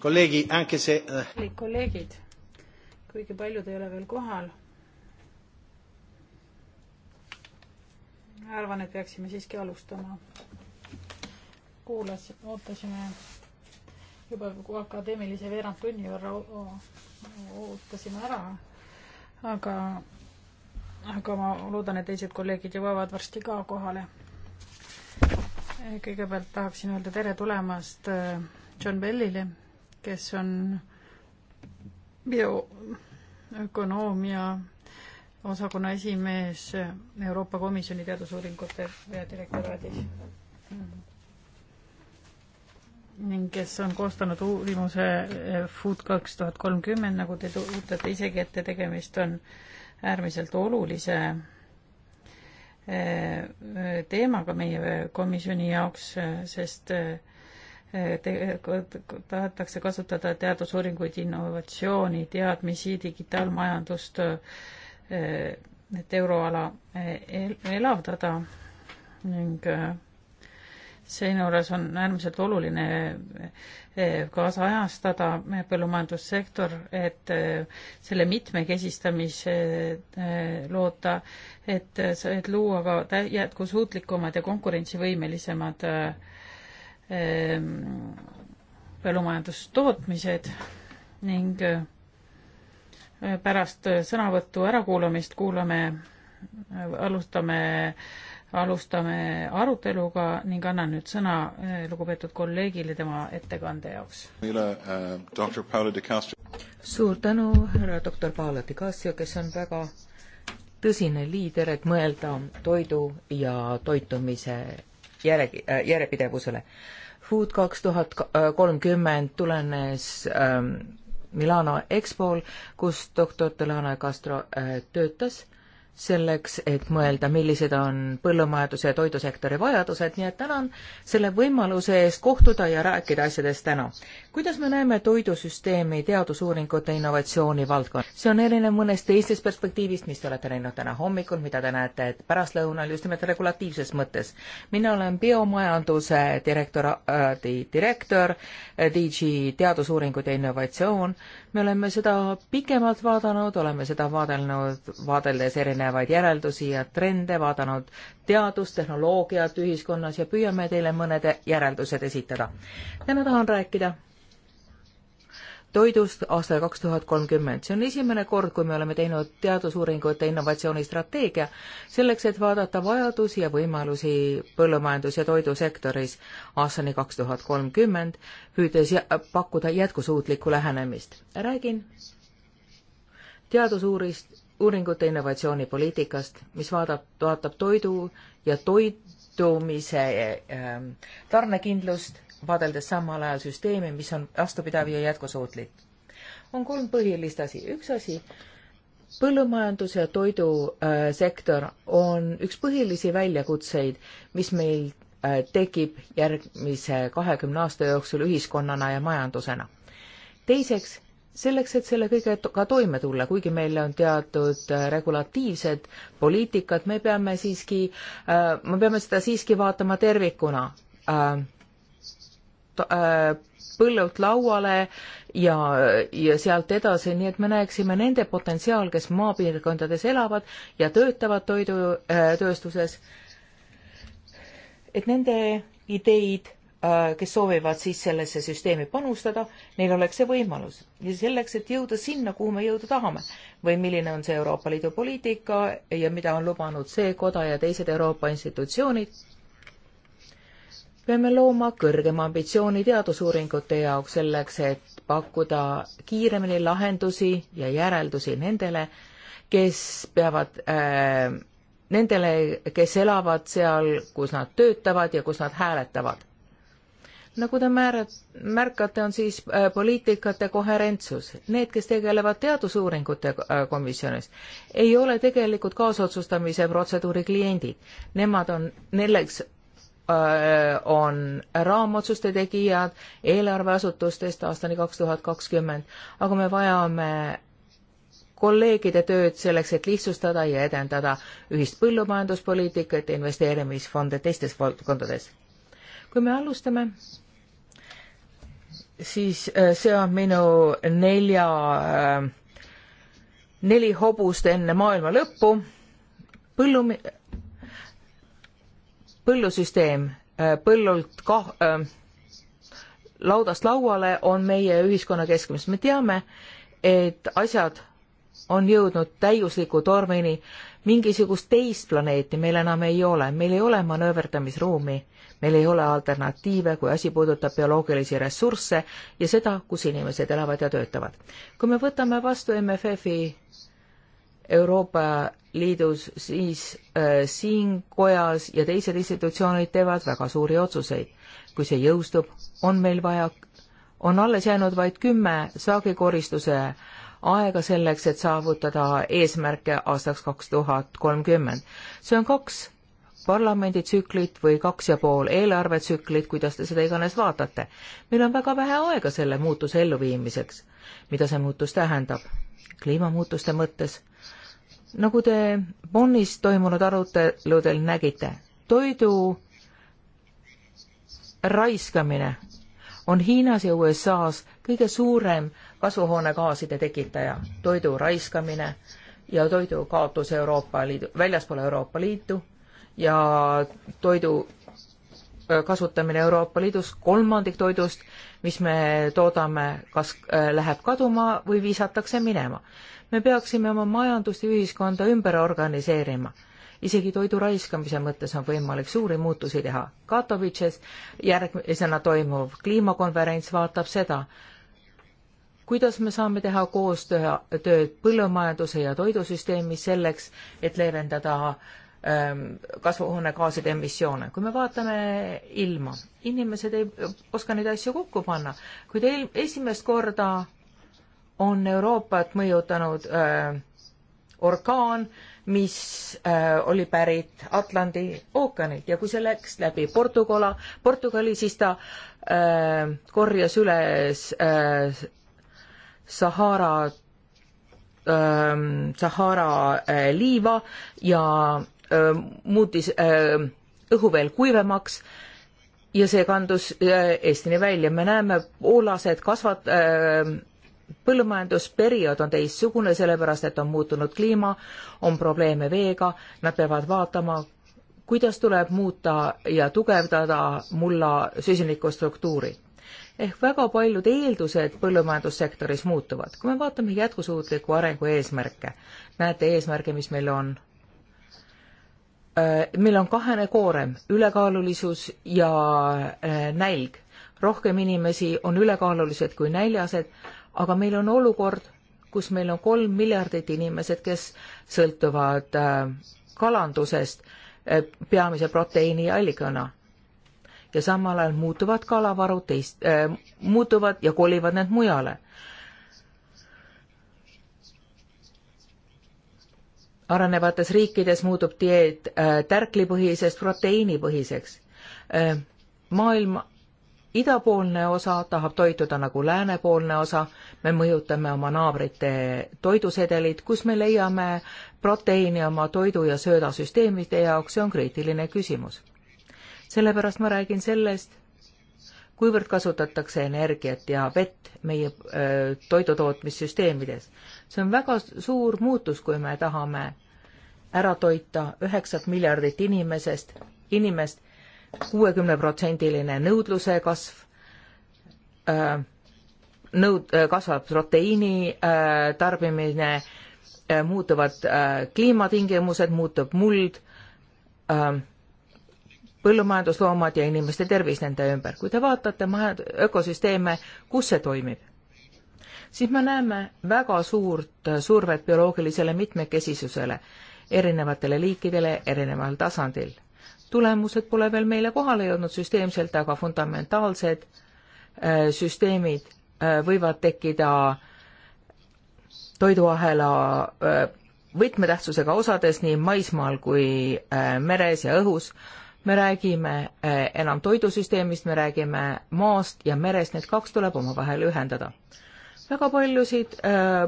kolleegi, anche see eh. kallid kolleegid, kuigi paljud ei ole veel kohal, arvan, et peaksime siiski alustama. kuulas, ootasime juba akadeemilise veerand tunni võrra, ootasime ära, aga, aga ma loodan, et teised kolleegid jõuavad varsti ka kohale. kõigepealt tahaksin öelda tere tulemast eh, John Bellile kes on bioökonoomia osakonna esimees Euroopa Komisjoni teadusuuringute peadirektoraadis ning kes on koostanud uurimuse eh, Food kaks tuhat kolmkümmend, nagu te kujutate isegi ette, tegemist on äärmiselt olulise eh, eh, teemaga meie komisjoni jaoks, sest Eh, tahetakse kasutada teadusuuringuid, innovatsiooni, teadmisi, digitaalmajandust, eh, et euroala eh, elavdada ning seejuures on äärmiselt oluline kaasajastada põllumajandussektor, et selle mitmekesistamise loota, et, et luua ka jätkusuutlikumad ja konkurentsivõimelisemad äh, Ehm, põllumajandustootmised ning eh, pärast sõnavõttu ärakuulamist kuulame, alustame, alustame aruteluga ning annan nüüd sõna eh, lugupeetud kolleegile tema ettekande jaoks. Eh, suur tänu, härra doktor Paolo de Castro, kes on väga tõsine liider, et mõelda toidu ja toitumise järe, äh, järjepidevusele. Food kaks tuhat kolmkümmend tulenes ähm, Milano EXPO-l, kus doktor Delano Castro äh, töötas selleks, et mõelda, millised on põllumajanduse ja toidusektori vajadused, nii et tänan selle võimaluse eest kohtuda ja rääkida asjadest täna kuidas me näeme toidusüsteemi teadusuuringute innovatsiooni valdkond? see on erinev mõnest teisest perspektiivist, mis te olete näinud täna hommikul, mida te näete pärastlõunal just nimelt regulatiivses mõttes. mina olen biomajanduse direktoraadi äh, direktor äh,, DG teadusuuringud ja innovatsioon. me oleme seda pikemalt vaadanud, oleme seda vaadelnud, vaadeldes erinevaid järeldusi ja trende, vaadanud teadust, tehnoloogiat ühiskonnas ja püüame teile mõned järeldused esitada. täna tahan rääkida toidust aastal kaks tuhat kolmkümmend. see on esimene kord, kui me oleme teinud teadusuuringute innovatsioonistrateegia selleks, et vaadata vajadusi ja võimalusi põllumajandus- ja toidusektoris aastani kaks tuhat kolmkümmend, püüdes pakkuda jätkusuutlikku lähenemist. räägin teadusuurist, uuringute innovatsioonipoliitikast, mis vaadab, vaatab toidu ja toitumise äh, tarnekindlust vaadeldes samal ajal süsteemi, mis on vastupidav ja jätkusuutlik. on kolm põhilist asi. üks asi, põllumajandus- ja toidusektor äh, on üks põhilisi väljakutseid, mis meil äh, tekib järgmise kahekümne aasta jooksul ühiskonnana ja majandusena. teiseks, selleks, et selle kõigega toime tulla, kuigi meil on teatud äh, regulatiivsed poliitikad, me peame siiski, me peame seda siiski vaatama tervikuna Äh, põllult lauale ja, ja sealt edasi, nii et me näeksime nende potentsiaal, kes maapiirkondades elavad ja töötavad toidutööstuses, äh, et nende ideid, äh, kes soovivad siis sellesse süsteemi panustada, neil oleks see võimalus. ja selleks, et jõuda sinna, kuhu me jõuda tahame või milline on see Euroopa Liidu poliitika ja mida on lubanud see koda ja teised Euroopa institutsioonid peame looma kõrgema ambitsiooni teadusuuringute jaoks selleks, et pakkuda kiiremini lahendusi ja järeldusi nendele, kes peavad äh, nendele, kes elavad seal, kus nad töötavad ja kus nad hääletavad. nagu te määrad, märkate, on siis äh, poliitikate koherentsus. Need, kes tegelevad teadusuuringute äh, komisjonis, ei ole tegelikult kaasotsustamise protseduuri kliendid. Nemad on, nendeks Äh, on raamotsuste tegijad eelarveasutustest aastani kaks tuhat kakskümmend, aga me vajame kolleegide tööd selleks, et lihtsustada ja edendada ühist põllumajanduspoliitikat ja investeerimisfonde teistes valdkondades. kui me alustame, siis äh, see on minu nelja, äh, neli hobust enne maailma lõppu, põllum-, põllusüsteem äh, põllult kah- äh,, laudast lauale on meie ühiskonna keskmes. me teame, et asjad on jõudnud täiusliku tormini mingisugust teist planeeti meil enam ei ole, meil ei ole manööverdamisruumi, meil ei ole alternatiive, kui asi puudutab bioloogilisi ressursse ja seda, kus inimesed elavad ja töötavad. kui me võtame vastu MFF-i Euroopa Liidus, siis äh, siin kojas ja teised institutsioonid teevad väga suuri otsuseid. kui see jõustub, on meil vaja, on alles jäänud vaid kümme saagikoristuse aega selleks, et saavutada eesmärke aastaks kaks tuhat kolmkümmend. see on kaks parlamenditsüklit või kaks ja pool eelarvetsüklit, kuidas te seda iganes vaatate. meil on väga vähe aega selle muutuse elluviimiseks. mida see muutus tähendab? kliimamuutuste mõttes nagu te Bonnis toimunud aruteludel nägite, toidu raiskamine on Hiinas ja USA-s kõige suurem kasvuhoonegaaside tekitaja, toidu raiskamine ja toidu kaotus Euroopa Liidu, väljaspool Euroopa Liitu ja toidu kasutamine Euroopa Liidus, kolmandik toidust, mis me toodame, kas läheb kaduma või visatakse minema me peaksime oma majandust ja ühiskonda ümber organiseerima. isegi toidu raiskamise mõttes on võimalik suuri muutusi teha. Katowices järgmisena toimuv kliimakonverents vaatab seda, kuidas me saame teha koostööd põllumajanduse ja toidusüsteemis selleks, et leevendada ähm, kasvuhoonegaaside emissioone. kui me vaatame ilma, inimesed ei oska neid asju kokku panna. kui te esimest korda on Euroopat mõjutanud äh, orkaan, mis äh, oli pärit Atlandi ookeanilt ja kui see läks läbi Portugala, Portugali, siis ta äh, korjas üles äh, Sahara äh,, Sahara äh, liiva ja äh, muutis äh, õhu veel kuivemaks ja see kandus äh, Eestini välja. me näeme poolased kasvat- äh,, põllumajandusperiood on teistsugune, sellepärast et on muutunud kliima, on probleeme veega, nad peavad vaatama, kuidas tuleb muuta ja tugevdada mulla süsinikustruktuuri. ehk väga paljud eeldused põllumajandussektoris muutuvad. kui me vaatame jätkusuutliku arengu eesmärke, näete eesmärke, mis meil on äh, meil on kahene koorem, ülekaalulisus ja äh, nälg. rohkem inimesi on ülekaalulised kui näljased, aga meil on olukord, kus meil on kolm miljardit inimesed, kes sõltuvad äh, kalandusest äh, peamise proteiiniallikana. ja samal ajal muutuvad kalavarud teist äh,, muutuvad ja kolivad need mujale. arenevates riikides muutub dieet äh, tärklipõhisest proteiinipõhiseks äh,. maailma idapoolne osa tahab toituda nagu läänepoolne osa, me mõjutame oma naabrite toidusedelit, kus me leiame proteiini oma toidu- ja söödasüsteemide jaoks, see on kriitiline küsimus. sellepärast ma räägin sellest, kuivõrd kasutatakse energiat ja vett meie öö, toidutootmissüsteemides. see on väga suur muutus, kui me tahame ära toita üheksat miljardit inimesest, inimest kuuekümneprotsendiline nõudluse kasv, äh, nõud-, äh, kasvab proteiini äh, tarbimine, muutuvad kliimatingimused, muutub muld, põllumajandusloomad ja inimeste tervis nende ümber. kui te vaatate maja, ökosüsteeme, kus see toimib, siis me näeme väga suurt survet bioloogilisele mitmekesisusele, erinevatele liikidele erineval tasandil tulemused pole veel meile kohale jõudnud süsteemselt, aga fundamentaalsed äh, süsteemid äh, võivad tekkida äh, toiduahela võtmetähtsusega osades nii maismaal kui meres ja õhus. me räägime enam toidusüsteemist, me räägime maast ja merest, need kaks tuleb omavahel ühendada. väga paljusid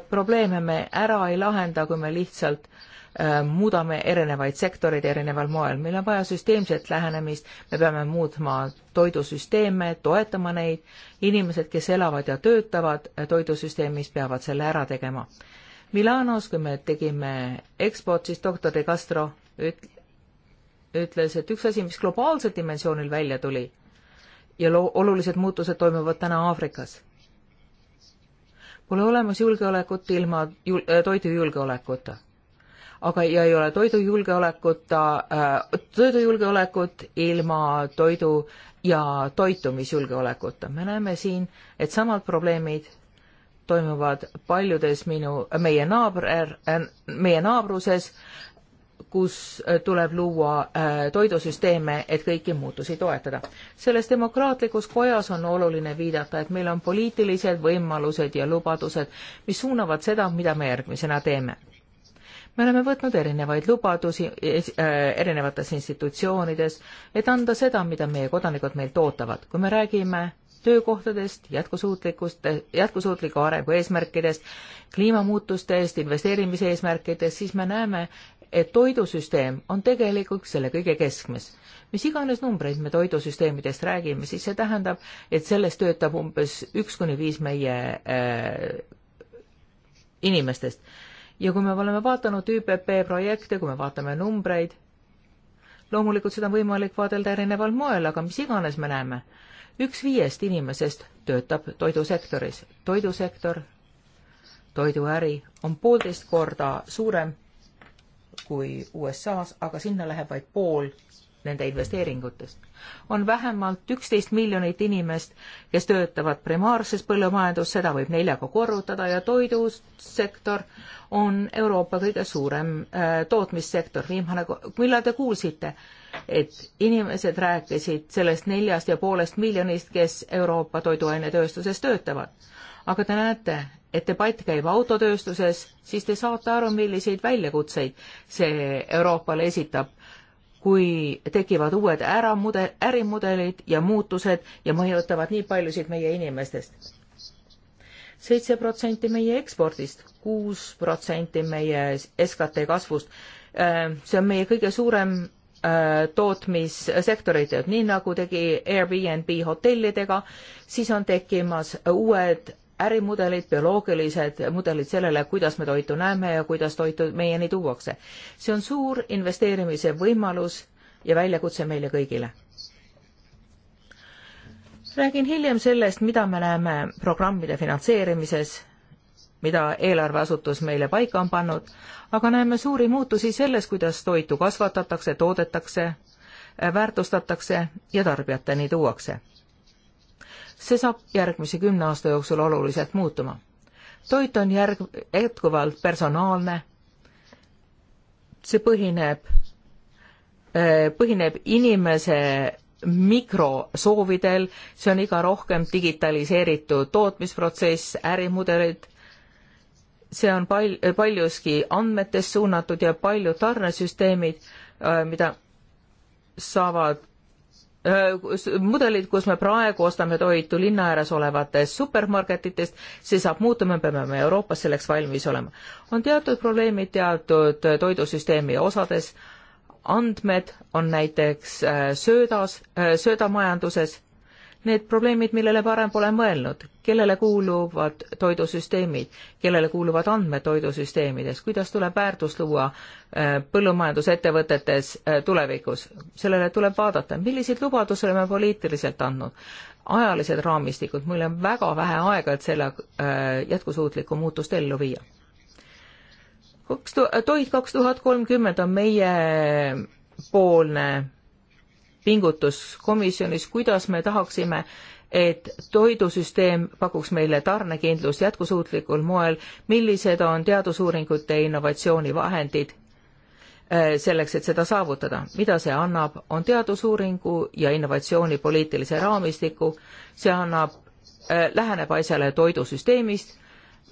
probleeme me ära ei lahenda, kui me lihtsalt äh, Äh, muudame erinevaid sektoreid erineval moel. meil on vaja süsteemset lähenemist, me peame muutma toidusüsteeme, toetama neid, inimesed, kes elavad ja töötavad toidusüsteemis, peavad selle ära tegema. Milanos, kui me tegime EXPO-t, siis doktor De Castro üt-, ütles, et üks asi, mis globaalsel dimensioonil välja tuli ja lo-, olulised muutused toimuvad täna Aafrikas Pole olemas julgeolekut ilma jul-, toidujulgeolekuta aga, ja ei ole toidujulgeolekuta äh,, toidujulgeolekut ilma toidu ja toitumisjulgeolekuta. me näeme siin, et samad probleemid toimuvad paljudes minu, meie naabr, äh, meie naabruses, kus tuleb luua äh, toidusüsteeme, et kõiki muutusi toetada. selles demokraatlikus kojas on oluline viidata, et meil on poliitilised võimalused ja lubadused, mis suunavad seda, mida me järgmisena teeme me oleme võtnud erinevaid lubadusi äh, erinevates institutsioonides, et anda seda, mida meie kodanikud meilt ootavad. kui me räägime töökohtadest, jätkusuutlikust, jätkusuutliku arengu eesmärkidest, kliimamuutuste eest, investeerimise eesmärkidest, siis me näeme, et toidusüsteem on tegelikult selle kõige keskmes. mis iganes numbreid me toidusüsteemidest räägime, siis see tähendab, et selles töötab umbes üks kuni viis meie äh, inimestest ja kui me oleme vaadanud ÜPP projekte, kui me vaatame numbreid, loomulikult seda on võimalik vaadelda erineval moel, aga mis iganes me näeme, üks viiest inimesest töötab toidusektoris. toidusektor, toiduäri on poolteist korda suurem kui USA-s, aga sinna läheb vaid pool nende investeeringutest. on vähemalt üksteist miljonit inimest, kes töötavad primaarses põllumajandus, seda võib neljaga korrutada ja toidusektor on Euroopa kõige suurem äh, tootmissektor. viimane, millal te kuulsite, et inimesed rääkisid sellest neljast ja poolest miljonist, kes Euroopa toiduainetööstuses töötavad? aga te näete, et debatt käib autotööstuses, siis te saate aru, milliseid väljakutseid see Euroopale esitab kui tekivad uued äramudel, ärimudelid ja muutused ja mõjutavad nii paljusid meie inimestest. seitse protsenti meie ekspordist, kuus protsenti meie SKT kasvust. Äh, see on meie kõige suurem äh, tootmissektorid, nii nagu tegi Airbnb hotellidega, siis on tekkimas uued ärimudelid, bioloogilised mudelid sellele, kuidas me toitu näeme ja kuidas toitu meieni tuuakse. see on suur investeerimise võimalus ja väljakutse meile kõigile. räägin hiljem sellest, mida me näeme programmide finantseerimises, mida eelarveasutus meile paika on pannud, aga näeme suuri muutusi selles, kuidas toitu kasvatatakse, toodetakse, väärtustatakse ja tarbijateni tuuakse see saab järgmise kümne aasta jooksul oluliselt muutuma. toit on järg-, jätkuvalt personaalne, see põhineb, eh, põhineb inimese mikrosoovidel, see on iga rohkem digitaliseeritud tootmisprotsess, ärimudelid, see on pal-, paljuski andmetest suunatud ja paljud tarnesüsteemid, eh, mida saavad Äh, mudelid, kus me praegu ostame toitu linna ääres olevatest supermarketitest, see saab muutuma, me peame Euroopas selleks valmis olema. on teatud probleemid teatud äh, toidusüsteemi osades, andmed on näiteks äh, söödas, söödamajanduses need probleemid, millele varem pole mõelnud, kellele kuuluvad toidusüsteemid, kellele kuuluvad andmed toidusüsteemides, kuidas tuleb väärtus luua äh, põllumajandusettevõtetes äh, tulevikus, sellele tuleb vaadata, milliseid lubadusi oleme poliitiliselt andnud, ajalised raamistikud, meil on väga vähe aega, et selle äh, jätkusuutlikku muutust ellu viia. kaks tu-, Toit kaks tuhat kolmkümmend on meie poolne pingutus komisjonis, kuidas me tahaksime, et toidusüsteem pakuks meile tarnekindlust jätkusuutlikul moel, millised on teadusuuringute innovatsioonivahendid äh, selleks, et seda saavutada. mida see annab, on teadusuuringu ja innovatsiooni poliitilise raamistiku, see annab äh,, läheneb asjale toidusüsteemist,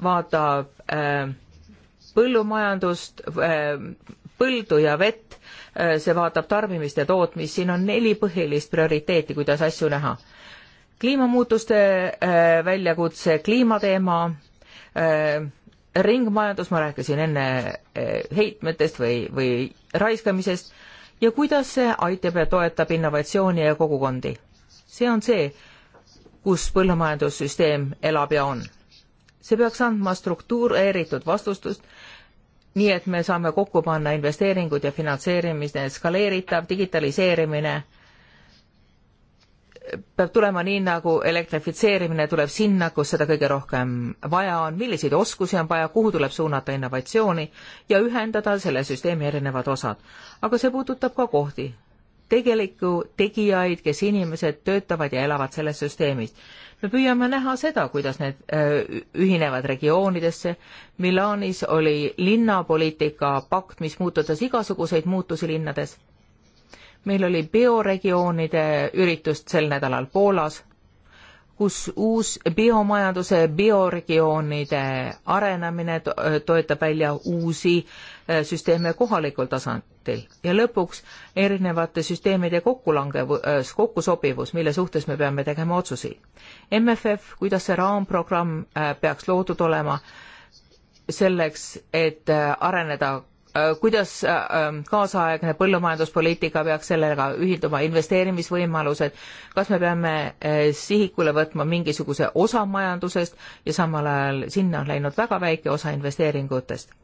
vaatab äh, põllumajandust äh,, põldu ja vett, äh, see vaatab tarbimist ja tootmist, siin on neli põhilist prioriteeti, kuidas asju näha. kliimamuutuste äh, väljakutse, kliimateema, äh, ringmajandus, ma rääkisin enne heitmetest või, või raiskamisest, ja kuidas see aitab ja toetab innovatsiooni ja kogukondi. see on see, kus põllumajandussüsteem elab ja on. see peaks andma struktureeritud vastustust nii et me saame kokku panna investeeringud ja finantseerimise skaleeritav digitaliseerimine peab tulema nii, nagu elektrifitseerimine tuleb sinna, kus seda kõige rohkem vaja on, milliseid oskusi on vaja, kuhu tuleb suunata innovatsiooni ja ühendada selle süsteemi erinevad osad. aga see puudutab ka kohti, tegelikku tegijaid, kes inimesed töötavad ja elavad selles süsteemis. me püüame näha seda, kuidas need äh, ühinevad regioonidesse. Milanis oli linnapoliitika pakt, mis muututas igasuguseid muutusi linnades. meil oli bioregioonide üritust sel nädalal Poolas kus uus biomajanduse, bioregioonide arenemine toetab välja uusi äh, süsteeme kohalikul tasandil ja lõpuks erinevate süsteemide kokkulangevus, äh, kokkusobivus, mille suhtes me peame tegema otsuseid. MFF, kuidas see raamprogramm äh, peaks loodud olema selleks, et areneda Äh, kuidas äh, ähm, kaasaegne põllumajanduspoliitika peaks sellega ühilduma, investeerimisvõimalused, kas me peame äh, sihikule võtma mingisuguse osa majandusest ja samal ajal sinna on läinud väga väike osa investeeringutest?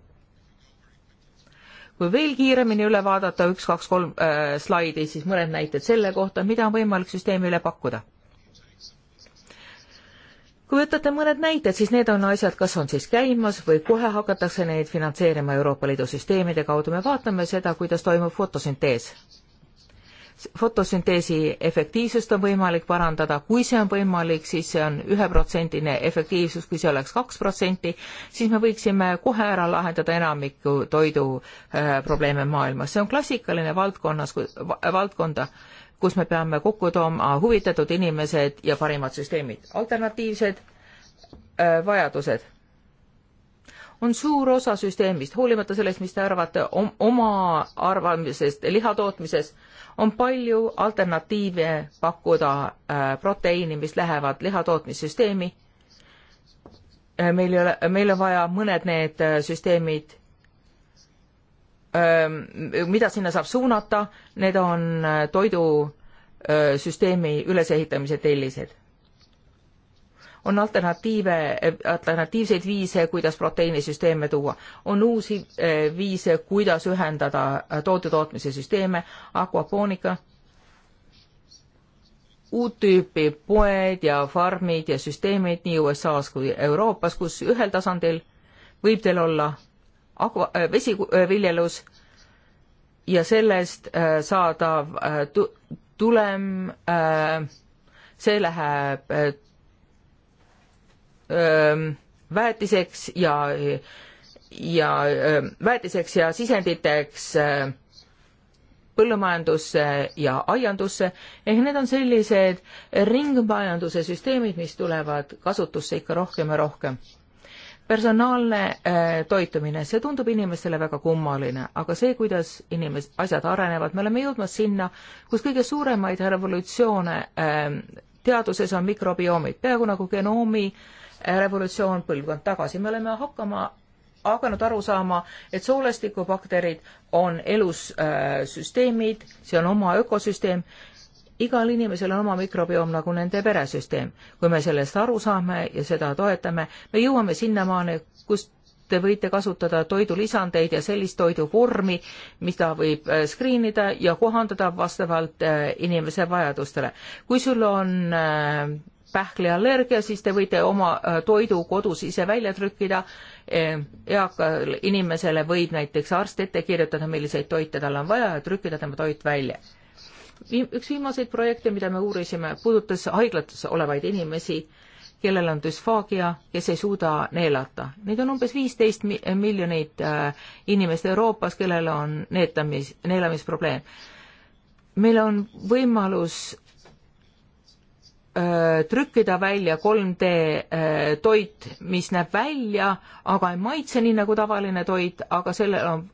kui veel kiiremini üle vaadata üks, kaks, kolm äh, slaidi, siis mõned näited selle kohta, mida on võimalik süsteemile pakkuda kui võtate mõned näited, siis need on asjad, kas on siis käimas või kohe hakatakse neid finantseerima Euroopa Liidu süsteemide kaudu, me vaatame seda, kuidas toimub fotosüntees. fotosünteesi efektiivsust on võimalik parandada, kui see on võimalik, siis see on üheprotsendine efektiivsus, kui see oleks kaks protsenti, siis me võiksime kohe ära lahendada enamiku toidu äh, probleeme maailmas, see on klassikaline valdkonnas, valdkonda äh,, kus me peame kokku tooma huvitatud inimesed ja parimad süsteemid. alternatiivsed äh, vajadused. on suur osa süsteemist, hoolimata sellest, mis te arvate om, oma arvamisest lihatootmises, on palju alternatiive pakkuda äh, proteiini, mis lähevad lihatootmissüsteemi. Äh, meil ei ole, meil on vaja mõned need äh, süsteemid mida sinna saab suunata, need on äh, toidusüsteemi ülesehitamise tellised. on alternatiive, äh, alternatiivseid viise, kuidas proteiinisüsteeme tuua, on uusi äh, viise, kuidas ühendada toote tootmise süsteeme, akvapoonika, uut tüüpi poed ja farmid ja süsteemid nii USA-s kui Euroopas, kus ühel tasandil võib teil olla agva, äh, vesiviljelus ja sellest äh, saadav äh, tulem, see läheb ähm, väetiseks ja, ja väetiseks ja sisenditeks põllumajandusse ja aiandusse, ehk need on sellised ringmajanduse süsteemid, mis tulevad kasutusse ikka rohkem ja rohkem personaalne äh, toitumine, see tundub inimestele väga kummaline, aga see, kuidas inimes-, asjad arenevad, me oleme jõudmas sinna, kus kõige suuremaid revolutsioone äh, teaduses on mikrobiomid, peaaegu nagu genoomi äh, revolutsioon põlvkond tagasi, me oleme hakkama hakanud aru saama, et soolestikubakterid on elussüsteemid, see on oma ökosüsteem igal inimesel on oma mikrobiom nagu nende peresüsteem. kui me sellest aru saame ja seda toetame, me jõuame sinnamaani, kus te võite kasutada toidulisandeid ja sellist toiduvormi, mida võib äh, screen ida ja kohandada vastavalt äh, inimese vajadustele. kui sul on äh, pähkliallergia, siis te võite oma toidu kodus ise välja trükkida. eakale inimesele võib näiteks arst ette kirjutada, milliseid toite tal on vaja ja trükkida tema toit välja üks viimaseid projekte, mida me uurisime, puudutas haiglates olevaid inimesi, kellel on düsfaagia, kes ei suuda neelata. Neid on umbes viisteist miljonit äh, inimest Euroopas, kellel on neetamis, neelamisprobleem. meil on võimalus äh, trükkida välja 3D äh, toit, mis näeb välja, aga ei maitse nii nagu tavaline toit, aga sellel on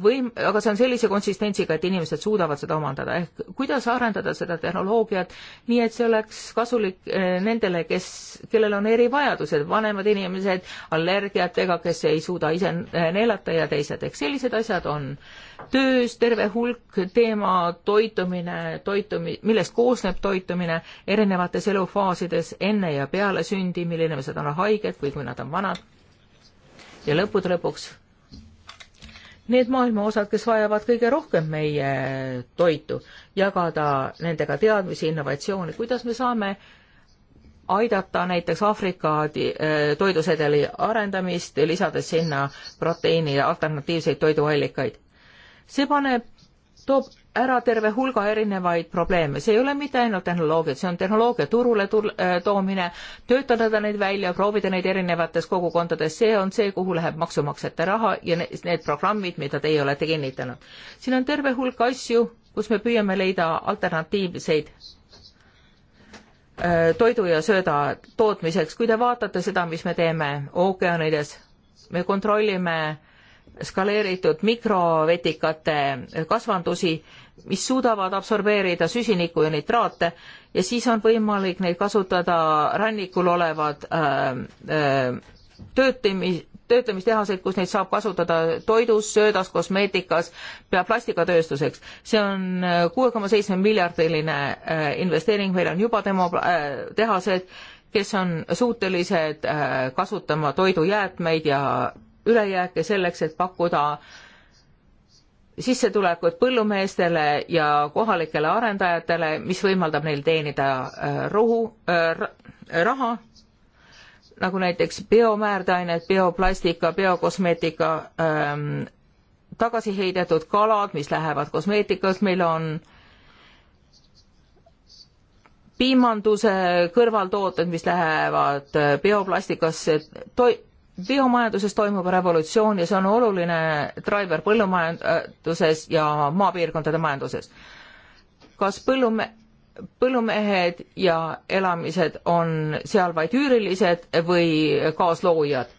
võim-, aga see on sellise konsistentsiga, et inimesed suudavad seda omandada, ehk kuidas arendada seda tehnoloogiat nii, et see oleks kasulik eh, nendele, kes, kellel on erivajadused, vanemad inimesed allergiatega, kes ei suuda ise eh, neelata ja teised, ehk sellised asjad on töös terve hulk teema, toitumine, toitumi-, millest koosneb toitumine erinevates elufaasides enne ja peale sündi, milline me seda on haiged või kui nad on vanad ja lõppude lõpuks need maailma osad, kes vajavad kõige rohkem meie toitu, jagada nendega teadmisi, innovatsioone, kuidas me saame aidata näiteks Aafrika eh, toidusedeli arendamist, lisades sinna proteiini ja alternatiivseid toiduallikaid. see paneb, toob ära terve hulga erinevaid probleeme, see ei ole mitte ainult tehnoloogiad, see on tehnoloogia turule tul-, äh, toomine, töötada neid välja, proovida neid erinevates kogukondades, see on see, kuhu läheb maksumaksjate raha ja need, need programmid, mida teie olete kinnitanud. siin on terve hulk asju, kus me püüame leida alternatiivseid äh, toidu ja sööda tootmiseks, kui te vaatate seda, mis me teeme ookeanides, me kontrollime äh, skaleeritud mikrovetikate kasvandusi, mis suudavad absorbeerida süsinikku ja nitraate ja siis on võimalik neid kasutada rannikul olevad äh, äh, töötlemis, töötlemistehaseid, kus neid saab kasutada toidus, söödas, kosmeetikas, pea plastikatööstuseks. see on äh, kuue koma seitsme miljardiline äh, investeering, meil on juba demo äh, tehased, kes on suutelised äh, kasutama toidujäätmeid ja ülejääke selleks, et pakkuda sissetulekut põllumeestele ja kohalikele arendajatele, mis võimaldab neil teenida äh, rohu äh,, raha, nagu näiteks biomäärdeained, bioplastika, biokosmeetika ähm,, tagasi heidetud kalad, mis lähevad kosmeetikas, meil on piimanduse kõrvaltooted, mis lähevad äh, bioplastikasse, toi-, biomajanduses toimub revolutsioon ja see on oluline driver põllumajanduses ja maapiirkondade majanduses. kas põllume-, põllumehed ja elamised on seal vaid üürilised või kaasloojad?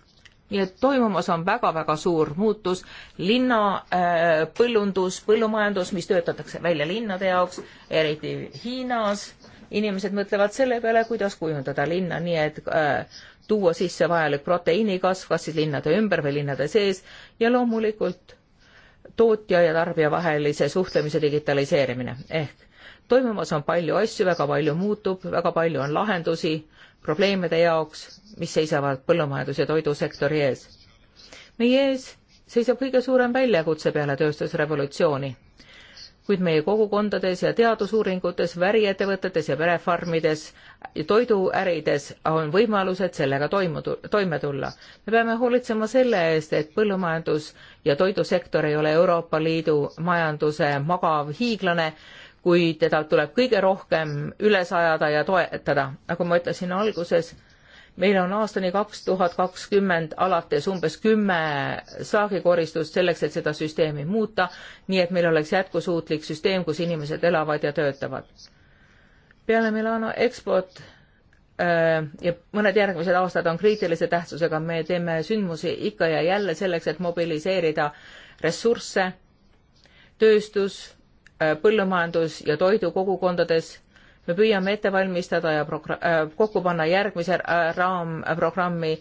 nii et toimumas on väga-väga suur muutus, linna äh, põllundus, põllumajandus, mis töötatakse välja linnade jaoks, eriti Hiinas inimesed mõtlevad selle peale, kuidas kujundada linna nii, et äh, tuua sisse vajalik proteiinikasv, kas siis linnade ümber või linnade sees ja loomulikult tootja ja tarbija vahelise suhtlemise digitaliseerimine ehk toimumas on palju asju, väga palju muutub, väga palju on lahendusi probleemide jaoks, mis seisavad põllumajandus- ja toidusektori ees. meie ees seisab kõige suurem väljakutse peale tööstusrevolutsiooni kuid meie kogukondades ja teadusuuringutes, väriettevõtetes ja perefarmides, toiduärides on võimalused sellega toimu, toime tulla. me peame hoolitsema selle eest, et põllumajandus ja toidusektor ei ole Euroopa Liidu majanduse magav hiiglane, kuid teda tuleb kõige rohkem üles ajada ja toetada. nagu ma ütlesin alguses meil on aastani kaks tuhat kakskümmend alates umbes kümme saagikoristust selleks, et seda süsteemi muuta, nii et meil oleks jätkusuutlik süsteem, kus inimesed elavad ja töötavad. peale Milano EXPO-t äh, ja mõned järgmised aastad on kriitilise tähtsusega, me teeme sündmusi ikka ja jälle selleks, et mobiliseerida ressursse, tööstus, äh, põllumajandus ja toidukogukondades me püüame ette valmistada ja äh, kokku panna järgmise äh, raamprogrammi.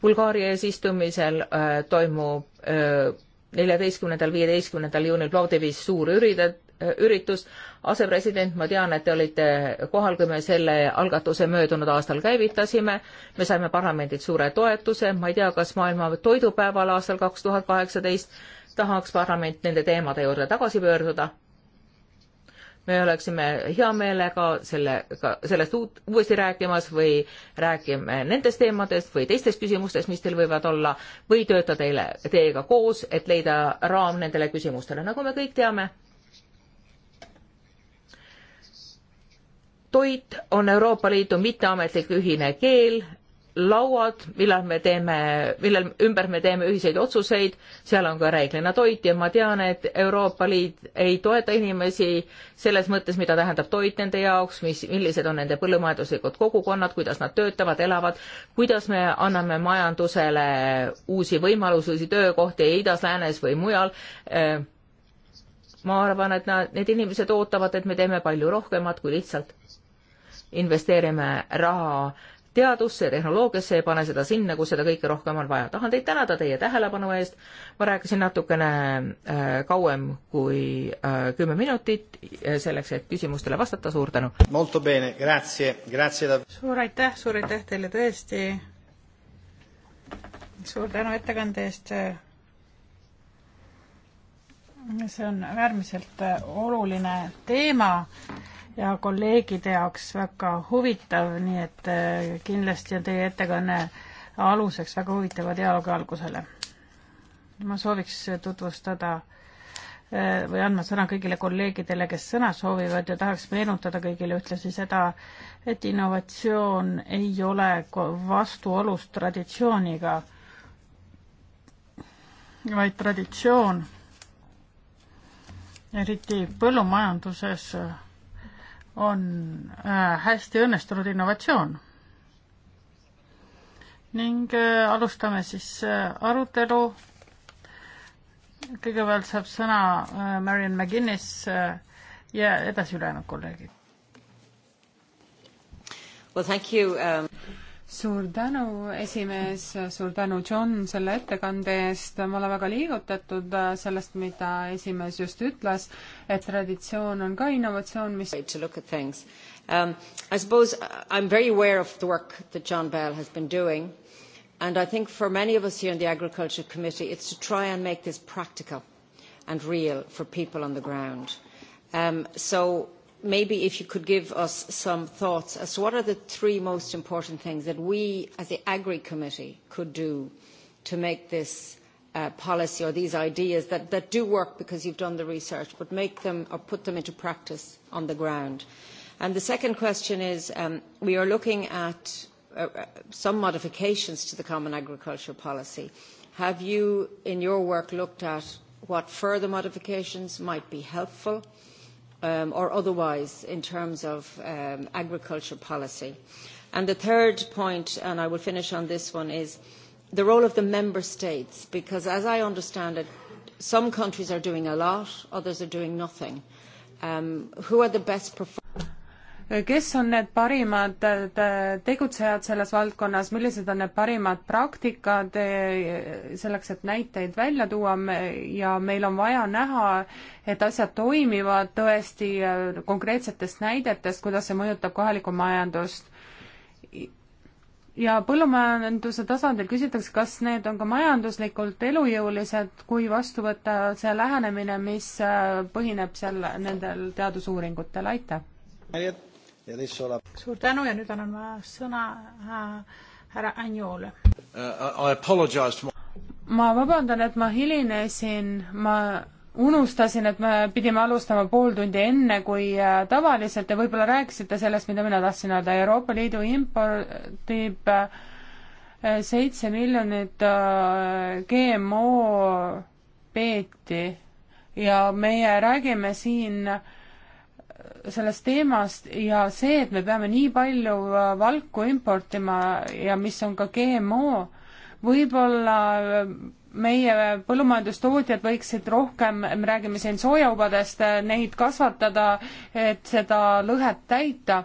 Bulgaaria eesistumisel äh, toimub äh, neljateistkümnendal, viieteistkümnendal juunil Plovdivis suur ürida-, äh, üritus. asepresident, ma tean, et te olite kohal, kui me selle algatuse möödunud aastal käivitasime. me saime parlamendilt suure toetuse, ma ei tea, kas maailma toidupäeval aastal kaks tuhat kaheksateist tahaks parlament nende teemade juurde tagasi pöörduda me oleksime hea meelega sellega, sellest uut, uuesti rääkimas või räägime nendest teemadest või teistest küsimustest, mis teil võivad olla, või tööta teile, teiega koos, et leida raam nendele küsimustele, nagu me kõik teame. toit on Euroopa Liidu mitteametlik ühine keel lauad, millal me teeme, millel ümber me teeme ühiseid otsuseid, seal on ka reeglina toit ja ma tean, et Euroopa Liit ei toeta inimesi selles mõttes, mida tähendab toit nende jaoks, mis, millised on nende põllumajanduslikud kogukonnad, kuidas nad töötavad, elavad, kuidas me anname majandusele uusi võimalusi, uusi töökohti idas, läänes või mujal. Äh, ma arvan, et nad, need inimesed ootavad, et me teeme palju rohkemat kui lihtsalt investeerime raha teadusse ja tehnoloogiasse ja pane seda sinna, kus seda kõike rohkem on vaja. tahan teid tänada teie tähelepanu eest. ma rääkisin natukene äh, kauem kui äh, kümme minutit äh, selleks, et küsimustele vastata. suur tänu. suur aitäh, suur aitäh teile tõesti. suur tänu ettekande eest. see on äärmiselt äh, oluline teema ja kolleegide jaoks väga huvitav, nii et äh, kindlasti on teie ettekanne aluseks väga huvitava dialoogi algusele. ma sooviks tutvustada äh, või andma sõna kõigile kolleegidele, kes sõna soovivad ja tahaks meenutada kõigile ühtlasi seda, et innovatsioon ei ole vastuolus traditsiooniga, vaid traditsioon, eriti põllumajanduses on äh, hästi õnnestunud innovatsioon. ning äh, alustame siis äh, arutelu. kõigepealt saab sõna Marian McGinnis ja edasi ülejäänud kolleegid. Well, thank you um suur tänu, esimees, suur tänu, John, selle ettekande eest. ma olen väga liigutatud äh, sellest, mida esimees just ütles, et traditsioon on ka innovatsioon, mis to look at things. Um, I suppose uh, I'm very aware of the work that John Bell has been doing and I think for many of us here in the Agriculture Committee it's to try and make this practical and real for people on the ground. Um, so maybe if you could give us some thoughts as to what are the three most important things that we as the Agri Committee could do to make this uh, policy or these ideas that, that do work because you've done the research, but make them or put them into practice on the ground. And the second question is um, we are looking at uh, uh some modifications to the common agricultural policy. Have you, in your work, looked at what further modifications might be helpful? Uh, um, or otherwise in terms of um, agriculture policy. And the third point, and I will finish on this one, is the role of the member states, because as I understand it, some countries are doing a lot, others are doing nothing. Um, who are the best performers? kes on need parimad äh, tegutsejad selles valdkonnas, millised on need parimad praktikad äh, selleks, et näiteid välja tuua ja meil on vaja näha, et asjad toimivad tõesti äh, konkreetsetest näidetest, kuidas see mõjutab kohalikku majandust. ja põllumajanduse tasandil küsitakse, kas need on ka majanduslikult elujõulised, kui vastu võtta see lähenemine, mis põhineb seal nendel teadusuuringutel, aitäh! Mariette La... suur tänu ja nüüd annan ma sõna äh, härra Anjole. Uh, ma vabandan, et ma hilinesin, ma unustasin, et me pidime alustama pool tundi enne kui äh, tavaliselt ja võib-olla rääkisite sellest, mida mina tahtsin öelda. Euroopa Liidu impordib äh, seitse miljonit GMO peeti ja meie räägime siin äh, sellest teemast ja see, et me peame nii palju äh, valku importima ja mis on ka GMO, võib-olla äh, meie põllumajandustootjad võiksid rohkem, me räägime siin soojaubadest, äh, neid kasvatada, et seda lõhet täita.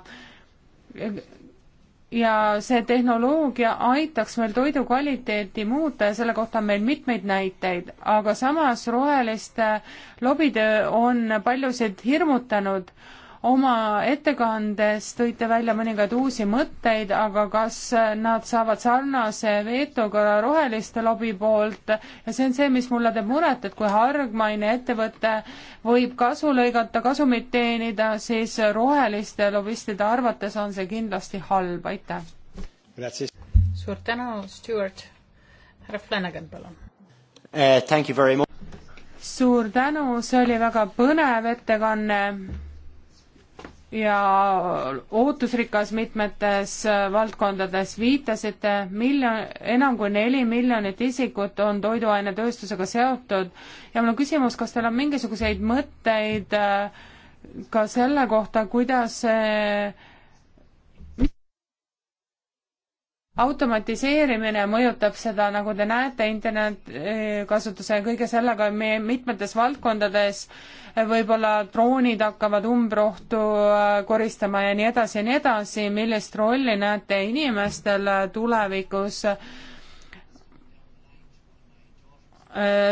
ja see tehnoloogia aitaks meil toidu kvaliteeti muuta ja selle kohta on meil mitmeid näiteid, aga samas roheliste lobitöö on paljusid hirmutanud oma ettekandes tõite välja mõningaid uusi mõtteid, aga kas nad saavad sarnase veetoga roheliste lobi poolt ja see on see, mis mulle teeb muret, et kui hargmaine ettevõte võib kasu lõigata, kasumit teenida, siis roheliste lobistide arvates on see kindlasti halb, aitäh. suur tänu, Stewart. härra Flanagan, palun uh,. Thank you very much suur tänu, see oli väga põnev ettekanne ja ootusrikas mitmetes valdkondades. viitasite, miljon, enam kui neli miljonit isikut on toiduainetööstusega seotud ja mul on küsimus, kas teil on mingisuguseid mõtteid äh, ka selle kohta, kuidas automatiseerimine mõjutab seda, nagu te näete, internetkasutuse ja kõige sellega me mitmetes valdkondades äh, võib-olla droonid hakkavad umbrohtu äh, koristama ja nii edasi ja nii edasi, millist rolli näete inimestel tulevikus? Äh,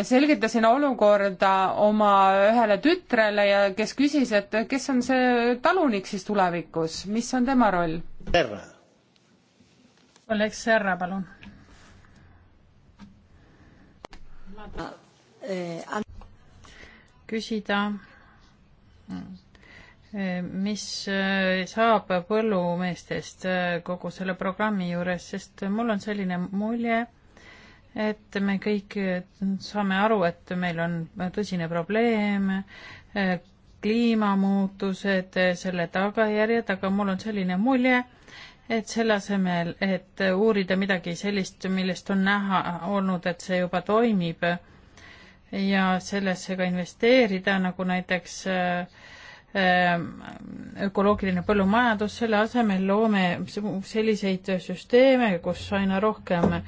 selgitasin olukorda oma ühele tütrele ja kes küsis, et kes on see talunik siis tulevikus, mis on tema roll? kolleeg Serra, palun eh, küsida, mis eh, saab põllumeestest eh, kogu selle programmi juures, sest mul on selline mulje, et me kõik saame aru, et meil on tõsine probleem, eh, kliimamuutused, selle tagajärjed, aga mul on selline mulje, et selle asemel, et uurida midagi sellist, millest on näha olnud, et see juba toimib, ja sellesse ka investeerida, nagu näiteks äh, äh, ökoloogiline põllumajandus, selle asemel loome selliseid süsteeme, kus aina rohkem äh,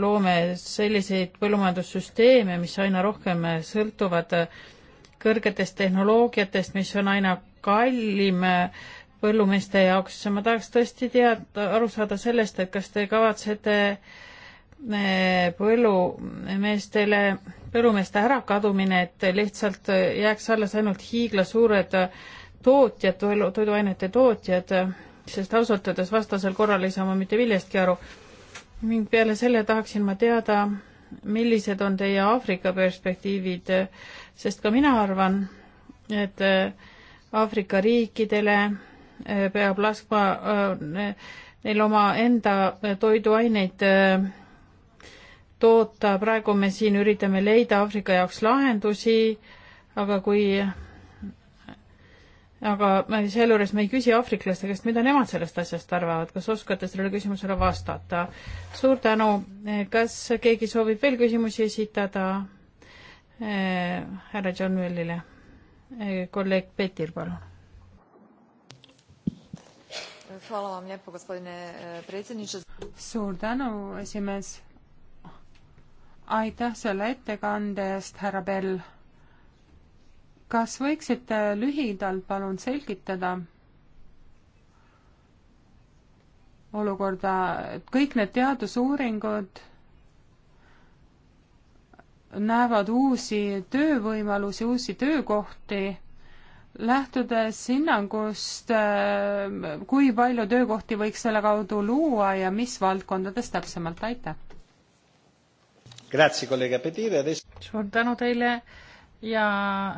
loome selliseid põllumajandussüsteeme, mis aina rohkem sõltuvad kõrgetest tehnoloogiatest, mis on aina kallim põllumeeste jaoks. ma tahaks tõesti teada, aru saada sellest, et kas te kavatsete äh, põllumeestele, põllumeeste ärakadumine, et lihtsalt jääks alles ainult hiiglasuured tootjad, toiduainete tootjad, sest ausalt öeldes vastasel korral ei saa ma mitte millestki aru. ning peale selle tahaksin ma teada, millised on teie Aafrika perspektiivid, sest ka mina arvan, et Aafrika riikidele eh, peab laskma eh, neil omaenda toiduaineid eh, toota, praegu me siin üritame leida Aafrika jaoks lahendusi, aga kui, aga sealjuures me ei küsi aafriklaste käest, mida nemad sellest asjast arvavad, kas oskate sellele küsimusele vastata? suur tänu, kas keegi soovib veel küsimusi esitada eh, härra John Wellile? Eh, kolleeg Petir, palun. Eh, suur tänu, esimees aitäh selle ettekande eest, härra Bell. kas võiksite lühidalt palun selgitada olukorda, et kõik need teadusuuringud näevad uusi töövõimalusi, uusi töökohti, lähtudes hinnangust, äh, kui palju töökohti võiks selle kaudu luua ja mis valdkondades täpsemalt, aitäh! suur tänu teile ja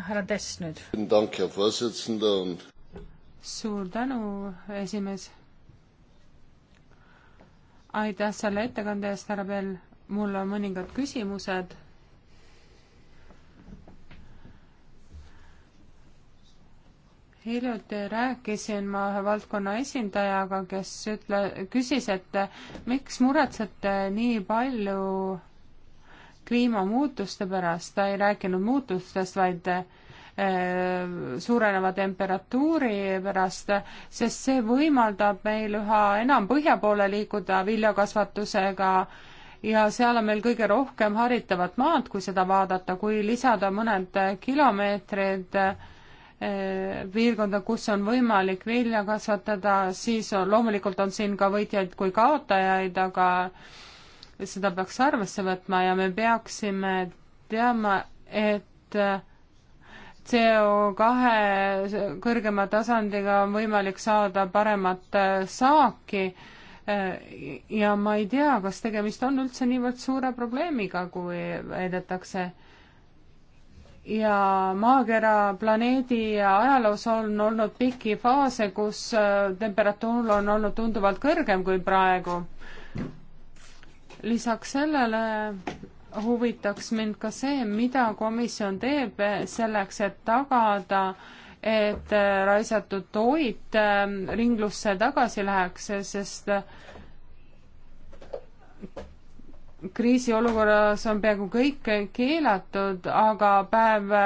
härra Tess nüüd. suur tänu, esimees. aitäh selle ettekande eest, härra Bell. mul on mõningad küsimused hiljuti rääkisin ma ühe valdkonna esindajaga, kes ütle, küsis, et miks muretsete nii palju kliimamuutuste pärast, ta ei rääkinud muutustest, vaid eh, suureneva temperatuuri pärast, sest see võimaldab meil üha enam põhja poole liikuda viljakasvatusega ja seal on meil kõige rohkem haritavat maad, kui seda vaadata, kui lisada mõned kilomeetrid eh, piirkonda, kus on võimalik vilja kasvatada, siis on, loomulikult on siin ka võitjaid kui kaotajaid, aga seda peaks arvesse võtma ja me peaksime teadma, et CO2 kõrgema tasandiga on võimalik saada paremat äh, saaki äh, ja ma ei tea, kas tegemist on üldse niivõrd suure probleemiga, kui väidetakse. ja maakera planeedi ajaloos on olnud pikki faase, kus äh, temperatuur on olnud tunduvalt kõrgem kui praegu lisaks sellele huvitaks mind ka see, mida komisjon teeb selleks, et tagada, et raisatud toit ähm, ringlusse tagasi läheks, sest äh, kriisiolukorras on peaaegu kõik keelatud, aga päev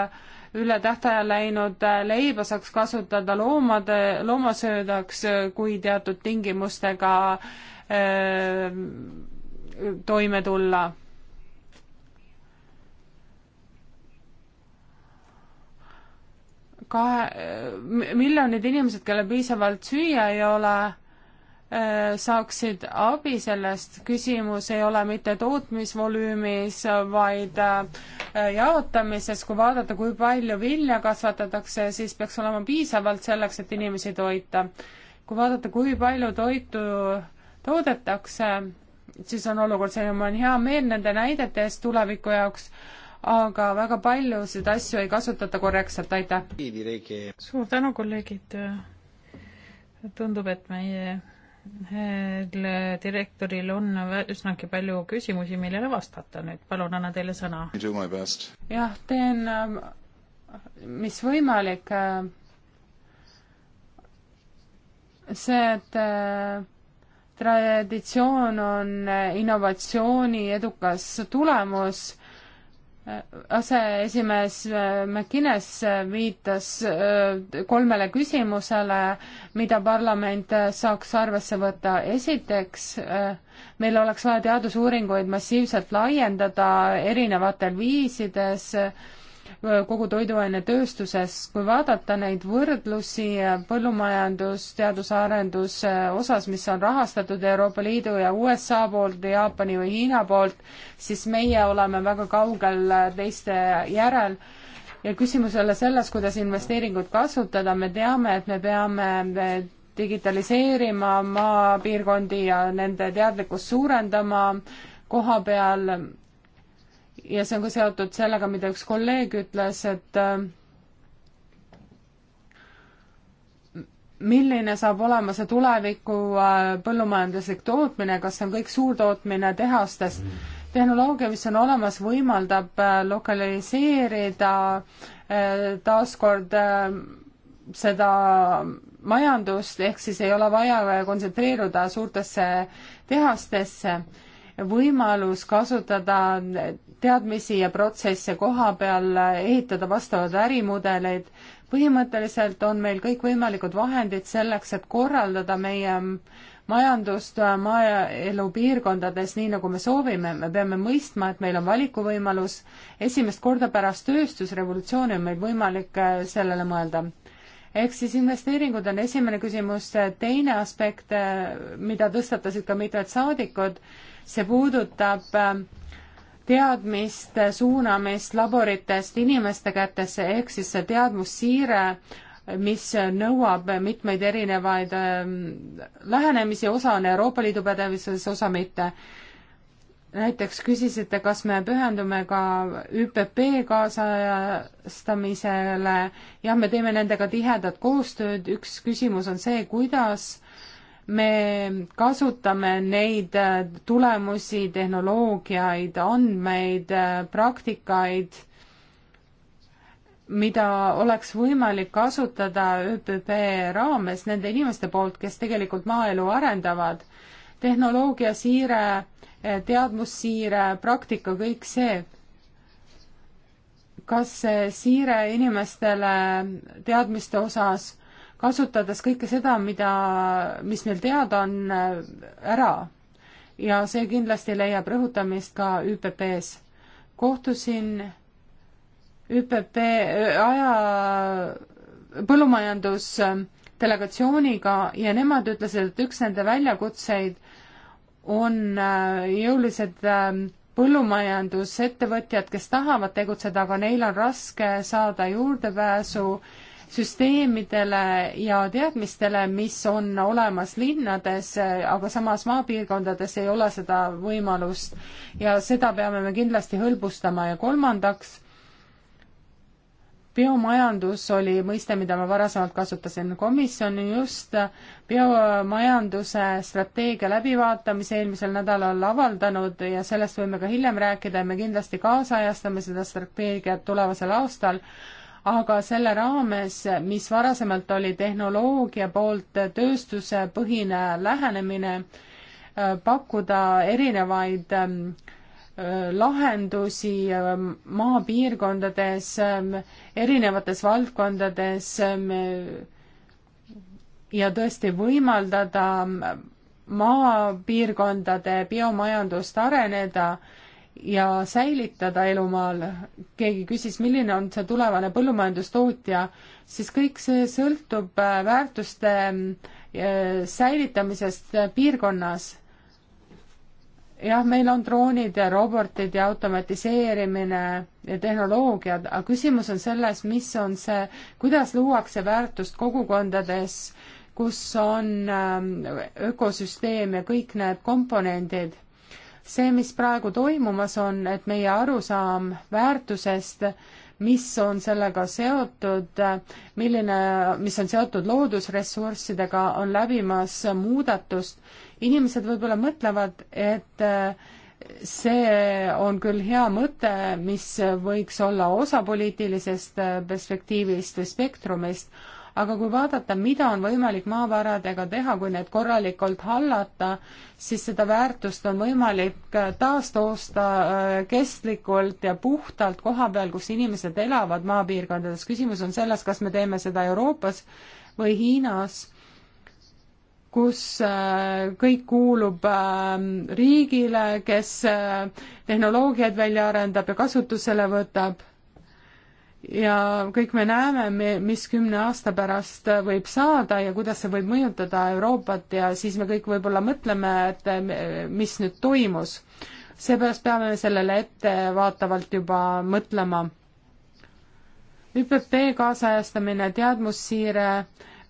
üle tähtaja läinud äh, leiba saaks kasutada loomade, loomasöödaks, äh, kui teatud tingimustega äh, toime tulla. kahe, miljonid inimesed, kellel piisavalt süüa ei ole, äh, saaksid abi sellest, küsimus ei ole mitte tootmisvolüümis, vaid äh, jaotamises, kui vaadata, kui palju vilja kasvatatakse, siis peaks olema piisavalt selleks, et inimesi toita. kui vaadata, kui palju toitu toodetakse, siis on olukord selline, mul on hea meel nende näidete eest tuleviku jaoks, aga väga paljusid asju ei kasutata korrektselt, aitäh! suur tänu, kolleegid! tundub, et meie direktoril on üsnagi palju küsimusi, millele vastata nüüd, palun anna teile sõna. jah, teen ähm, mis võimalik. Äh, see, et äh, traditsioon on innovatsiooni edukas tulemus aseesimees McInnes viitas äh, kolmele küsimusele, mida parlament saaks arvesse võtta. esiteks, äh, meil oleks vaja teadusuuringuid massiivselt laiendada erinevatel viisides kogu toiduainetööstuses, kui vaadata neid võrdlusi põllumajandus, teaduse arenduse äh, osas, mis on rahastatud Euroopa Liidu ja USA poolt, Jaapani või Hiina poolt, siis meie oleme väga kaugel äh, teiste järel ja küsimus ei ole selles, kuidas investeeringuid kasutada, me teame, et me peame äh, digitaliseerima maapiirkondi ja nende teadlikkust suurendama koha peal ja see on ka seotud sellega, mida üks kolleeg ütles, et äh, milline saab olema see tuleviku äh, põllumajanduslik tootmine, kas see on kõik suurtootmine tehastes mm.? tehnoloogia, mis on olemas, võimaldab äh, lokaliseerida taaskord seda majandust, ehk siis ei ole vaja kontsentreeruda suurtesse tehastesse võimalus kasutada teadmisi ja protsesse koha peal, ehitada vastavad ärimudeleid. põhimõtteliselt on meil kõikvõimalikud vahendid selleks, et korraldada meie majandust maaelu piirkondades nii, nagu me soovime, me peame mõistma, et meil on valikuvõimalus. esimest korda pärast tööstusrevolutsiooni on meil võimalik äh, sellele mõelda. ehk siis investeeringud on esimene küsimus, teine aspekt, äh, mida tõstatasid ka mitmed saadikud, see puudutab äh, teadmiste suunamist laboritest inimeste kätesse, ehk siis see teadmussiire, mis nõuab mitmeid erinevaid ähm, lähenemisi, osa on Euroopa Liidu pädevuses, osa mitte. näiteks küsisite, kas me pühendume ka ÜPP kaasajastamisele, jah, me teeme nendega tihedat koostööd, üks küsimus on see, kuidas me kasutame neid äh, tulemusi, tehnoloogiaid, andmeid, äh, praktikaid, mida oleks võimalik kasutada ÖPP raames nende inimeste poolt, kes tegelikult maaelu arendavad. tehnoloogiasiire, äh, teadmussiire, praktika, kõik see. kas see siire inimestele teadmiste osas kasutades kõike seda, mida, mis meil teada on, ära. ja see kindlasti leiab rõhutamist ka ÜPP-s. kohtusin ÜPP äh, aja põllumajandusdelegatsiooniga ja nemad ütlesid, et üks nende väljakutseid on äh, jõulised ähm, põllumajandusettevõtjad, kes tahavad tegutseda, aga neil on raske saada juurdepääsu äh, süsteemidele ja teadmistele, mis on olemas linnades, aga samas maapiirkondades ei ole seda võimalust ja seda peame me kindlasti hõlbustama ja kolmandaks, biomajandus oli mõiste, mida ma varasemalt kasutasin. komisjon just biomajanduse strateegia läbivaatamise eelmisel nädalal avaldanud ja sellest võime ka hiljem rääkida ja me kindlasti kaasajastame seda strateegiat tulevasel aastal aga selle raames, mis varasemalt oli tehnoloogia poolt tööstusepõhine lähenemine, äh, pakkuda erinevaid ähm, äh, lahendusi ähm, maapiirkondades, ähm, erinevates valdkondades ja tõesti võimaldada maapiirkondade biomajandust areneda ja säilitada elumaal, keegi küsis, milline on see tulevane põllumajandustootja, siis kõik see sõltub äh, väärtuste äh, säilitamisest äh, piirkonnas. jah, meil on droonid ja robotid ja automatiseerimine ja tehnoloogiad, aga küsimus on selles, mis on see, kuidas luuakse väärtust kogukondades, kus on ähm, ökosüsteem ja kõik need komponendid see, mis praegu toimumas on, et meie arusaam väärtusest, mis on sellega seotud, milline, mis on seotud loodusressurssidega, on läbimas muudatust. inimesed võib-olla mõtlevad, et eh, see on küll hea mõte, mis võiks olla osa poliitilisest eh, perspektiivist või spektrumist, aga kui vaadata, mida on võimalik maavaradega teha, kui need korralikult hallata, siis seda väärtust on võimalik äh, taastoosta äh, kestlikult ja puhtalt koha peal, kus inimesed elavad maapiirkondades. küsimus on selles, kas me teeme seda Euroopas või Hiinas kus äh, kõik kuulub ähm, riigile, kes tehnoloogiaid välja arendab ja kasutusele võtab ja kõik me näeme, mis kümne aasta pärast võib saada ja kuidas see võib mõjutada Euroopat ja siis me kõik võib-olla mõtleme, et mis nüüd toimus. seepärast peame sellele ettevaatavalt juba mõtlema. ÜPP kaasajastamine, teadmussiire,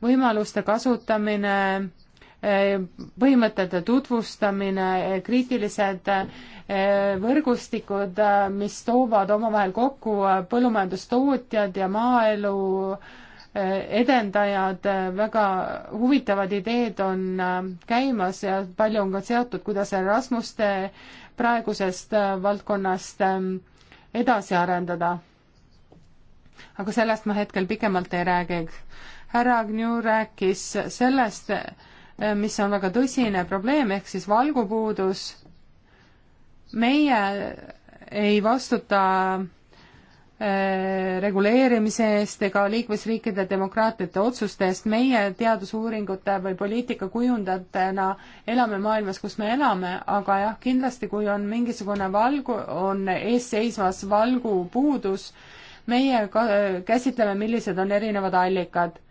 võimaluste kasutamine põhimõtete tutvustamine, kriitilised eh, võrgustikud, eh, mis toovad omavahel kokku eh, põllumajandustootjad ja maaelu edendajad, väga huvitavad ideed on käimas ja palju on ka seotud, kuidas Erasmuste praegusest valdkonnast edasi arendada. aga sellest ma hetkel pikemalt ei räägi. härra Agnew rääkis sellest, Äh, mis on väga tõsine probleem, ehk siis valgupuudus. meie ei vastuta äh, reguleerimise eest ega liikmesriikide demokraatiate otsuste eest, meie teadusuuringute või poliitika kujundajatena elame maailmas, kus me elame, aga jah, kindlasti kui on mingisugune valgu, on eesseisvas valgupuudus, meie ka-, äh, käsitleme, millised on erinevad allikad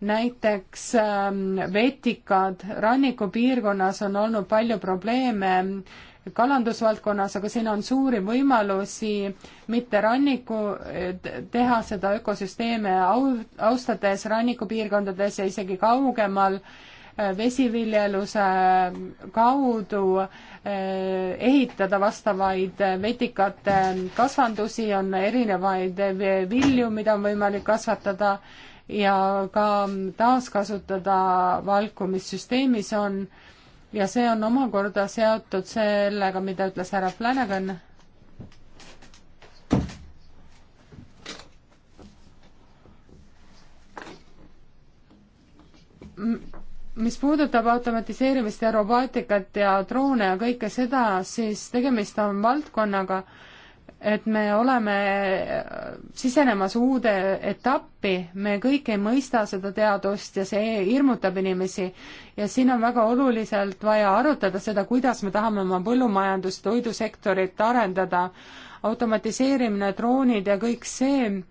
näiteks ähm, vetikad, rannikupiirkonnas on olnud palju probleeme kalandusvaldkonnas, aga siin on suuri võimalusi mitte ranniku, teha seda ökosüsteeme au, austades rannikupiirkondades ja isegi kaugemal äh, vesiviljeluse äh, kaudu äh, ehitada vastavaid vetikate kasvandusi, on erinevaid vilju, mida on võimalik kasvatada ja ka taaskasutada valku, mis süsteemis on ja see on omakorda seotud sellega, mida ütles härra Flanagan. mis puudutab automatiseerimist ja robotikat ja droone ja kõike seda, siis tegemist on valdkonnaga, et me oleme sisenemas uude etappi, me kõik ei mõista seda teadust ja see hirmutab inimesi. ja siin on väga oluliselt vaja arutada seda, kuidas me tahame oma põllumajandust, toidusektorit arendada, automatiseerimine, droonid ja kõik see,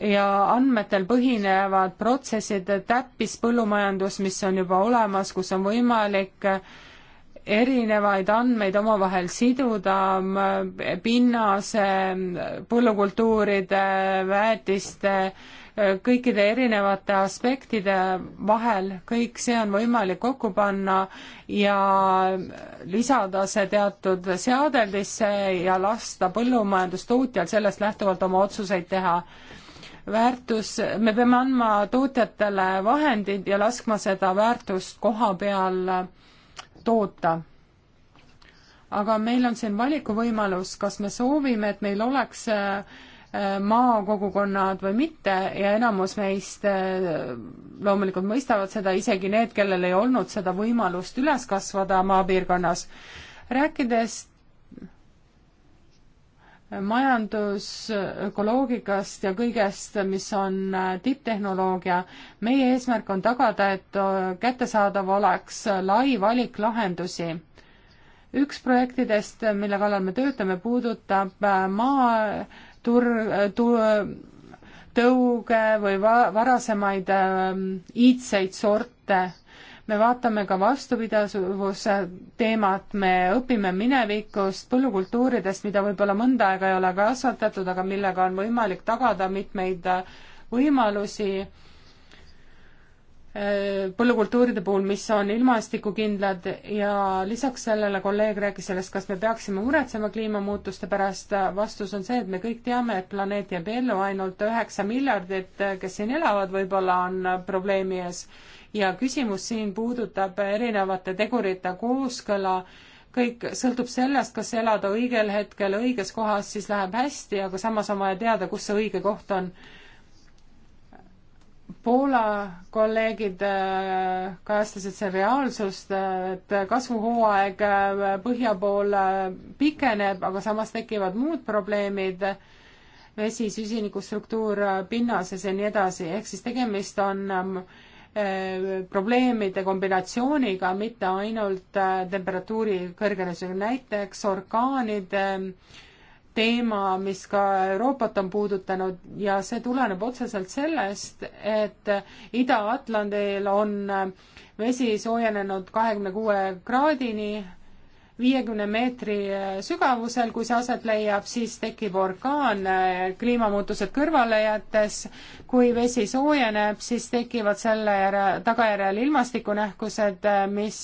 ja andmetel põhinevad protsessid, täppispõllumajandus, mis on juba olemas, kus on võimalik äh, erinevaid andmeid omavahel siduda, pinnase, põllukultuuride, väetiste, kõikide erinevate aspektide vahel, kõik see on võimalik kokku panna ja lisada see teatud seadeldisse ja lasta põllumajandustootjal sellest lähtuvalt oma otsuseid teha. väärtus, me peame andma tootjatele vahendid ja laskma seda väärtust koha peal äh, toota. aga meil on siin valikuvõimalus, kas me soovime, et meil oleks äh, äh, maakogukonnad või mitte ja enamus meist äh, loomulikult mõistavad seda, isegi need, kellel ei olnud seda võimalust üles kasvada maapiirkonnas. rääkides majandusökoloogikast ja kõigest, mis on äh, tipptehnoloogia. meie eesmärk on tagada, et äh, kättesaadav oleks lai valik lahendusi. üks projektidest, mille kallal me töötame, puudutab äh, maatur-, tu-, tõuge või va-, varasemaid iidseid sorte me vaatame ka vastupidavuse teemat, me õpime minevikust, põllukultuuridest, mida võib-olla mõnda aega ei ole kasvatatud, aga millega on võimalik tagada mitmeid võimalusi äh, põllukultuuride puhul, mis on ilmastikukindlad ja lisaks sellele kolleeg rääkis sellest, kas me peaksime muretsema kliimamuutuste pärast. vastus on see, et me kõik teame, et planeet jääb ellu ainult üheksa miljardit, kes siin elavad, võib-olla on probleemi ees ja küsimus siin puudutab erinevate tegurite kooskõla, kõik sõltub sellest, kas elada õigel hetkel õiges kohas, siis läheb hästi, aga samas on vaja teada, kus see õige koht on. Poola kolleegid äh, kajastasid see reaalsust, äh, et kasvuhooaeg äh, põhja pool pikeneb, aga samas tekivad muud probleemid, vesi, süsinikustruktuur pinnases ja nii edasi, ehk siis tegemist on ähm, Äh, probleemide kombinatsiooniga, mitte ainult äh, temperatuuri kõrgenemisega, näiteks orkaanide ähm, teema, mis ka Euroopat on puudutanud ja see tuleneb otseselt sellest, et Ida-Atlandil on äh, vesi soojenenud kahekümne kuue kraadini viiekümne meetri äh, sügavusel, kui see aset leiab, siis tekib orkaan äh, kliimamuutused kõrvale jättes. kui vesi soojeneb, siis tekivad selle tagajärjel ilmastikunähkused, äh, mis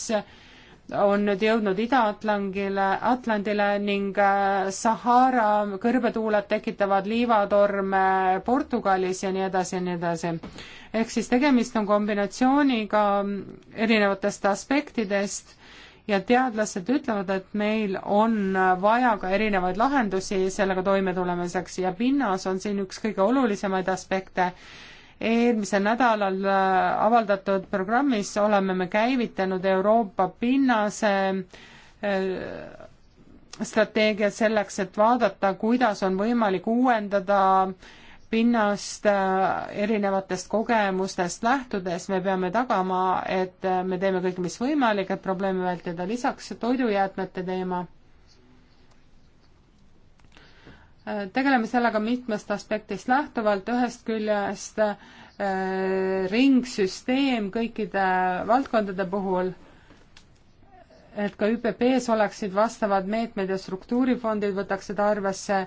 on nüüd jõudnud Ida-Atlandile, Atlandile ning Sahara kõrbetuuled tekitavad liivatorme Portugalis ja nii edasi ja nii edasi. ehk siis tegemist on kombinatsiooniga erinevatest aspektidest ja teadlased ütlevad, et meil on vaja ka erinevaid lahendusi sellega toimetulemiseks ja pinnas on siin üks kõige olulisemaid aspekte. eelmisel nädalal äh, avaldatud programmis oleme me käivitanud Euroopa pinnase äh, strateegia selleks, et vaadata, kuidas on võimalik uuendada äh, pinnast äh, erinevatest kogemustest lähtudes me peame tagama, et äh, me teeme kõik, mis võimalik, et probleeme vältida, lisaks toidujäätmete teema. Äh, tegeleme sellega mitmest aspektist lähtuvalt, ühest küljest ringsüsteem kõikide valdkondade puhul et ka ÜPP-s oleksid vastavad meetmed ja struktuurifondid võtaks seda arvesse,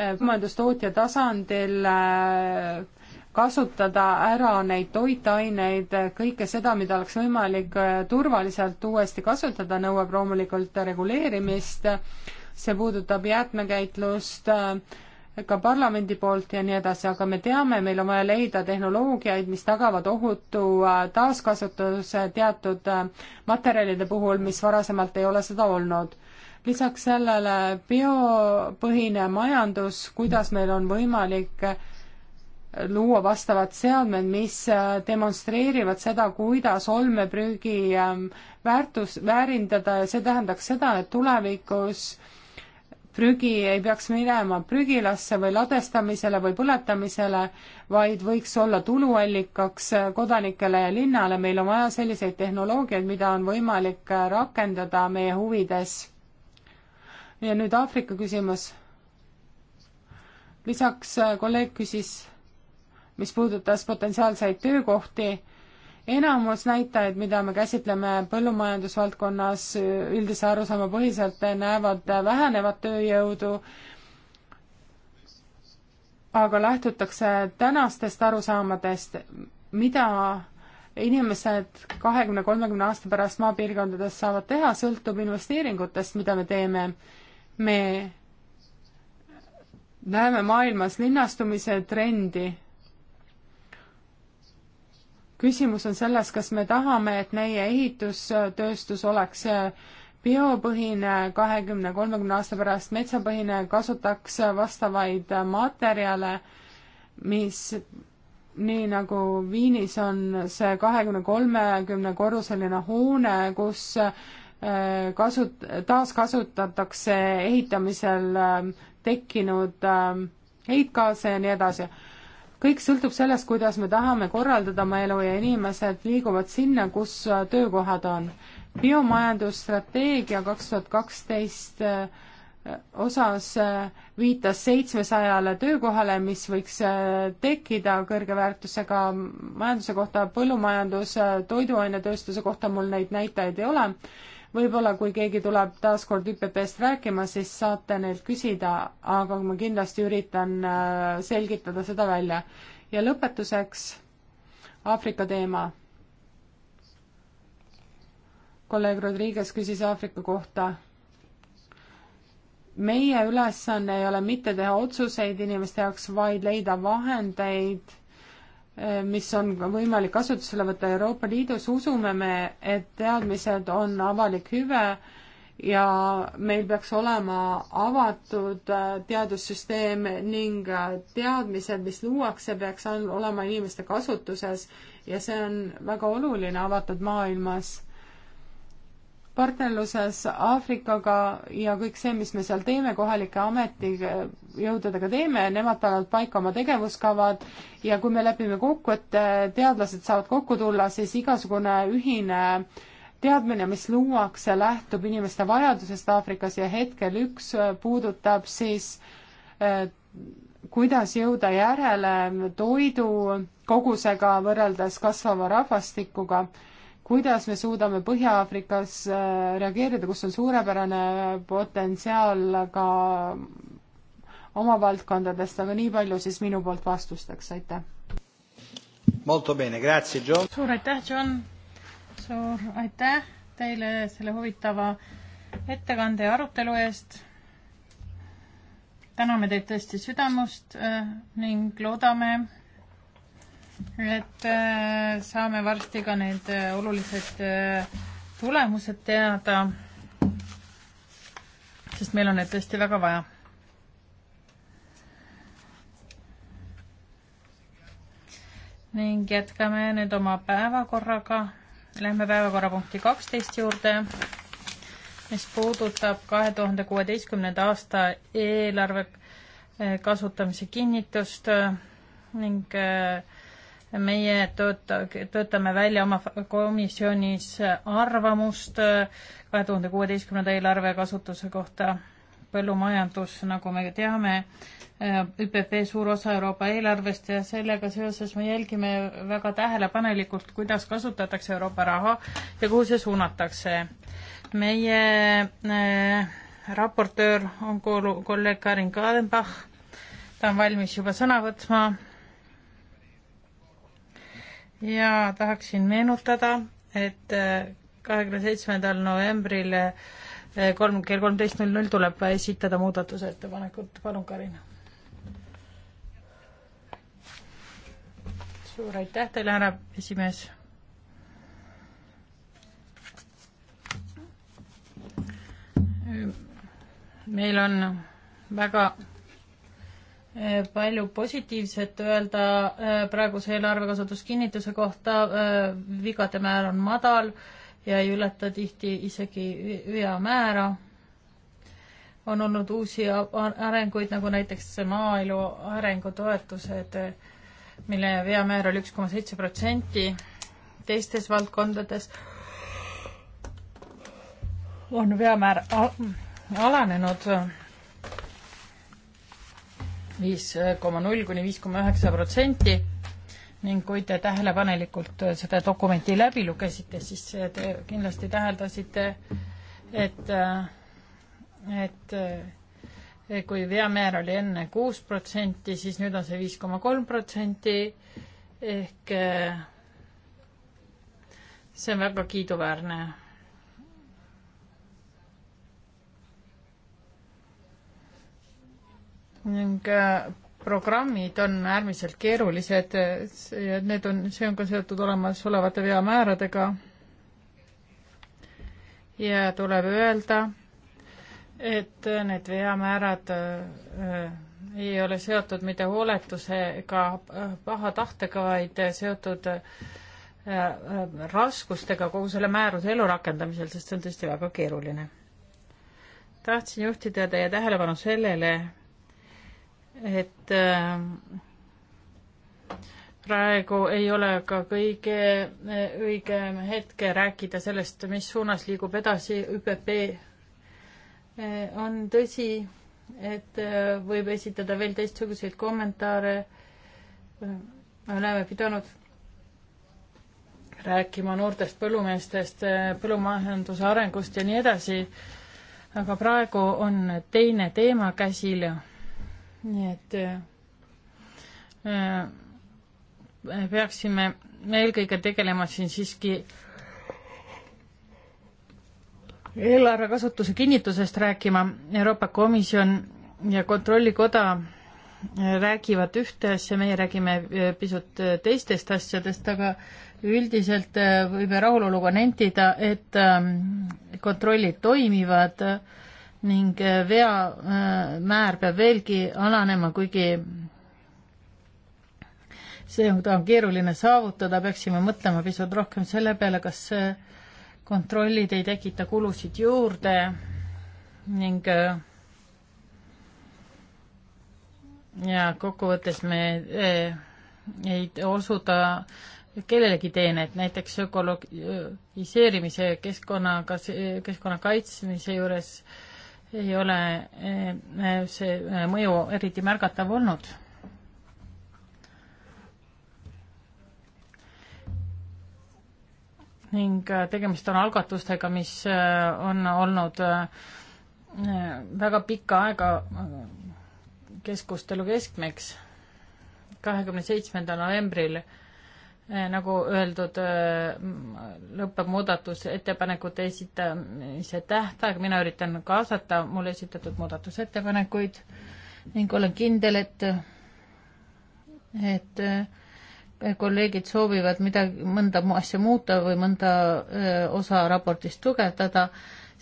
põllumajandustootja eh, tasandil eh, kasutada ära neid toitaineid, kõike seda, mida oleks võimalik eh, turvaliselt uuesti kasutada, nõuab loomulikult reguleerimist, see puudutab jäätmekäitlust, ka parlamendi poolt ja nii edasi, aga me teame, meil on vaja leida tehnoloogiaid, mis tagavad ohutu äh, taaskasutuse teatud äh, materjalide puhul, mis varasemalt ei ole seda olnud. lisaks sellele biopõhine majandus, kuidas meil on võimalik äh, luua vastavad seadmed, mis demonstreerivad seda, kuidas olmeprügi ähm, väärtus, väärindada ja see tähendaks seda, et tulevikus äh, prügi ei peaks minema prügilasse või ladestamisele või põletamisele, vaid võiks olla tuluallikaks kodanikele ja linnale, meil on vaja selliseid tehnoloogiaid, mida on võimalik rakendada meie huvides. ja nüüd Aafrika küsimus. lisaks kolleeg küsis, mis puudutas potentsiaalseid töökohti enamus näitajaid, mida me käsitleme põllumajandusvaldkonnas üldise arusaama põhiselt, näevad vähenevat tööjõudu, aga lähtutakse tänastest arusaamadest, mida inimesed kahekümne, kolmekümne aasta pärast maapiirkondades saavad teha, sõltub investeeringutest, mida me teeme. me näeme maailmas linnastumise trendi küsimus on selles, kas me tahame, et meie ehitustööstus oleks äh, biopõhine kahekümne, kolmekümne aasta pärast metsapõhine, kasutaks vastavaid materjale, mis nii nagu Viinis on see kahekümne, kolmekümne korruseline hoone, kus äh, kasut-, taaskasutatakse ehitamisel äh, tekkinud heitgaase ja nii edasi kõik sõltub sellest, kuidas me tahame korraldada oma elu ja inimesed liiguvad sinna, kus äh, töökohad on. biomajandusstrateegia kaks tuhat kaksteist äh, osas äh, viitas seitsmesajale töökohale, mis võiks tekkida kõrge väärtusega majanduse kohta, põllumajandus, toiduainetööstuse kohta mul neid näitajaid ei ole võib-olla kui keegi tuleb taaskord ÜPP-st rääkima, siis saate neilt küsida, aga ma kindlasti üritan äh, selgitada seda välja. ja lõpetuseks Aafrika teema. kolleeg Rodriguez küsis Aafrika kohta meie ülesanne ei ole mitte teha otsuseid inimeste jaoks, vaid leida vahendeid mis on võimalik kasutusele võtta Euroopa Liidus, usume me, et teadmised on avalik hüve ja meil peaks olema avatud äh, teadussüsteem ning äh, teadmised, mis luuakse, peaks olema inimeste kasutuses ja see on väga oluline avatud maailmas partnerluses Aafrikaga ja kõik see, mis me seal teeme, kohalike ametijõududega teeme, nemad panevad paika oma tegevuskavad ja kui me lepime kokku, et teadlased saavad kokku tulla, siis igasugune ühine teadmine, mis luuakse, lähtub inimeste vajadusest Aafrikas ja hetkel üks puudutab siis eh, kuidas jõuda järele toidu kogusega võrreldes kasvava rahvastikuga kuidas me suudame Põhja-Aafrikas äh, reageerida, kus on suurepärane potentsiaal ka oma valdkondadest, aga nii palju siis minu poolt vastusteks, aitäh. Molto bene, grazie, John. suur aitäh, John. suur aitäh teile selle huvitava ettekande ja arutelu eest. täname teid tõesti südamust äh, ning loodame, et äh, saame varsti ka need äh, olulised äh, tulemused teada, sest meil on neid tõesti väga vaja. ning jätkame nüüd oma päevakorraga. Lähme päevakorrapunkti kaksteist juurde, mis puudutab kahe tuhande kuueteistkümnenda aasta eelarve kasutamise kinnitust ning äh, meie tööta-, töötame välja oma komisjonis arvamust äh, kahe tuhande kuueteistkümnenda eelarve kasutuse kohta. põllumajandus, nagu me teame, äh, ÜPP suur osa Euroopa eelarvest ja sellega seoses me jälgime väga tähelepanelikult, kuidas kasutatakse Euroopa raha ja kuhu see suunatakse. meie äh, raportöör on kolleeg Karin Kadenbach, ta on valmis juba sõna võtma ja tahaksin meenutada, et äh, kahekümne seitsmendal novembril äh, kolm, kell kolmteist null null tuleb esitada muudatusettepanekud, palun Karin. suur aitäh teile, härra esimees. meil on väga Eh, palju positiivset öelda eh, praeguse eelarvekasutuskinnituse kohta, eh, vigade määr on madal ja ei ületa tihti isegi vea määra. on olnud uusi arenguid, nagu näiteks maaelu arengutoetused, mille veamäär oli üks koma seitse protsenti, teistes valdkondades on veamäär alanenud viis eh, koma null kuni viis koma üheksa protsenti ning kui te tähelepanelikult eh, seda dokumenti läbi lugesite, siis te kindlasti täheldasite, et, eh, et kui veamäär oli enne kuus protsenti, siis nüüd on see viis koma kolm protsenti ehk see on väga kiiduväärne. ning äh, programmid on äärmiselt keerulised äh, ja need on, see on ka seotud olemasolevate veamääradega. ja tuleb öelda, et äh, need veamäärad ei ole seotud mitte hooletusega, paha tahtega, vaid seotud raskustega kogu selle määruse elurakendamisel, sest see on tõesti väga keeruline. tahtsin juhtida teie tähelepanu sellele, et äh, praegu ei ole ka kõige äh, õigem hetk rääkida sellest, mis suunas liigub edasi ÜPP. Äh, on tõsi, et võib esitada veel teistsuguseid kommentaare. me oleme pidanud rääkima noortest põllumeestest, põllumajanduse arengust ja nii edasi. aga praegu on teine teema käsil ja nii et äh, äh, peaksime eelkõige tegelema siin siiski eelarve kasutuse kinnitusest rääkima, Euroopa Komisjon ja Kontrollikoda äh, räägivad ühte asja, meie räägime pisut teistest asjadest, aga üldiselt võime rahuloluga nentida, et ähm, kontrollid toimivad äh, ning äh, veamäär äh, peab veelgi alanema, kuigi see on, ta on keeruline saavutada, peaksime mõtlema pisut rohkem selle peale, kas äh, kontrollid ei tekita kulusid juurde ning ja kokkuvõttes me ei osuta kellelegi teenet, näiteks ökologiseerimise keskkonna, keskkonna kaitsmise juures äh, ei ole eh, eh, see eh, mõju eriti märgatav olnud. ning tegemist on algatustega, mis on olnud väga pikka aega keskustelu keskmeks. kahekümne seitsmendal novembril Eh, nagu öeldud, eh, lõpeb muudatusettepanekute esitamise tähtaeg, mina üritan kaasata mulle esitatud muudatusettepanekuid ning olen kindel, et, et eh, kolleegid soovivad midagi, mõnda asja muuta või mõnda osa raportist tugevdada.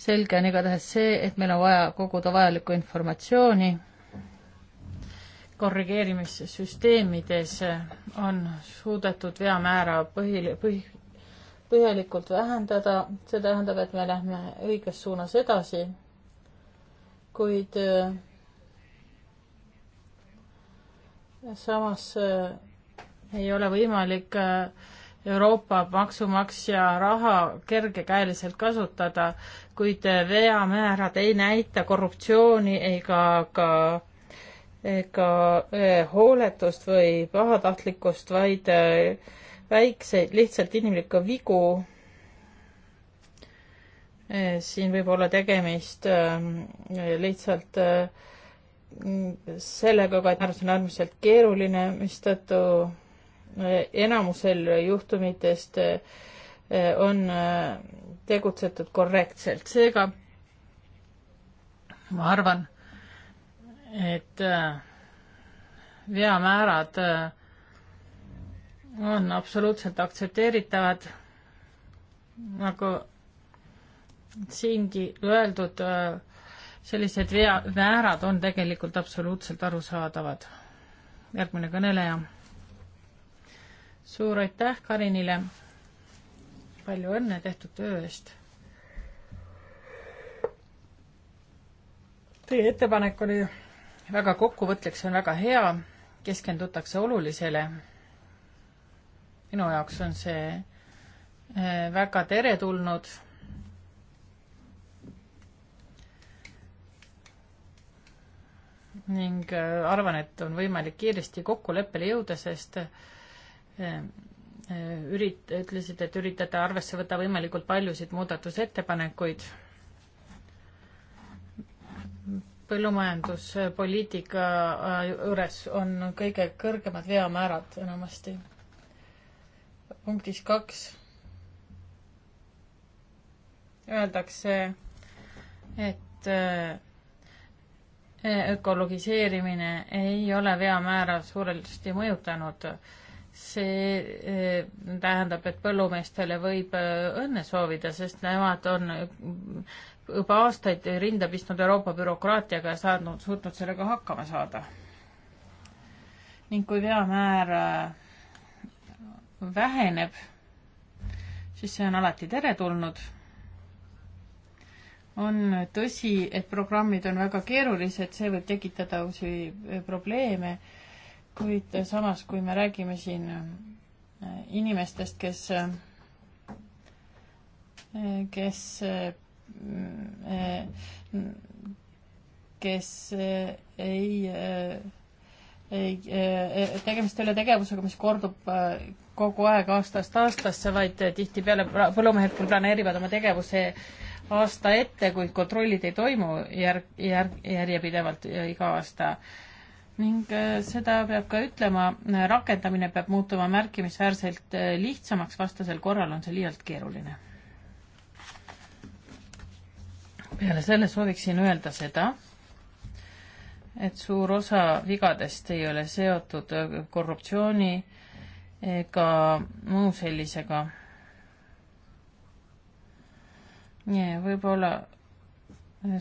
selge on igatahes see, et meil on vaja koguda vajalikku informatsiooni korrigeerimissüsteemides on suudetud veamäära põhi, põhi, põhjalikult vähendada, see tähendab, et me lähme õiges suunas edasi, kuid äh, samas äh, ei ole võimalik äh, Euroopa maksumaksja raha kergekäeliselt kasutada, kuid veamäärad ei näita korruptsiooni ega ka, ka ega eh, hooletust või pahatahtlikkust, vaid eh, väikseid lihtsalt inimlikke vigu. Eh, siin võib olla tegemist lihtsalt sellega ka, et määrus on äärmiselt keeruline, mistõttu enamusel juhtumitest on tegutsetud korrektselt, seega ma arvan, et äh, veamäärad äh, on absoluutselt aktsepteeritavad, nagu siingi öeldud, äh, sellised veamäärad on tegelikult absoluutselt arusaadavad. järgmine kõneleja. suur aitäh Karinile. palju õnne tehtud töö eest. Teie ettepanek oli väga kokkuvõtlik, see on väga hea, keskendutakse olulisele. minu jaoks on see äh, väga teretulnud. ning äh, arvan, et on võimalik kiiresti kokkuleppele jõuda, sest äh, ürit-, ütlesite, et üritate arvesse võtta võimalikult paljusid muudatusettepanekuid põllumajanduspoliitika äh, juures on kõige kõrgemad veamäärad enamasti. punktis kaks öeldakse, et äh, ökologiseerimine ei ole veamäära suuresti mõjutanud. see äh, tähendab, et põllumeestele võib õnne soovida, sest nemad on juba aastaid rinda pistnud Euroopa bürokraatiaga ja saanud, suutnud sellega hakkama saada. ning kui veamäär äh, väheneb, siis see on alati teretulnud. on tõsi, et programmid on väga keerulised, see võib tekitada uusi äh, probleeme, kuid samas, kui me räägime siin äh, inimestest, kes, kes kes eh, ei, eh, ei, eh, tegemist ei ole tegevusega, mis kordub kogu aeg aastast aastasse, vaid tihtipeale põllumehed küll planeerivad oma tegevuse aasta ette, kuid kontrollid ei toimu järg, järg, järjepidevalt iga aasta. ning seda peab ka ütlema, rakendamine peab muutuma märkimisväärselt lihtsamaks, vastasel korral on see liialt keeruline peale selle sooviksin öelda seda, et suur osa vigadest ei ole seotud korruptsiooni ega muu sellisega. võib-olla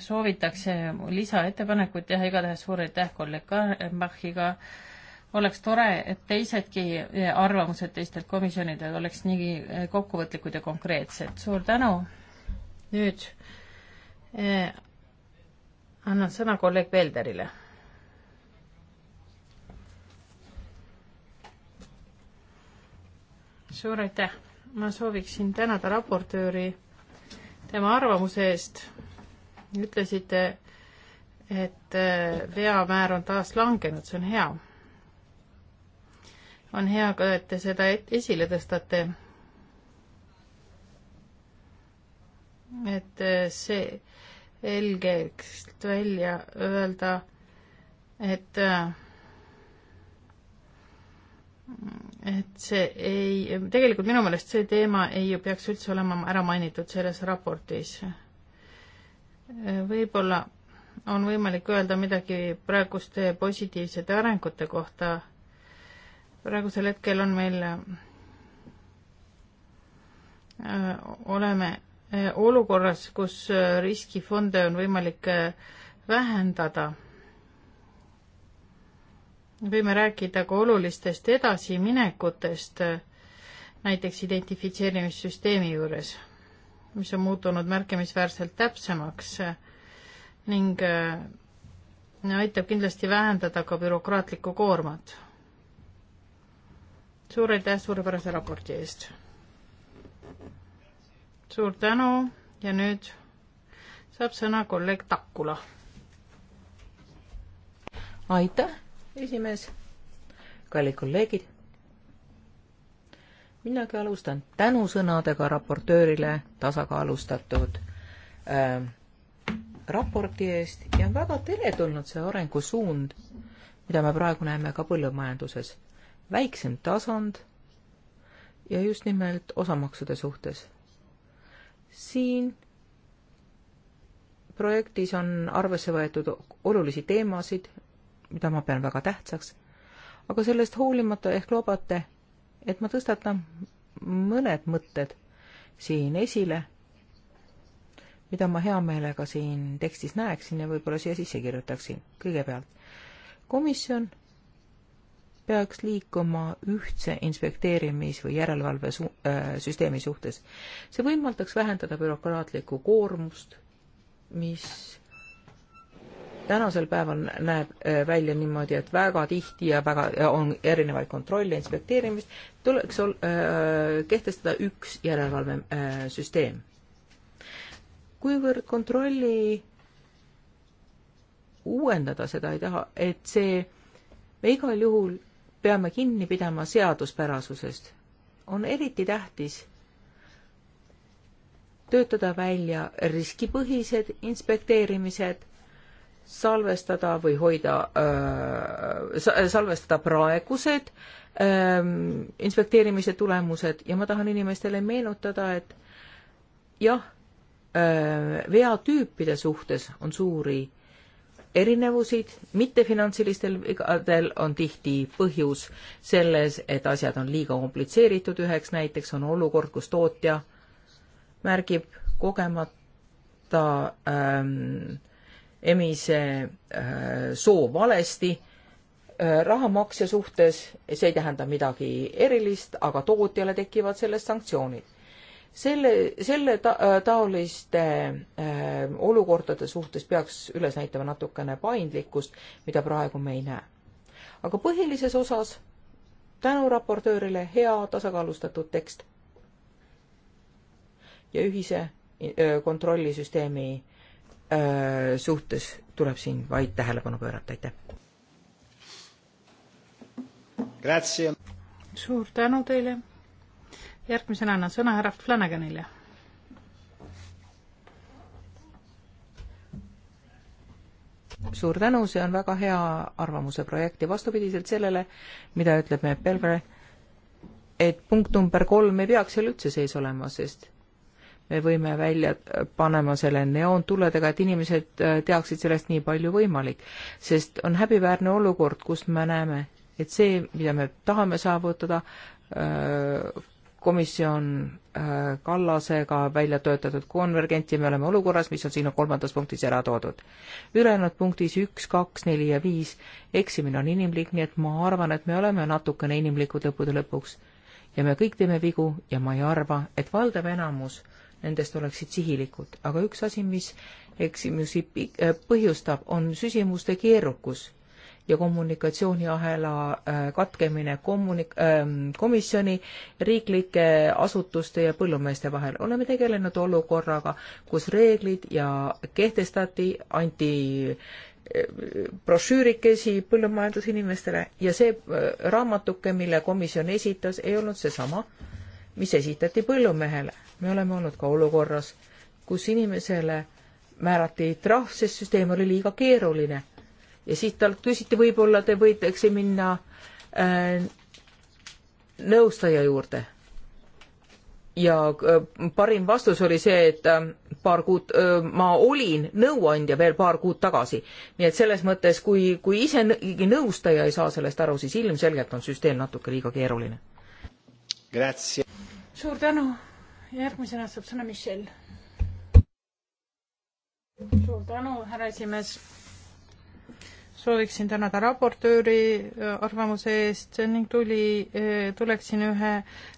soovitakse lisaettepanekuid teha, igatahes suur aitäh kolleeg Karmachiga. oleks tore, et teisedki arvamused teistelt komisjonidelt oleks nii kokkuvõtlikud ja konkreetsed. suur tänu. nüüd Eh, annan sõna kolleeg Velderile. suur aitäh, ma sooviksin tänada raportööri tema arvamuse eest. ütlesite, et eh, veamäär on taas langenud, see on hea. on hea ka, et te seda esile tõstate. et eh, see selgelt välja öelda, et et see ei, tegelikult minu meelest see teema ei peaks üldse olema ära mainitud selles raportis. võib-olla on võimalik öelda midagi praeguste positiivsete arengute kohta. praegusel hetkel on meil, äh, oleme Äh, olukorras, kus äh, riskifonde on võimalik äh, vähendada. võime rääkida ka olulistest edasiminekutest, näiteks identifitseerimissüsteemi juures, mis on muutunud märkimisväärselt täpsemaks ning aitab kindlasti vähendada ka bürokraatlikku koormat. suur aitäh suurepärase raporti eest! suur tänu ja nüüd saab sõna kolleeg Takula. aitäh, esimees, kallid kolleegid. minagi alustan tänusõnadega raportöörile tasakaalustatud äh, raporti eest ja on väga teretulnud see arengusuund, mida me praegu näeme ka põllumajanduses. väiksem tasand ja just nimelt osamaksude suhtes siin projektis on arvesse võetud olulisi teemasid, mida ma pean väga tähtsaks, aga sellest hoolimata ehk lubate, et ma tõstatan mõned mõtted siin esile, mida ma hea meelega siin tekstis näeksin ja võib-olla siia sisse kirjutaksin. kõigepealt, komisjon peaks liikuma ühtse inspekteerimis- või järelevalvesüsteemi su äh, suhtes. see võimaldaks vähendada bürokraatlikku koormust, mis tänasel päeval näeb äh, välja niimoodi, et väga tihti ja väga on erinevaid kontrolle, inspekteerimist, tuleks ol- äh,, kehtestada üks järelevalvesüsteem äh,. kuivõrd kontrolli uuendada seda ei taha, et see me igal juhul peame kinni pidama seaduspärasusest. on eriti tähtis töötada välja riskipõhised inspekteerimised, salvestada või hoida äh,, salvestada praegused äh, inspekteerimise tulemused ja ma tahan inimestele meenutada, et jah äh,, veatüüpide suhtes on suuri erinevusid, mittefinantsilistel vigadel on tihti põhjus selles, et asjad on liiga komplitseeritud, üheks näiteks on olukord, kus tootja märgib kogemata ähm, emise äh, soo valesti äh, rahamaksja suhtes, see ei tähenda midagi erilist, aga tootjale tekivad sellest sanktsioonid selle, selle ta-, äh, taoliste äh, olukordade suhtes peaks üles näitama natukene paindlikkust, mida praegu me ei näe. aga põhilises osas tänu raportöörile hea tasakaalustatud tekst ja ühise äh, kontrollisüsteemi äh, suhtes tuleb siin vaid tähelepanu pöörata, aitäh! suur tänu teile! järgmisena annan sõna härra Flanaganile. suur tänu, see on väga hea arvamuse projekt ja vastupidiselt sellele, mida ütleb meie Belgrade, et punkt number kolm ei peaks seal üldse sees olema, sest me võime välja panema selle neoontulledega, et inimesed äh, teaksid sellest nii palju võimalik. sest on häbiväärne olukord, kus me näeme, et see, mida me tahame saavutada, äh, komisjon äh, Kallasega välja töötatud konvergentsi, me oleme olukorras, mis on siin kolmandas punktis ära toodud. ülejäänud punktis üks, kaks, neli ja viis, eksimine on inimlik, nii et ma arvan, et me oleme natukene inimlikud lõppude lõpuks. ja me kõik teeme vigu ja ma ei arva, et valdav enamus nendest oleksid sihilikud, aga üks asi, mis eksimusi äh, põhjustab, on süsimuste keerukus ja kommunikatsiooniahela äh, katkemine kommunik-, ähm, komisjoni, riiklike asutuste ja põllumeeste vahel. oleme tegelenud olukorraga, kus reeglid ja kehtestati, anti äh, brošüürikesi põllumajandusinimestele ja see äh, raamatuke, mille komisjon esitas, ei olnud seesama, mis esitati põllumehele. me oleme olnud ka olukorras, kus inimesele määrati trahv, sest süsteem oli liiga keeruline ja siis talt küsiti, võib-olla te võidakse minna äh, nõustaja juurde. ja äh, parim vastus oli see, et äh, paar kuud äh,, ma olin nõuandja veel paar kuud tagasi. nii et selles mõttes, kui, kui ise nõustaja ei saa sellest aru, siis ilmselgelt on süsteem natuke liiga keeruline. suur tänu, järgmisena saab sõna Michelle. suur tänu, härra esimees sooviksin tänada raportööri äh, arvamuse eest ning tuli, äh, tuleksin ühe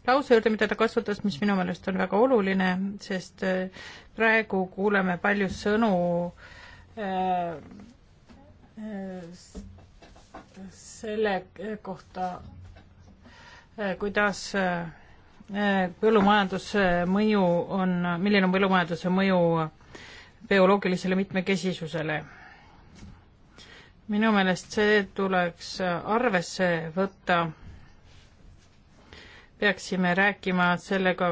lause juurde, mida ta kasutas, mis minu meelest on väga oluline, sest äh, praegu kuuleme palju sõnu selle kohta, kuidas põllumajanduse mõju on, milline on põllumajanduse mõju bioloogilisele mitmekesisusele minu meelest see tuleks arvesse võtta. peaksime rääkima sellega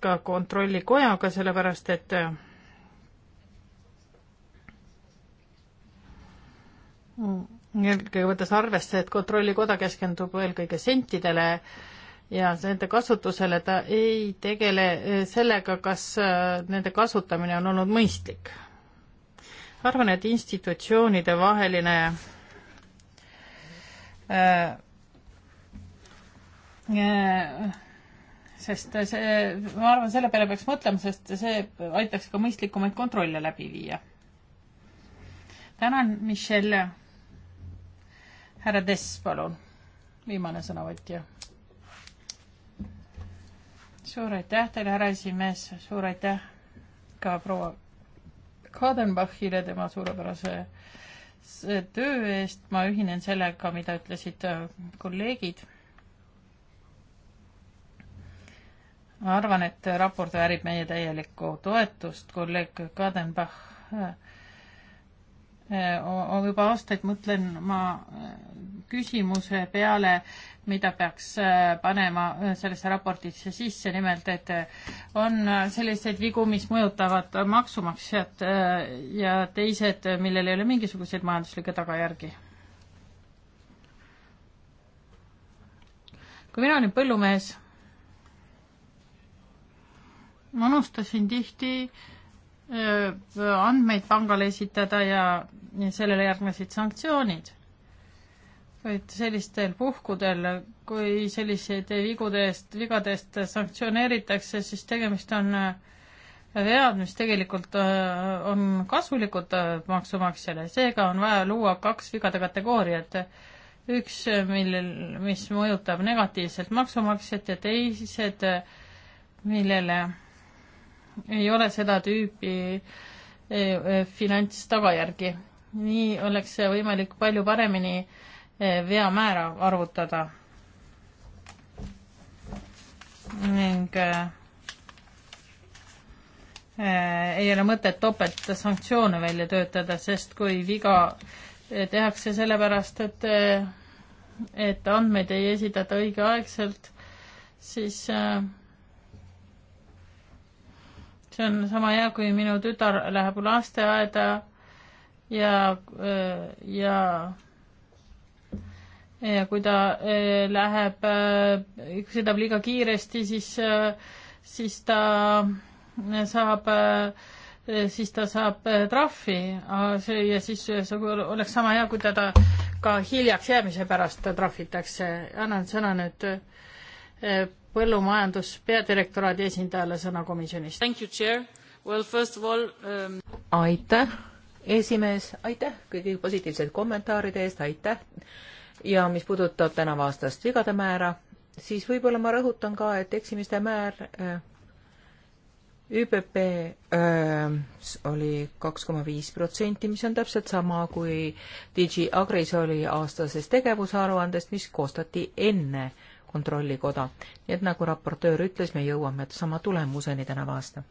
ka kontrollikojaga, sellepärast et eelkõige võttes arvesse, et kontrollikoda keskendub eelkõige sentidele ja nende kasutusele, ta ei tegele sellega, kas nende kasutamine on olnud mõistlik arvan, et institutsioonide vaheline äh, äh, sest see, ma arvan, selle peale peaks mõtlema, sest see aitaks ka mõistlikumaid kontrolle läbi viia. tänan, Michelle. härra Tess, palun, viimane sõnavõtja. suur aitäh teile, härra esimees, suur aitäh ka proua Kadenbachile tema suurepärase töö eest, ma ühinen sellega, mida ütlesid äh, kolleegid. ma arvan, et raport väärib meie täielikku toetust, kolleeg Kadenbach äh, Äh, juba aastaid mõtlen ma äh, küsimuse peale, mida peaks äh, panema sellesse raportisse sisse, nimelt et on selliseid vigu, mis mõjutavad maksumaksjat ja teised, millel ei ole mingisuguseid majanduslikke tagajärgi. kui mina olin põllumees, ma unustasin tihti äh, andmeid pangale esitada ja sellele järgnesid sanktsioonid. kuid sellistel puhkudel, kui selliseid vigude eest, vigade eest sanktsioneeritakse, siis tegemist on vead, mis tegelikult on kasulikud maksumaksjale, seega on vaja luua kaks vigade kategooriat. üks, millel, mis mõjutab negatiivselt maksumaksjat ja teised, millele ei ole seda tüüpi e, e, finantstagajärgi. nii oleks võimalik palju paremini e, veamäära arvutada. ning ei ole mõtet topelt sanktsioone välja töötada, sest kui viga tehakse sellepärast, et, et andmeid ei esitata õigeaegselt, siis äh, see on sama hea, kui minu tütar läheb lasteaeda ja, ja ja kui ta eh, läheb, eh, sõidab liiga kiiresti, siis, eh, siis ta saab, siis ta saab trahvi. see ja siis see oleks sama hea, kui teda ka hiljaks jäämise pärast trahvitakse. annan sõna nüüd põllumajandus peadirektoraadi esindajale sõna komisjonist. Well, all, um... aitäh, esimees, aitäh kõigi positiivsete kommentaaride eest, aitäh. ja mis puudutab tänavaastast vigade määra, siis võib-olla ma rõhutan ka, et eksimiste määr äh, ÜPP öö, äh, oli kaks koma viis protsenti, mis on täpselt sama kui DigiAgris oli aastases tegevusaruandest, mis koostati enne kontrollikoda. nii et nagu raportöör ütles, me jõuame sama tulemuseni tänavu aasta.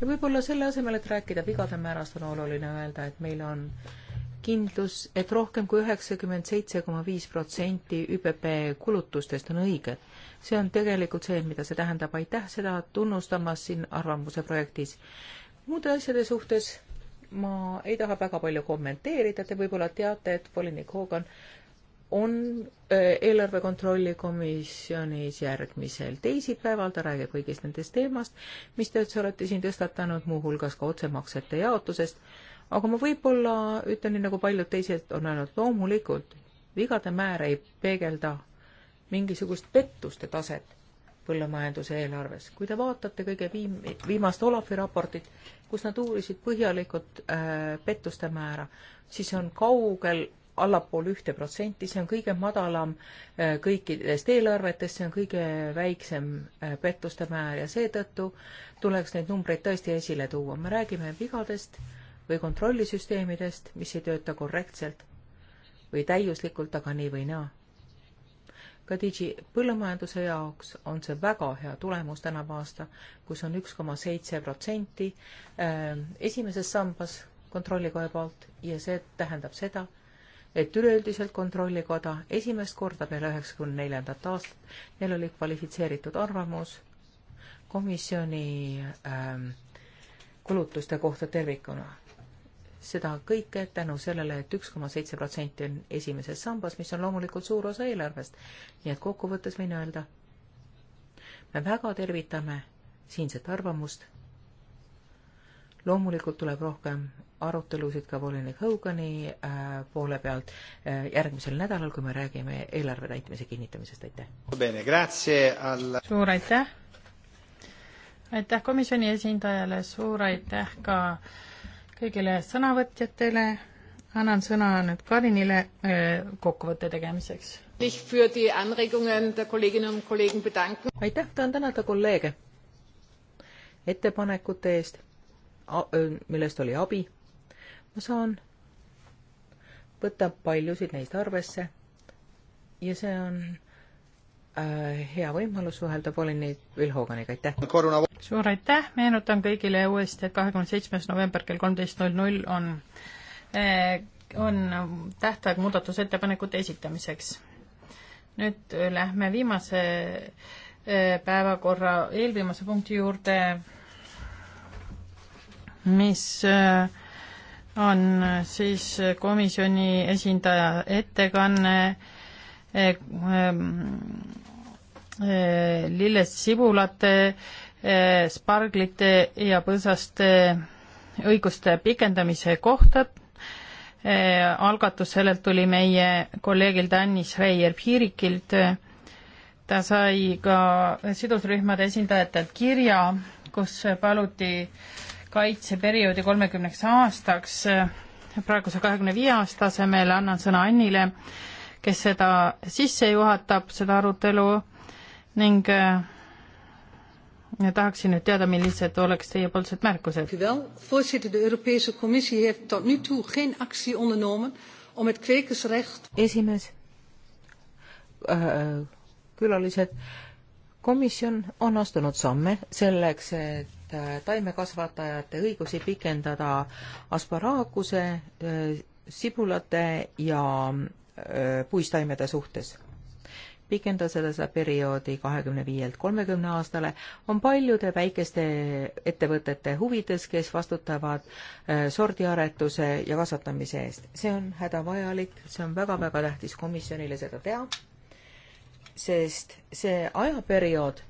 ja võib-olla selle asemel, et rääkida vigade määrast, on oluline öelda, et meil on kindlus, et rohkem kui üheksakümmend seitse koma viis protsenti ÜPP kulutustest on õiged. see on tegelikult see, mida see tähendab, aitäh seda tunnustamas siin arvamuse projektis. muude asjade suhtes ma ei taha väga palju kommenteerida, te võib-olla teate, et volinik Hogan on äh, eelarve kontrolli komisjonis järgmisel teisipäeval, ta räägib kõigist nendest teemast, mis te üldse olete siin tõstatanud, muuhulgas ka otsemaksete jaotusest, aga ma võib-olla ütlen nii, nagu paljud teised on öelnud, loomulikult vigade määr ei peegelda mingisugust pettuste taset põllumajanduse eelarves. kui te vaatate kõige viim-, viimast Olavi raportit, kus nad uurisid põhjalikult äh, pettuste määra, siis on kaugel allapool ühte protsenti, see on kõige madalam äh, kõikidest eelarvetest, see on kõige väiksem äh, pettuste määr ja seetõttu tuleks neid numbreid tõesti esile tuua. me räägime vigadest või kontrollisüsteemidest, mis ei tööta korrektselt või täiuslikult, aga nii või naa. ka digi põllumajanduse jaoks on see väga hea tulemus tänavu aasta, kus on üks koma seitse protsenti äh, esimeses sambas kontrollikoja poolt ja see tähendab seda, et üleüldiselt Kontrollikoda esimest korda peale üheksakümne neljandat aastat, neil oli kvalifitseeritud arvamus komisjoni ähm, kulutuste kohta tervikuna. seda kõike tänu sellele, et üks koma seitse protsenti on esimeses sambas, mis on loomulikult suur osa eelarvest. nii et kokkuvõttes võin öelda, me väga tervitame siinset arvamust loomulikult tuleb rohkem arutelusid ka volinik Hogani äh, poole pealt äh, järgmisel nädalal, kui me räägime eelarve täitmise kinnitamisest, aitäh! suur aitäh! aitäh komisjoni esindajale, suur aitäh ka kõigile sõnavõtjatele, annan sõna nüüd Karinile äh, kokkuvõtte tegemiseks. aitäh, tahan tänada kolleege ettepanekute eest millest oli abi, ma saan võtta paljusid neist arvesse ja see on äh, hea võimalus suhelda Paulineid Vilhoganiga, aitäh! suur aitäh, meenutan kõigile uuesti, et kahekümne seitsmes november kell kolmteist null null on äh, on tähtaeg muudatusettepanekute esitamiseks. nüüd äh, lähme viimase äh, päevakorra eelviimase punkti juurde mis äh, on äh, siis äh, komisjoni esindaja ettekanne ähm, lillest sibulate, sparglite ja põõsaste õiguste pikendamise kohta. algatus sellelt tuli meie kolleegilt Annis Reier-Piirikilt. ta sai ka sidusrühmade esindajatelt kirja, kus paluti äh, kaitseperioodi kolmekümneks aastaks praeguse kahekümne viie aasta asemel, annan sõna Annile, kes seda sisse juhatab, seda arutelu ning ja tahaksin nüüd teada, millised oleks teiepoolsed märkused. Voorzitter, de Europese Commissie heeft tot nu toe geen actie ondernomen om het kwekersrecht. esimees äh,, külalised, komisjon on astunud samme selleks, et Äh, taimekasvatajate õigusi pikendada asparaaguse, äh, sibulate ja äh, puistaimede suhtes pikendada seda perioodi kahekümne viielt kolmekümne aastale, on paljude väikeste ettevõtete huvides, kes vastutavad sordiaretuse ja kasvatamise eest. see on hädavajalik, see on väga-väga tähtis komisjonile seda teha, sest see ajaperiood,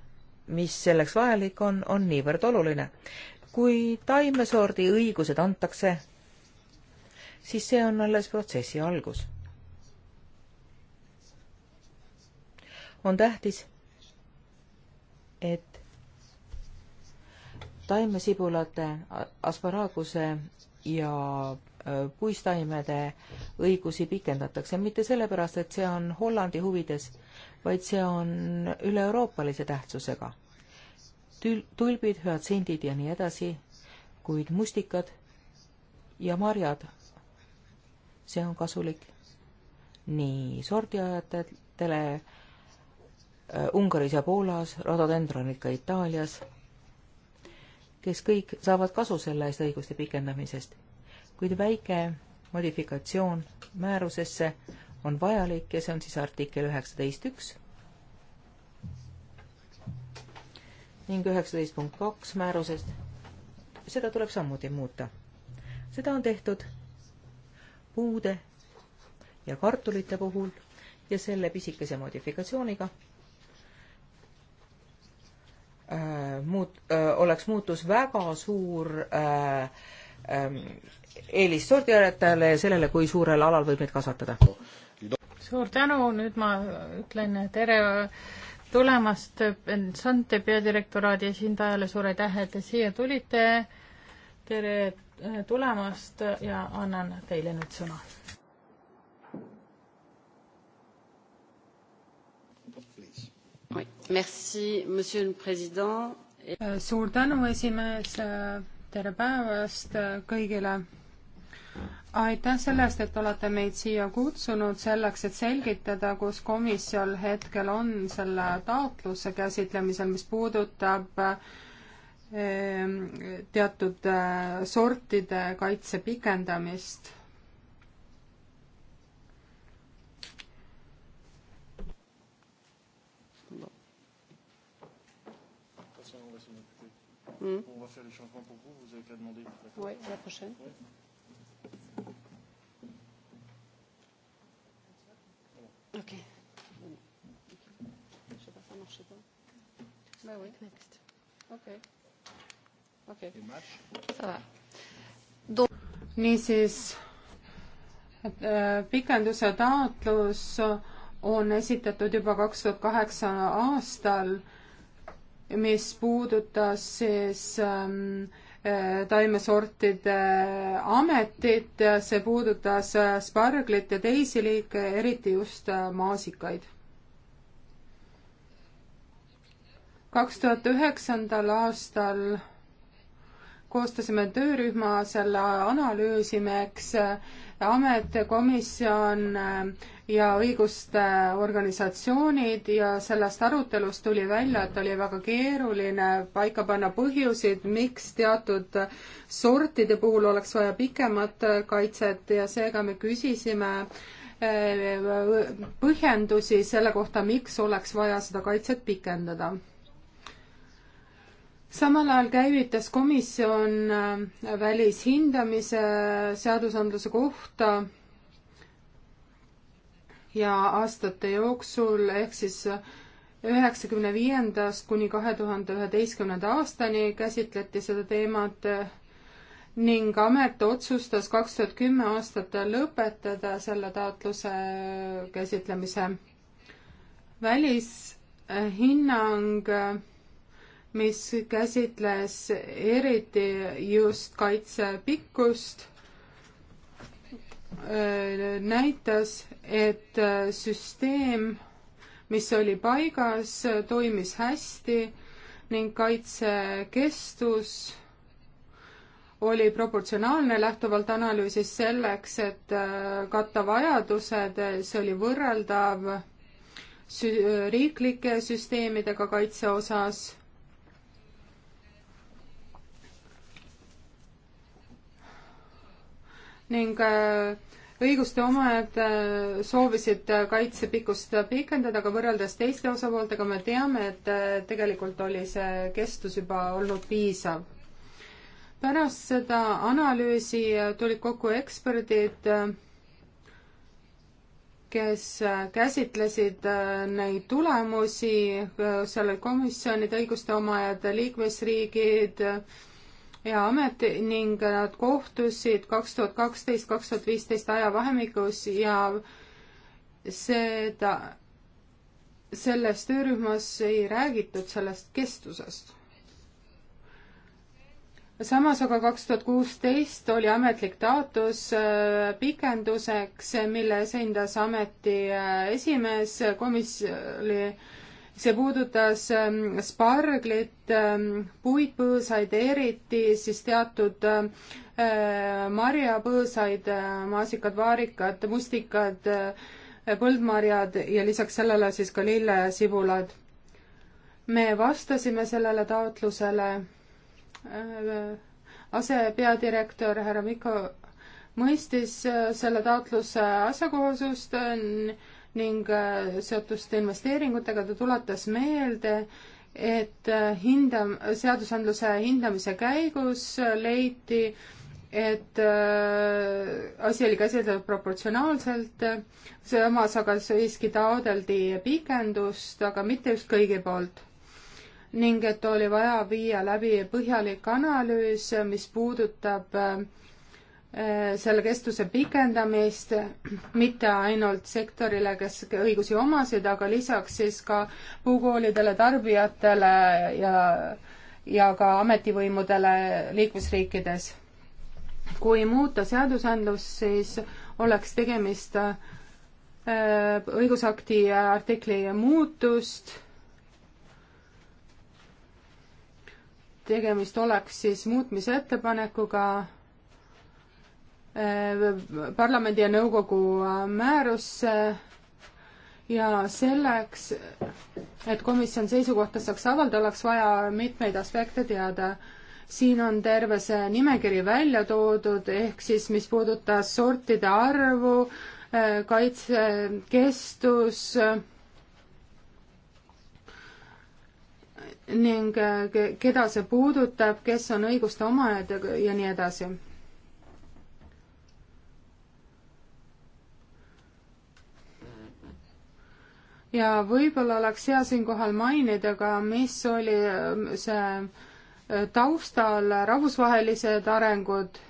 mis selleks vajalik on, on niivõrd oluline. kui taimesordi õigused antakse, siis see on alles protsessi algus. on tähtis, et taimesibulate, asparaaguse ja äh, puistaimede õigusi pikendatakse, mitte sellepärast, et see on Hollandi huvides, vaid see on üle-euroopalise tähtsusega. Tül-, tulbid, hüatsindid ja nii edasi, kuid mustikad ja marjad, see on kasulik nii sordiajatele äh, Ungaris ja Poolas, rododendronid ka Itaalias, kes kõik saavad kasu sellest õiguste pikendamisest. kuid väike modifikatsioon määrusesse on vajalik ja see on siis artikkel üheksateist üks ning üheksateist punkt kaks määrusest. seda tuleb samuti muuta. seda on tehtud puude ja kartulite puhul ja selle pisikese modifikatsiooniga äh, muut- äh,, oleks muutus väga suur äh, ähm, eelis sordiaretajale ja sellele, kui suurel alal võib neid kasvatada suur tänu, nüüd ma ütlen tere tulemast Sante peadirektoraadi esindajale, suur aitäh, et te siia tulite. tere tulemast ja annan teile nüüd sõna Merci, monsieur le président. suur tänu, esimees, tere päevast kõigile aitäh selle eest, et olete meid siia kutsunud selleks, et selgitada, kus komisjon hetkel on selle taotluse käsitlemisel, mis puudutab ehm, teatud eh, sortide kaitse pikendamist. Mm. On va faire les changements pour vous, vous avez qu'à demander. Oui, la prochaine. Oui. Ok. Je sais pas, ça marche pas. Bah oui. Next. Ok. Ok. Ça va. Donc... niisiis, euh, pikenduse taotlus on esitatud juba kaks tuhat kaheksa aastal, mis puudutas siis ähm, taimesortide ametit, see puudutas sparglit ja teisi liike, eriti just maasikaid. kaks tuhat üheksandal aastal koostasime töörühma selle analüüsimeks amet, komisjon äh, ja õiguste organisatsioonid ja sellest arutelust tuli välja, et oli väga keeruline paika panna põhjuseid, miks teatud sortide puhul oleks vaja pikemat kaitset ja seega me küsisime äh, põhjendusi selle kohta, miks oleks vaja seda kaitset pikendada samal ajal käivitas komisjon äh, välishindamise seadusandluse kohta ja aastate jooksul ehk siis üheksakümne viiendast kuni kahe tuhande üheteistkümnenda aastani käsitleti seda teemat äh, ning amet otsustas kaks tuhat kümme aastat lõpetada selle taotluse äh, käsitlemise. välishinnang mis käsitles eriti just kaitsepikkust, äh, näitas, et äh, süsteem, mis oli paigas, toimis hästi ning kaitsekestus oli proportsionaalne lähtuvalt analüüsist selleks, et äh, katta vajadused, see oli võrreldav riiklike süsteemidega kaitse osas ning äh, õiguste omajad äh, soovisid äh, kaitsepikkust pikendada, aga võrreldes teiste osapooltega me teame, et tegelikult oli see kestus juba olnud piisav. pärast seda analüüsi tulid kokku eksperdid, kes käsitlesid neid tulemusi, seal olid komisjonid, õiguste omajad, liikmesriigid, ja amet ning nad kohtusid kaks tuhat kaksteist, kaks tuhat viisteist ajavahemikus ja seda, selles töörühmas ei räägitud sellest kestusest. samas aga kaks tuhat kuusteist oli ametlik taotlus äh, pikenduseks, milles hindas ameti äh, esimees, komisjoni see puudutas ähm, sparglit, ähm, puitpõõsaid, eriti siis teatud äh, marjapõõsaid, äh, maasikad, vaarikad, mustikad, äh, põldmarjad ja lisaks sellele siis ka lille ja sibulad. me vastasime sellele taotlusele asepeadirektor härra Mikko mõistis selle taotluse asjakohasust ning äh, seotust investeeringutega, ta tuletas meelde, et äh, hinda, seadusandluse hindamise käigus äh, leiti, et äh, asi oli käsitletud proportsionaalselt, samas aga siiski taodeldi pikendust, aga mitte just kõigi poolt. ning et oli vaja viia läbi põhjalik analüüs, mis puudutab äh, Äh, selle kestuse pikendamist mitte ainult sektorile, kes õigusi omasid, aga lisaks siis ka puukoolidele, tarbijatele ja, ja ka ametivõimudele liikmesriikides. kui muuta seadusandlust, siis oleks tegemist äh, õigusakti artikli muutust tegemist oleks siis muutmise ettepanekuga parlamendi ja nõukogu määrusse ja selleks, et komisjon seisukohta saaks avaldada, oleks vaja mitmeid aspekte teada. siin on terve see nimekiri välja toodud, ehk siis mis puudutas sortide arvu, kaitsekestus ning keda see puudutab, kes on õiguste omajad ja nii edasi ja võib-olla oleks hea siinkohal mainida ka, mis oli ähm, see äh, taustal rahvusvahelised arengud.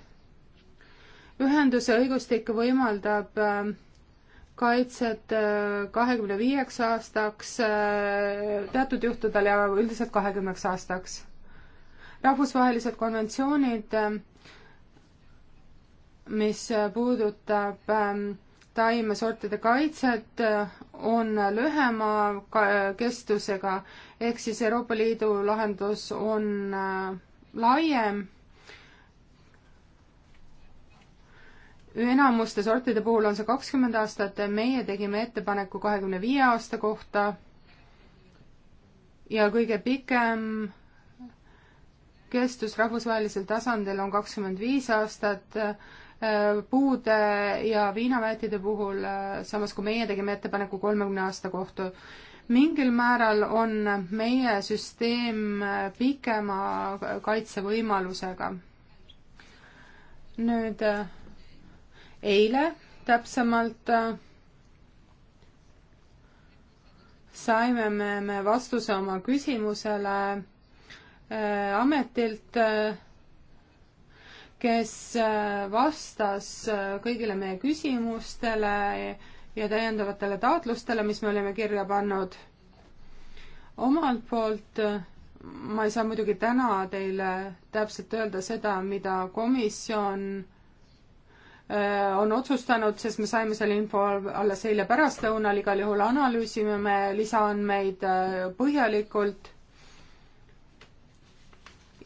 ühenduse õigustik võimaldab ähm, kaitset äh, kahekümne viieks aastaks, äh, teatud juhtudel ja üldiselt kahekümneks aastaks. rahvusvahelised konventsioonid, ähm, mis puudutab taimesortide kaitset äh, on lühema kestusega, ehk siis Euroopa Liidu lahendus on äh, laiem. enamuste sortide puhul on see kakskümmend aastat, meie tegime ettepaneku kahekümne viie aasta kohta ja kõige pikem kestus rahvusvahelisel tasandil on kakskümmend viis aastat Äh, puude ja viinaväetide puhul, äh, samas kui meie tegime ettepaneku kolmekümne aasta kohta. mingil määral on meie süsteem äh, pikema kaitsevõimalusega. nüüd eile täpsemalt saime me, me vastuse oma küsimusele äh, ametilt äh, kes äh, vastas äh, kõigile meie küsimustele ja täiendavatele taotlustele, mis me olime kirja pannud. omalt poolt äh, ma ei saa muidugi täna teile täpselt öelda seda, mida komisjon on otsustanud, sest me saime selle info alles eile pärastlõunal, igal juhul analüüsime me lisaandmeid põhjalikult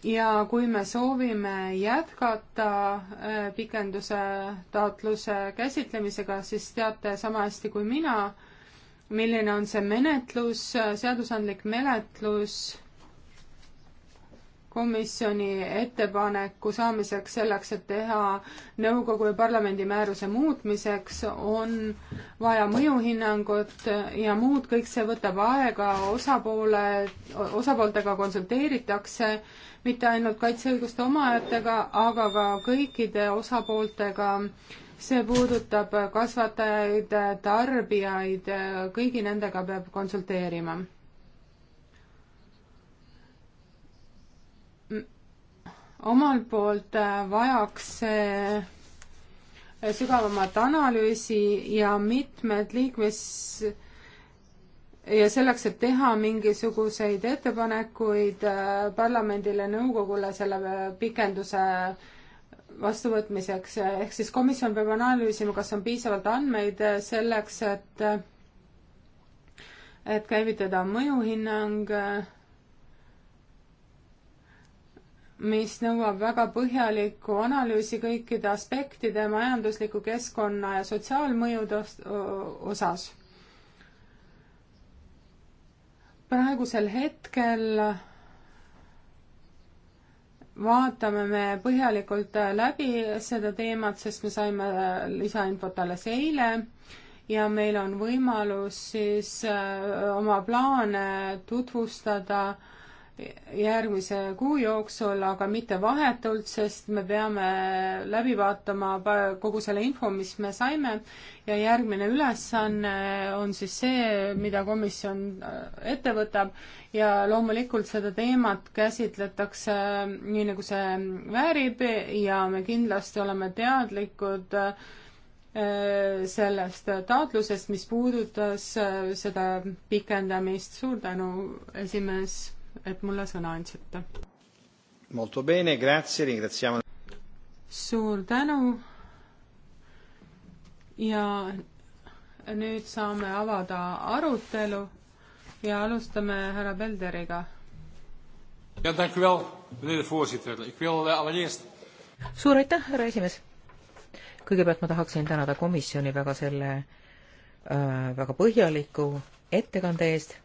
ja kui me soovime jätkata äh, pikenduse taotluse käsitlemisega, siis teate sama hästi kui mina, milline on see menetlus, seadusandlik menetlus komisjoni ettepaneku saamiseks selleks, et teha nõukogu ja parlamendi määruse muutmiseks, on vaja mõjuhinnangut ja muud, kõik see võtab aega, osapoole, osapooltega konsulteeritakse mitte ainult kaitseõiguste omajatega, aga ka kõikide osapooltega. see puudutab kasvatajaid, tarbijaid, kõigi nendega peab konsulteerima omalt poolt vajaks sügavamat analüüsi ja mitmed liikmes- ja selleks, et teha mingisuguseid ettepanekuid äh, parlamendile, nõukogule selle äh, pikenduse vastuvõtmiseks, ehk siis komisjon peab analüüsima, kas on piisavalt andmeid äh, selleks, et et käivitada mõjuhinnang, mis nõuab väga põhjalikku analüüsi kõikide aspektide majandusliku keskkonna ja sotsiaalmõjude osas praegusel hetkel vaatame me põhjalikult läbi seda teemat, sest me saime lisainfot alles eile ja meil on võimalus siis äh, oma plaane tutvustada järgmise kuu jooksul, aga mitte vahetult, sest me peame läbi vaatama kogu selle info, mis me saime ja järgmine ülesanne on siis see, mida komisjon äh, ette võtab ja loomulikult seda teemat käsitletakse nii, nagu see väärib ja me kindlasti oleme teadlikud äh, sellest taotlusest, mis puudutas äh, seda pikendamist. suur tänu, esimees et mulle sõna andsite. Molto bene, grazie, ringraziamo. suur tänu. ja nüüd saame avada arutelu ja alustame härra Pelderiga. ja tänku veel, meneer voorzitter, ik wil eh, allereerst. suur aitäh, härra esimees. kõigepealt ma tahaksin tänada komisjoni väga selle äh, väga põhjaliku ettekande eest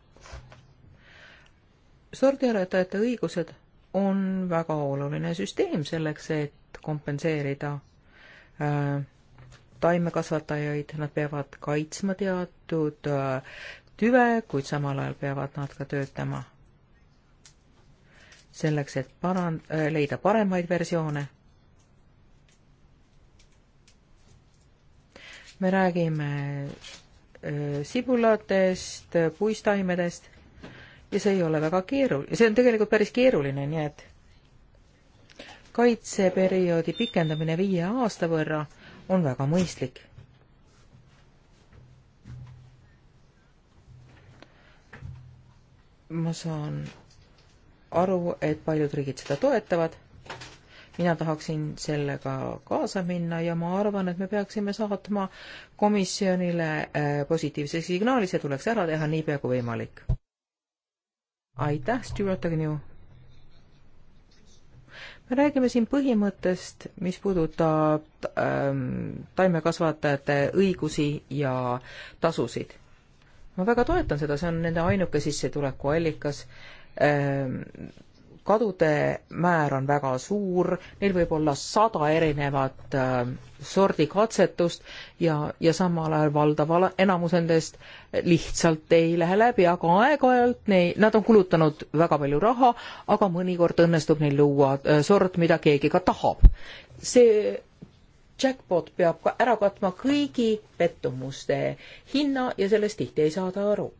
sordiaretajate õigused on väga oluline süsteem selleks, et kompenseerida äh, taimekasvatajaid, nad peavad kaitsma teatud äh, tüve, kuid samal ajal peavad nad ka töötama selleks, et paran- äh,, leida paremaid versioone. me räägime äh, sibulatest, puistaimedest ja see ei ole väga keeruline, see on tegelikult päris keeruline, nii et kaitseperioodi pikendamine viie aasta võrra on väga mõistlik. ma saan aru, et paljud riigid seda toetavad. mina tahaksin sellega kaasa minna ja ma arvan, et me peaksime saatma komisjonile äh, positiivse signaali, see tuleks ära teha niipea kui võimalik aitäh, Stewart Agnew! me räägime siin põhimõttest, mis puudutab ähm, taimekasvatajate õigusi ja tasusid. ma väga toetan seda, see on nende ainuke sissetulekuallikas ähm, kadude määr on väga suur, neil võib olla sada erinevat äh, sordi katsetust ja, ja samal ajal valdav enamus nendest lihtsalt ei lähe läbi, aga aeg-ajalt nei-, nad on kulutanud väga palju raha, aga mõnikord õnnestub neil luua äh, sort, mida keegi ka tahab. see jackpot peab ka ära katma kõigi pettumuste hinna ja sellest tihti ei saada aru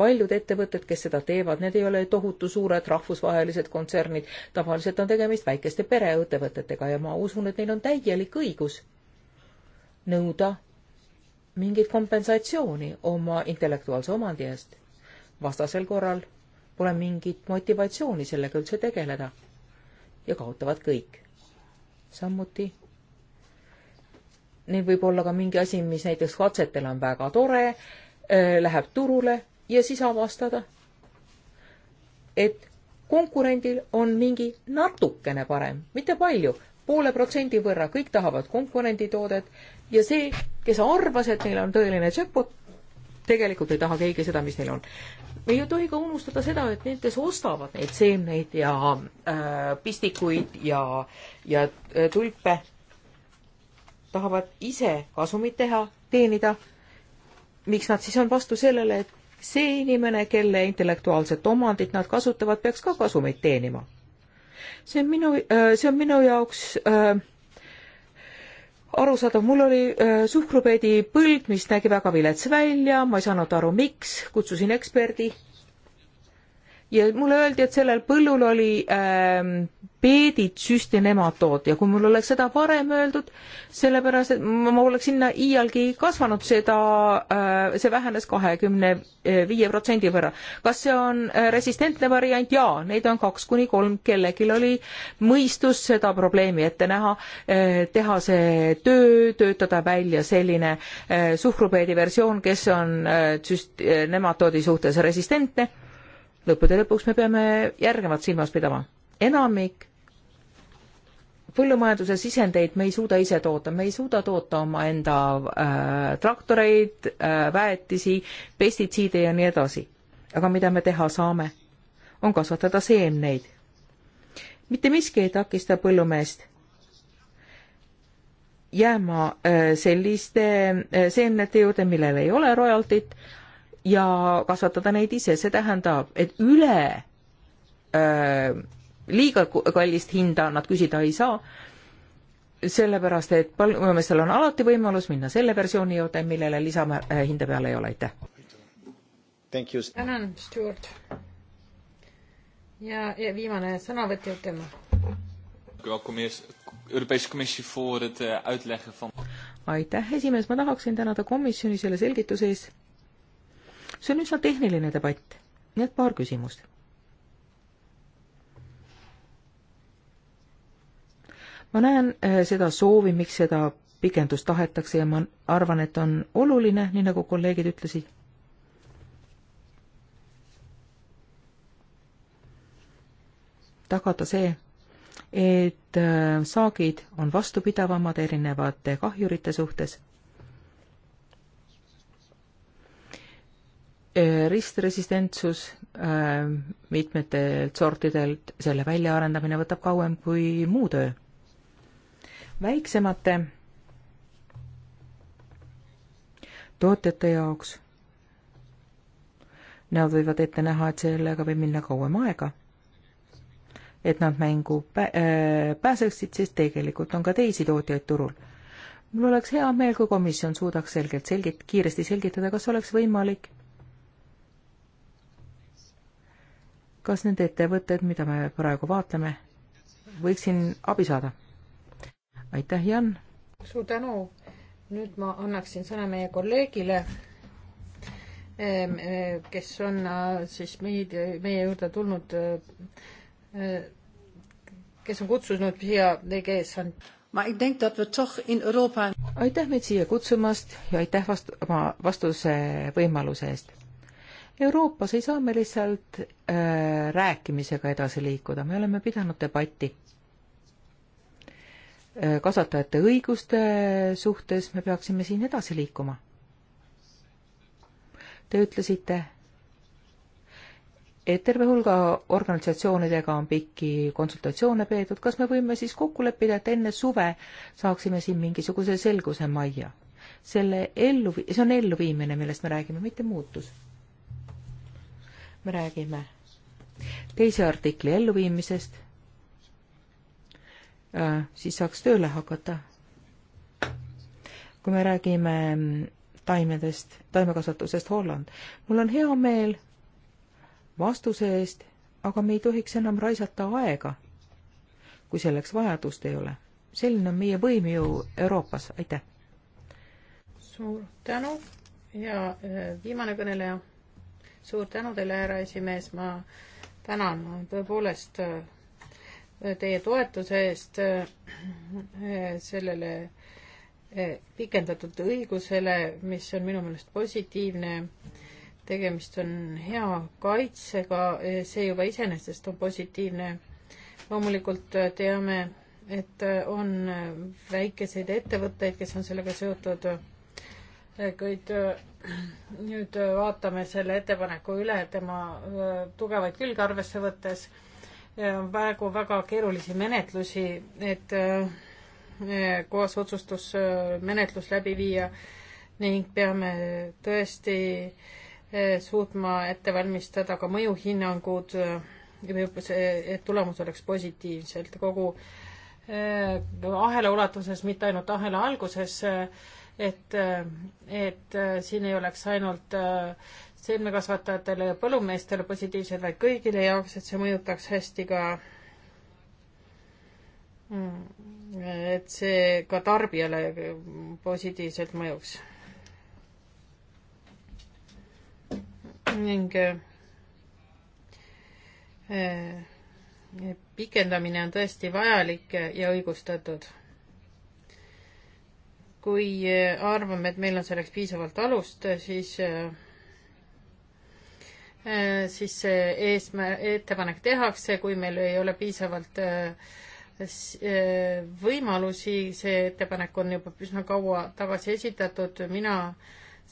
paljud ettevõtted, kes seda teevad, need ei ole tohutu suured rahvusvahelised kontsernid, tavaliselt on tegemist väikeste pereettevõtetega ja ma usun, et neil on täielik õigus nõuda mingit kompensatsiooni oma intellektuaalse omandi eest. vastasel korral pole mingit motivatsiooni sellega üldse tegeleda ja kaotavad kõik. samuti neil võib olla ka mingi asi, mis näiteks katsetele on väga tore, äh, läheb turule ja siis avastada, et konkurendil on mingi natukene parem, mitte palju, poole protsendi võrra, kõik tahavad konkurenditoodet ja see, kes arvas, et neil on tõeline jackpot, tegelikult ei taha keegi seda, mis neil on. me ei tohi ka unustada seda, et need, kes ostavad neid seemneid ja äh, pistikuid ja, ja äh, tulpe, tahavad ise kasumit teha, teenida, miks nad siis on vastu sellele, et see inimene, kelle intellektuaalset omandit nad kasutavad, peaks ka kasumeid teenima. see on minu, äh, see on minu jaoks äh, arusaadav, mul oli äh, suhkrupeedi põld, mis nägi väga vilets välja, ma ei saanud aru, miks, kutsusin eksperdi ja mulle öeldi, et sellel põllul oli ähm, peedid süstinematood ja kui mul oleks seda varem öeldud, sellepärast et ma poleks sinna iialgi kasvanud, seda äh,, see vähenes kahekümne viie protsendi võrra. kas see on äh, resistentne variant? jaa, neid on kaks kuni kolm, kellelgi oli mõistus seda probleemi ette näha äh,, teha see töö, töötada välja selline äh, suhkrupeedi versioon, kes on äh, süst-, äh, nematoodi suhtes resistentne lõppude lõpuks me peame järgnevat silmas pidama. enamik põllumajanduse sisendeid me ei suuda ise toota, me ei suuda toota omaenda äh, traktoreid äh,, väetisi, pestitsiide ja nii edasi. aga mida me teha saame, on kasvatada seemneid. mitte miski ei takista põllumeest jääma äh, selliste äh, seemnete juurde, millel ei ole royaltit, ja kasvatada neid ise, see tähendab, et üle öö, äh, liiga kallist hinda nad küsida ei saa, sellepärast et põllumeestel on alati võimalus minna selle versiooni juurde, millele lisame äh, hinde peale ei ole, aitäh. tänan, Stuart. ja, ja viimane sõnavõtja tema. Äh, aitäh, esimees, ma tahaksin tänada komisjoni selle selgituse eest see on üsna tehniline debatt, nii et paar küsimust. ma näen eh, seda soovi, miks seda pikendust tahetakse ja ma arvan, et on oluline, nii nagu kolleegid ütlesid, tagada see, et eh, saagid on vastupidavamad erinevate kahjurite suhtes Äh, ristresistentsus äh, mitmetelt sortidelt, selle väljaarendamine võtab kauem kui muu töö. väiksemate tootjate jaoks nad võivad ette näha, et sellega võib minna kauem aega. et nad mängu pä- äh,, pääseksid, sest tegelikult on ka teisi tootjaid turul. mul oleks hea meel, kui komisjon suudaks selgelt selgit-, kiiresti selgitada, kas oleks võimalik kas need ettevõtted, mida me praegu vaatame, võiksin abi saada? aitäh, Jan! suur tänu! nüüd ma annaksin sõna meie kolleegile, ehm, eh, kes on äh, siis meid, meie juurde tulnud, äh, eh, kes on kutsunud siia EGS on. aitäh meid siia kutsumast ja aitäh vastu, oma vastuse võimaluse eest Euroopas ei saa me lihtsalt äh, rääkimisega edasi liikuda, me oleme pidanud debatti äh, kasvatajate õiguste suhtes, me peaksime siin edasi liikuma. Te ütlesite, et terve hulga organisatsioonidega on pikki konsultatsioone peetud, kas me võime siis kokku leppida, et enne suve saaksime siin mingisuguse selguse majja? selle ellu, see on elluviimine, millest me räägime, mitte muutus me räägime teise artikli elluviimisest, äh, siis saaks tööle hakata. kui me räägime taimedest, taimekasvatusest Holland, mul on hea meel vastuse eest, aga me ei tohiks enam raisata aega, kui selleks vajadust ei ole. selline on meie võim ju Euroopas, aitäh! suur tänu ja äh, viimane kõneleja suur tänu teile, härra esimees, ma tänan tõepoolest äh, teie toetuse eest äh, sellele äh, pikendatud õigusele, mis on minu meelest positiivne. tegemist on hea kaitsega, see juba iseenesest on positiivne. loomulikult teame, et on väikeseid ettevõtteid, kes on sellega seotud kuid äh, nüüd äh, vaatame selle ettepaneku üle tema äh, tugevaid külge arvesse võttes. praegu väga keerulisi menetlusi, et koos otsustusmenetlus läbi viia ning peame tõesti suutma ette valmistada ka mõjuhinnangud, et tulemus oleks positiivselt kogu ahela ulatuses, mitte ainult ahela alguses et, et äh, siin ei oleks ainult äh, seemnekasvatajatele ja põllumeestele positiivsed, vaid kõigile jaoks, et see mõjutaks hästi ka mm, et see ka tarbijale positiivselt mõjuks. ning äh, pikendamine on tõesti vajalik ja õigustatud kui äh, arvame, et meil on selleks piisavalt alust, siis, äh, äh, siis see eesmär-, ettepanek tehakse, kui meil ei ole piisavalt võimalusi, see ettepanek on juba üsna kaua tagasi esitatud, mina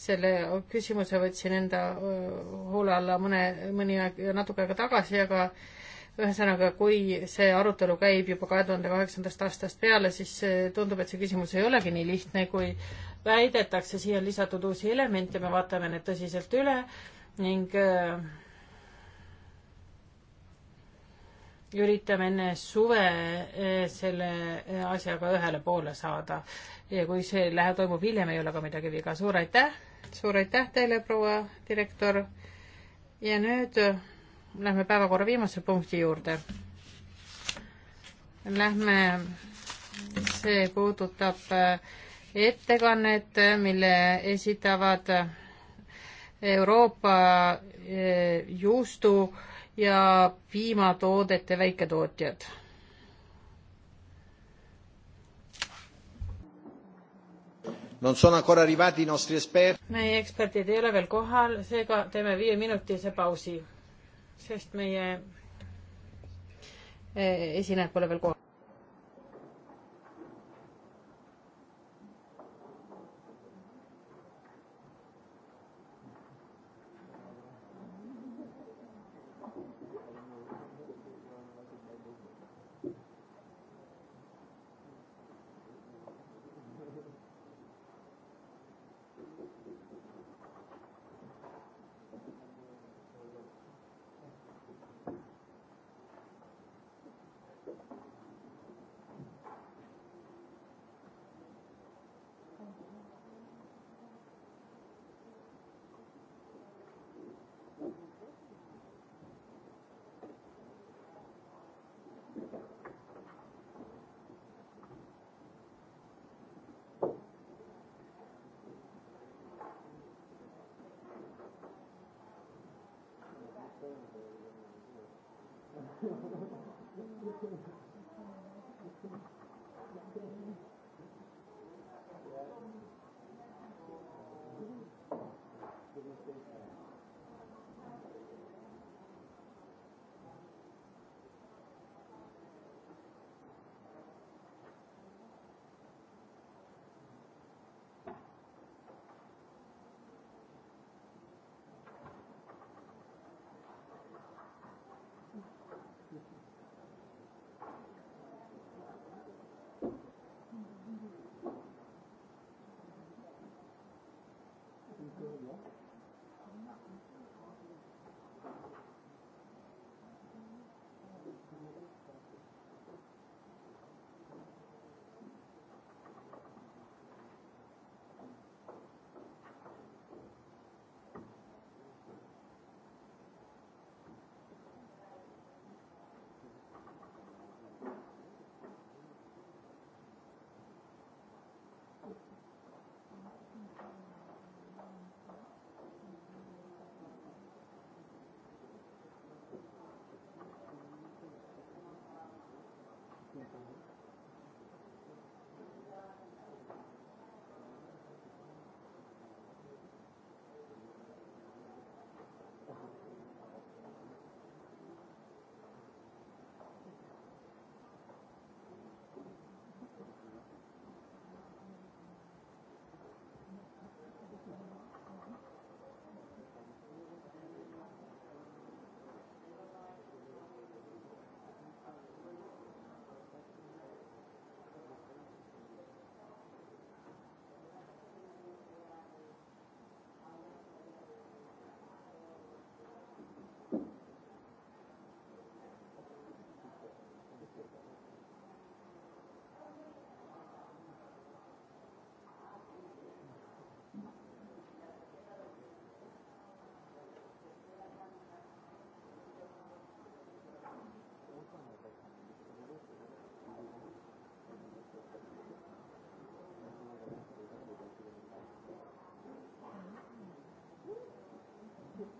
selle küsimuse võtsin enda hoole alla mõne, mõni aeg, natuke aega tagasi, aga ühesõnaga, kui see arutelu käib juba kahe tuhande kaheksandast aastast peale, siis tundub, et see küsimus ei olegi nii lihtne, kui väidetakse, siia on lisatud uusi elemente, me vaatame need tõsiselt üle ning äh, üritame enne suve äh, selle äh, asjaga ühele poole saada. ja kui see lähe toimub hiljem, ei ole ka midagi viga. suur aitäh, suur aitäh teile, proua direktor. ja nüüd lähme päevakorra viimase punkti juurde. Lähme, see puudutab äh, ettekannet, mille esitavad äh, Euroopa äh, juustu ja piimatoodete väiketootjad non sono ancora arrivati i nostri esperti. meie eksperdid ei ole veel kohal, seega teeme viieminutise pausi sest meie eh, esinejad pole veel kohal.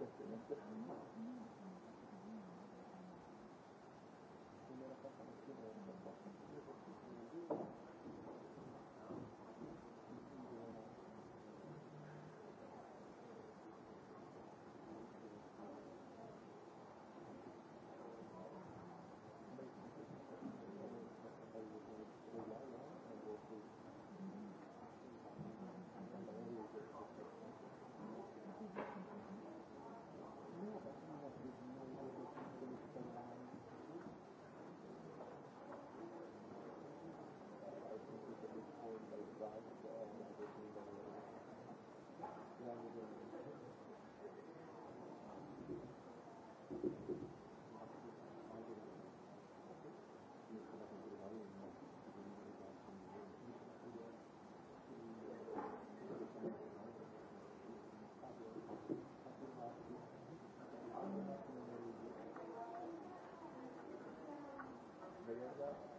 dette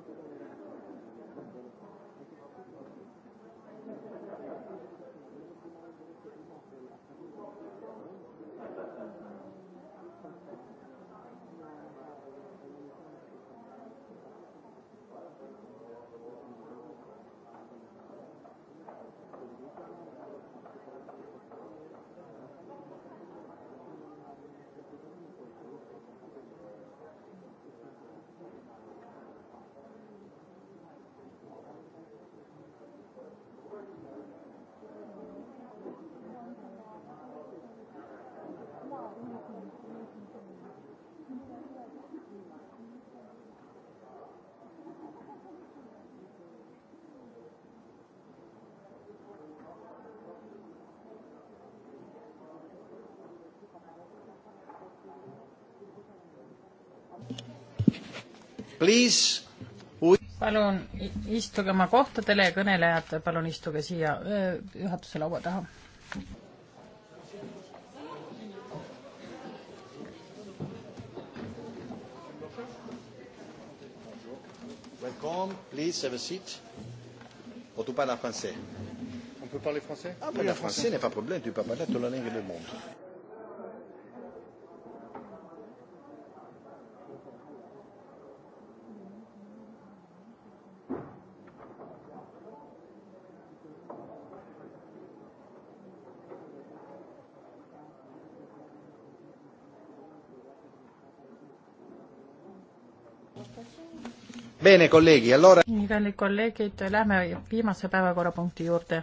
Thank you. please palun istuge oma kohtadele ja kõnelejad, palun istuge siia juhatuse laua taha. Welcome, please have a seat. Ou oh, tu parles français? On peut parler français? Ah, parler français n'est pas problème, tu peux parler toute la langue du monde. Bene, kolleegi, allora... nii, kallid kolleegid, lähme viimase päevakorrapunkti juurde.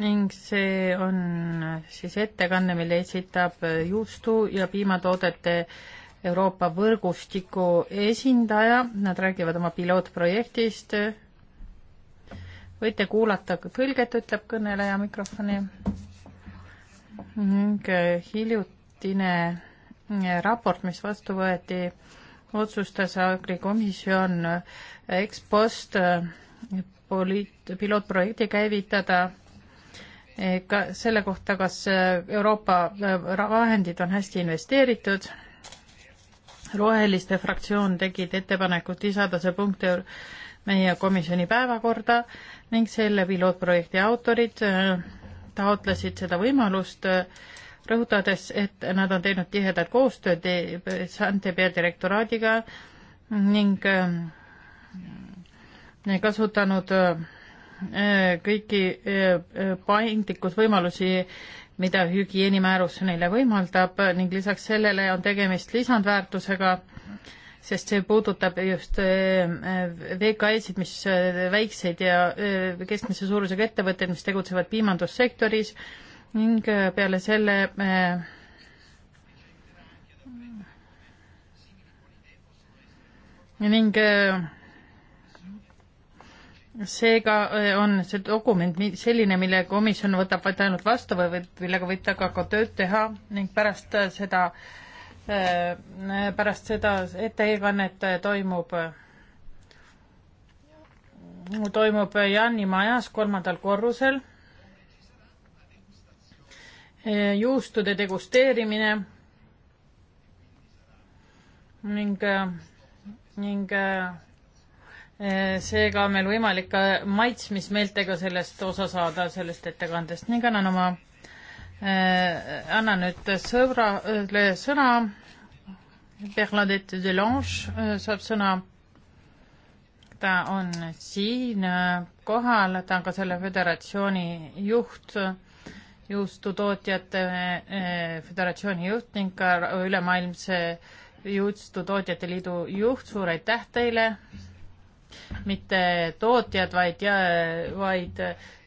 ning see on siis ettekanne, mille esitab juustu ja piimatoodete Euroopa võrgustiku esindaja, nad räägivad oma pilootprojektist. võite kuulata tõlget, ütleb kõneleja mikrofoni. ning hiljutine raport, mis vastu võeti otsustas agrikomisjon ekspost eh, poliit-, pilootprojekti käivitada eh, ka selle kohta, kas eh, Euroopa vahendid on hästi investeeritud. roheliste fraktsioon tegid ettepanekut lisada see punkt meie komisjoni päevakorda ning selle pilootprojekti autorid taotlesid seda võimalust äh, rõhutades, et nad on teinud tihedat koostööd Sante peadirektoraadiga ning ähm, kasutanud äh, kõiki äh, äh, paindlikkusvõimalusi, mida hügieenimäärus neile võimaldab ning lisaks sellele on tegemist lisandväärtusega, sest see puudutab just VKE-sid, mis väikseid ja keskmise suurusega ettevõtteid, mis tegutsevad piimandussektoris ning äh, peale selle me äh, ning äh, seega on see dokument selline, mille komisjon võtab vaid ainult vastu või võib, millega võib ta ka, ka tööd teha ning pärast seda, pärast seda ettekannet toimub, toimub Jaani majas kolmandal korrusel juustude degusteerimine ning, ning eh, seega on meil võimalik ka maitsmismeeltega sellest osa saada, sellest ettekandest ning annan oma, eh, annan nüüd sõbrale sõna. Bernadette Delange eh, saab sõna. ta on siin kohal, ta on ka selle föderatsiooni juht juustutootjate eh, eh, föderatsiooni juht ning ka ülemaailmse juustutootjate liidu juht, suur aitäh teile! mitte tootjad, vaid jae, vaid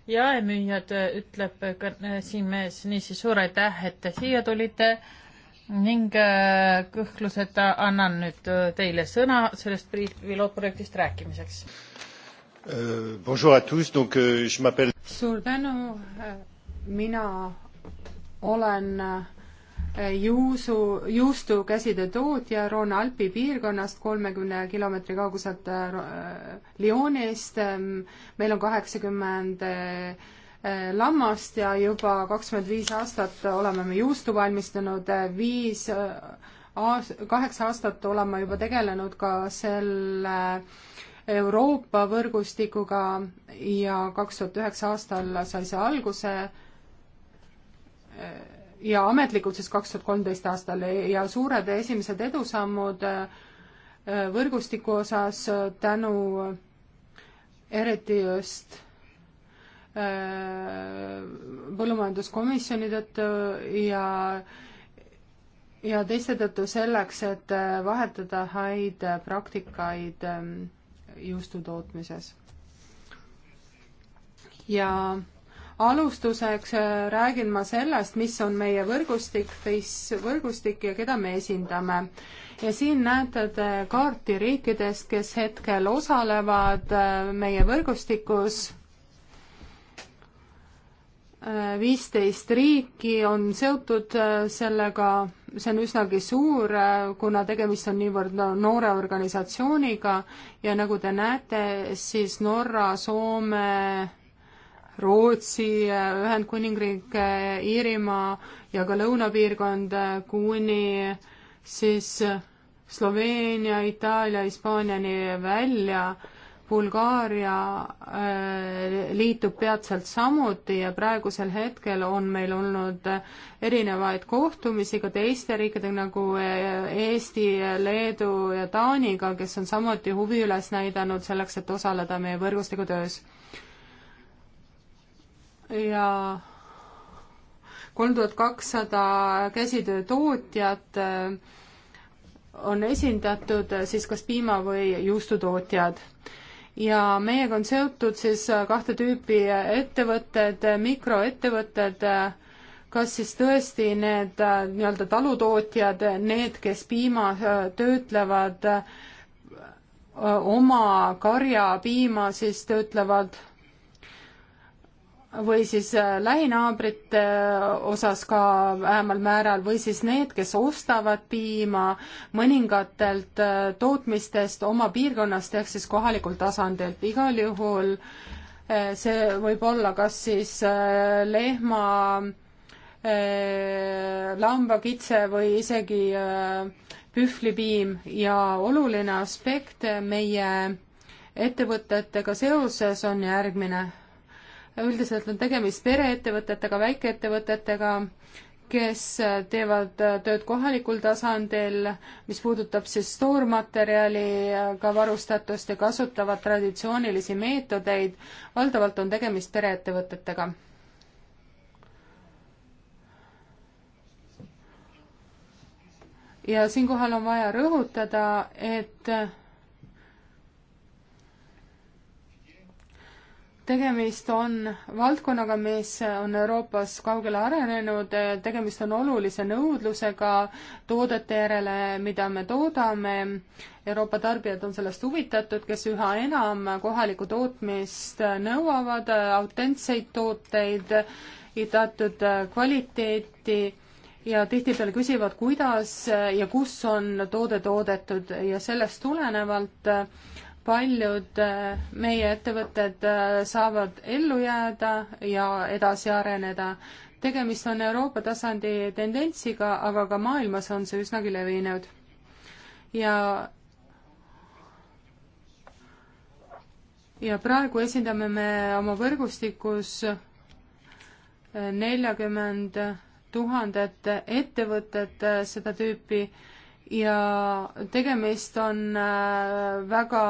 jaemüüjad, ütleb esimees, eh, niisiis suur aitäh, et te siia tulite ning kõhkluseta annan nüüd teile sõna sellest pilootprojektist rääkimiseks. Euh, bonjour à tous, donc euh, je m'appelle suur tänu, mina olen äh, juusu, juustu käsitöö tootja Roona Alpi piirkonnast, kolmekümne kilomeetri kauguselt äh, äh, Lyonist. Ähm, meil on kaheksakümmend lammast ja juba kakskümmend viis aastat oleme me juustu valmistanud, viis aas-, kaheksa aastat olen ma juba tegelenud ka selle Euroopa võrgustikuga ja kaks tuhat üheksa aastal sai see alguse ja ametlikult siis kaks tuhat kolmteist aastal ja suured esimesed edusammud äh, äh, võrgustiku osas tänu äh, eriti just põllumajanduskomisjoni tõttu ja ja teiste tõttu selleks, et vahetada häid praktikaid juustu tootmises. ja alustuseks äh, räägin ma sellest, mis on meie võrgustik, TIS võrgustik ja keda me esindame. ja siin näete te kaarti riikidest, kes hetkel osalevad äh, meie võrgustikus äh, viisteist riiki on seotud sellega, see on üsnagi suur, kuna tegemist on niivõrd noore organisatsiooniga ja nagu te näete, siis Norra, Soome, Rootsi, Ühendkuningriik, Iirimaa ja ka lõunapiirkond kuni siis Sloveenia, Itaalia, Hispaaniani välja. Bulgaaria äh, liitub peatselt samuti ja praegusel hetkel on meil olnud erinevaid kohtumisi ka teiste riikidega nagu äh, Eesti, Leedu ja Taaniga, kes on samuti huvi üles näidanud selleks, et osaleda meie võrgustikutöös ja kolm tuhat kakssada käsitöötootjat äh, on esindatud äh, siis kas piima- või juustutootjad. ja meiega on seotud siis äh, kahte tüüpi ettevõtted, mikroettevõtted, kas siis tõesti need nii-öelda talutootjad, need, kes piima töötlevad, oma karjapiima siis töötlevad või siis äh, lähinaabrite äh, osas ka vähemal määral või siis need, kes ostavad piima mõningatelt äh, tootmistest oma piirkonnast ehk siis kohalikult tasandilt. igal juhul see võib olla kas siis lehma, lamba, kitse või isegi pühvlipiim ja oluline aspekt meie ettevõtetega seoses on järgmine üldiselt on tegemist pereettevõtetega, väikeettevõtetega, kes teevad tööd kohalikul tasandil, mis puudutab siis toormaterjaliga varustatust ja kasutavad traditsioonilisi meetodeid. valdavalt on tegemist pereettevõtetega. ja siinkohal on vaja rõhutada, et tegemist on valdkonnaga, mis on Euroopas kaugele arenenud, tegemist on olulise nõudlusega toodete järele, mida me toodame. Euroopa tarbijad on sellest huvitatud, kes üha enam kohalikku tootmist nõuavad, autentseid tooteid, teatud kvaliteeti ja tihtipeale küsivad, kuidas ja kus on toode toodetud ja sellest tulenevalt paljud äh, meie ettevõtted äh, saavad ellu jääda ja edasi areneda. tegemist on Euroopa tasandi tendentsiga, aga ka maailmas on see üsnagi levinud. ja ja praegu esindame me oma võrgustikus äh, neljakümmend tuhandet ettevõtet seda tüüpi äh, ja tegemist on äh, väga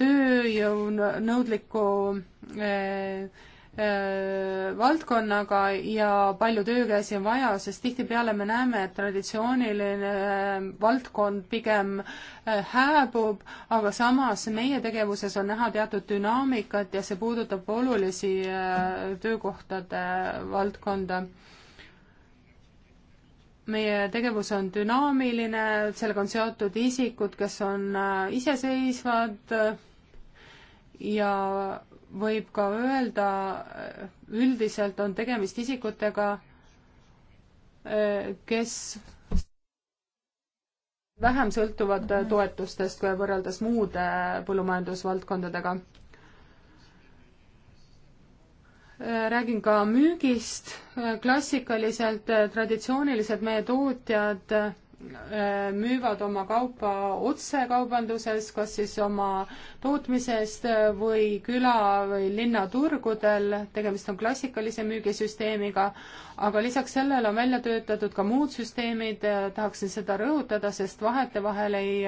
tööjõunõudliku äh, äh, valdkonnaga ja palju töökäsi on vaja, sest tihtipeale me näeme, et traditsiooniline valdkond pigem hääbub, aga samas meie tegevuses on näha teatud dünaamikat ja see puudutab olulisi töökohtade valdkonda meie tegevus on dünaamiline, sellega on seotud isikud, kes on äh, iseseisvad äh, ja võib ka öelda, äh, üldiselt on tegemist isikutega, kes vähem sõltuvad toetustest, kui võrreldes muude põllumajandusvaldkondadega räägin ka müügist. klassikaliselt, eh, traditsiooniliselt meie tootjad eh, müüvad oma kaupa otsekaubanduses, kas siis oma tootmisest eh, või küla või linnaturgudel, tegemist on klassikalise müügisüsteemiga, aga lisaks sellele on välja töötatud ka muud süsteemid, tahaksin seda rõhutada, sest vahetevahel ei,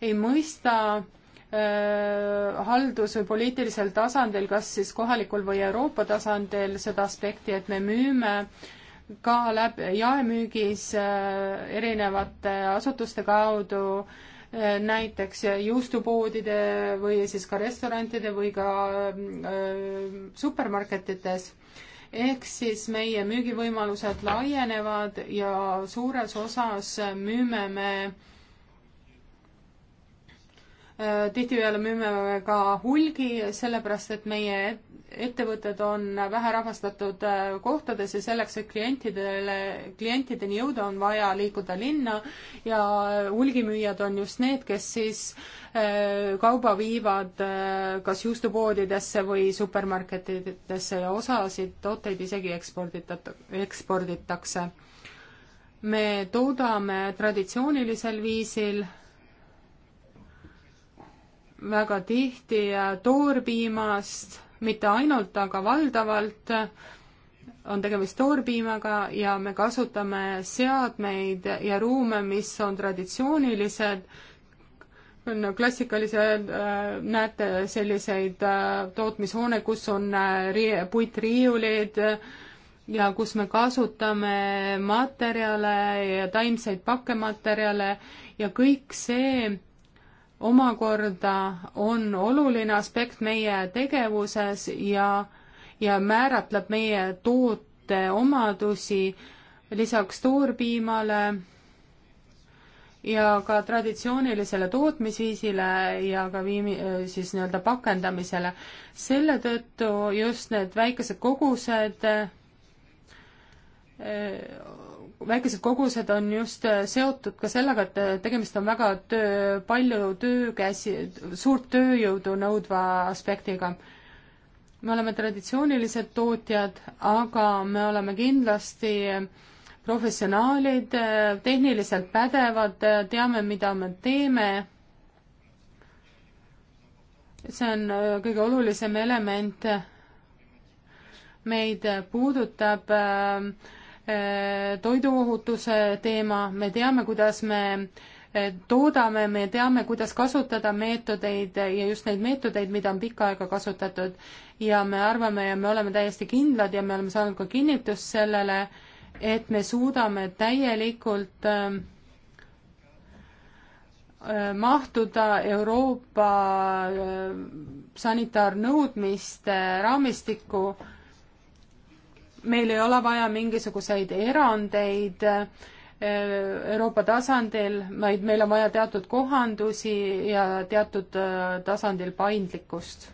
ei mõista Äh, haldus- või poliitilisel tasandil, kas siis kohalikul või Euroopa tasandil seda aspekti, et me müüme ka läbi jaemüügis äh, erinevate asutuste kaudu äh, näiteks juustupoodide või siis ka restoranide või ka supermarketites. ehk siis meie müügivõimalused laienevad ja suures osas müüme me tihtipeale müüme ka hulgi, sellepärast et meie ettevõtted on väherahvastatud äh, kohtades ja selleks, et klientidele, klientideni jõuda, on vaja liikuda linna ja äh, hulgimüüjad on just need, kes siis äh, kauba viivad kas juustupoodidesse või supermarketidesse ja osasid tooteid isegi eksporditata, eksporditakse. me toodame traditsioonilisel viisil väga tihti toorpiimast, mitte ainult, aga valdavalt on tegemist toorpiimaga ja me kasutame seadmeid ja ruume, mis on traditsioonilised, on klassikalised, äh, näete selliseid äh, tootmishoone, kus on äh, rii-, puitriiulid ja kus me kasutame materjale ja taimseid pakkematerjale ja kõik see omakorda on oluline aspekt meie tegevuses ja, ja määratleb meie toote omadusi lisaks toorpiimale ja ka traditsioonilisele tootmisviisile ja ka viimi-, siis nii-öelda pakendamisele. selle tõttu just need väikesed kogused väikesed kogused on just äh, seotud ka sellega, et äh, tegemist on väga töö, palju töökäsi, suurt tööjõudu nõudva aspektiga. me oleme traditsioonilised tootjad, aga me oleme kindlasti äh, professionaalid, tehniliselt pädevad, teame, mida me teeme. see on kõige olulisem element. meid puudutab äh, Äh, toiduohutuse teema, me teame, kuidas me äh, toodame, me teame, kuidas kasutada meetodeid ja just neid meetodeid, mida on pikka aega kasutatud. ja me arvame ja me oleme täiesti kindlad ja me oleme saanud ka kinnitust sellele, et me suudame täielikult ähm, äh, mahtuda Euroopa sanitaarnõudmiste raamistikku meil ei ole vaja mingisuguseid erandeid eh, Euroopa tasandil, vaid meil on vaja teatud kohandusi ja teatud eh, tasandil paindlikkust.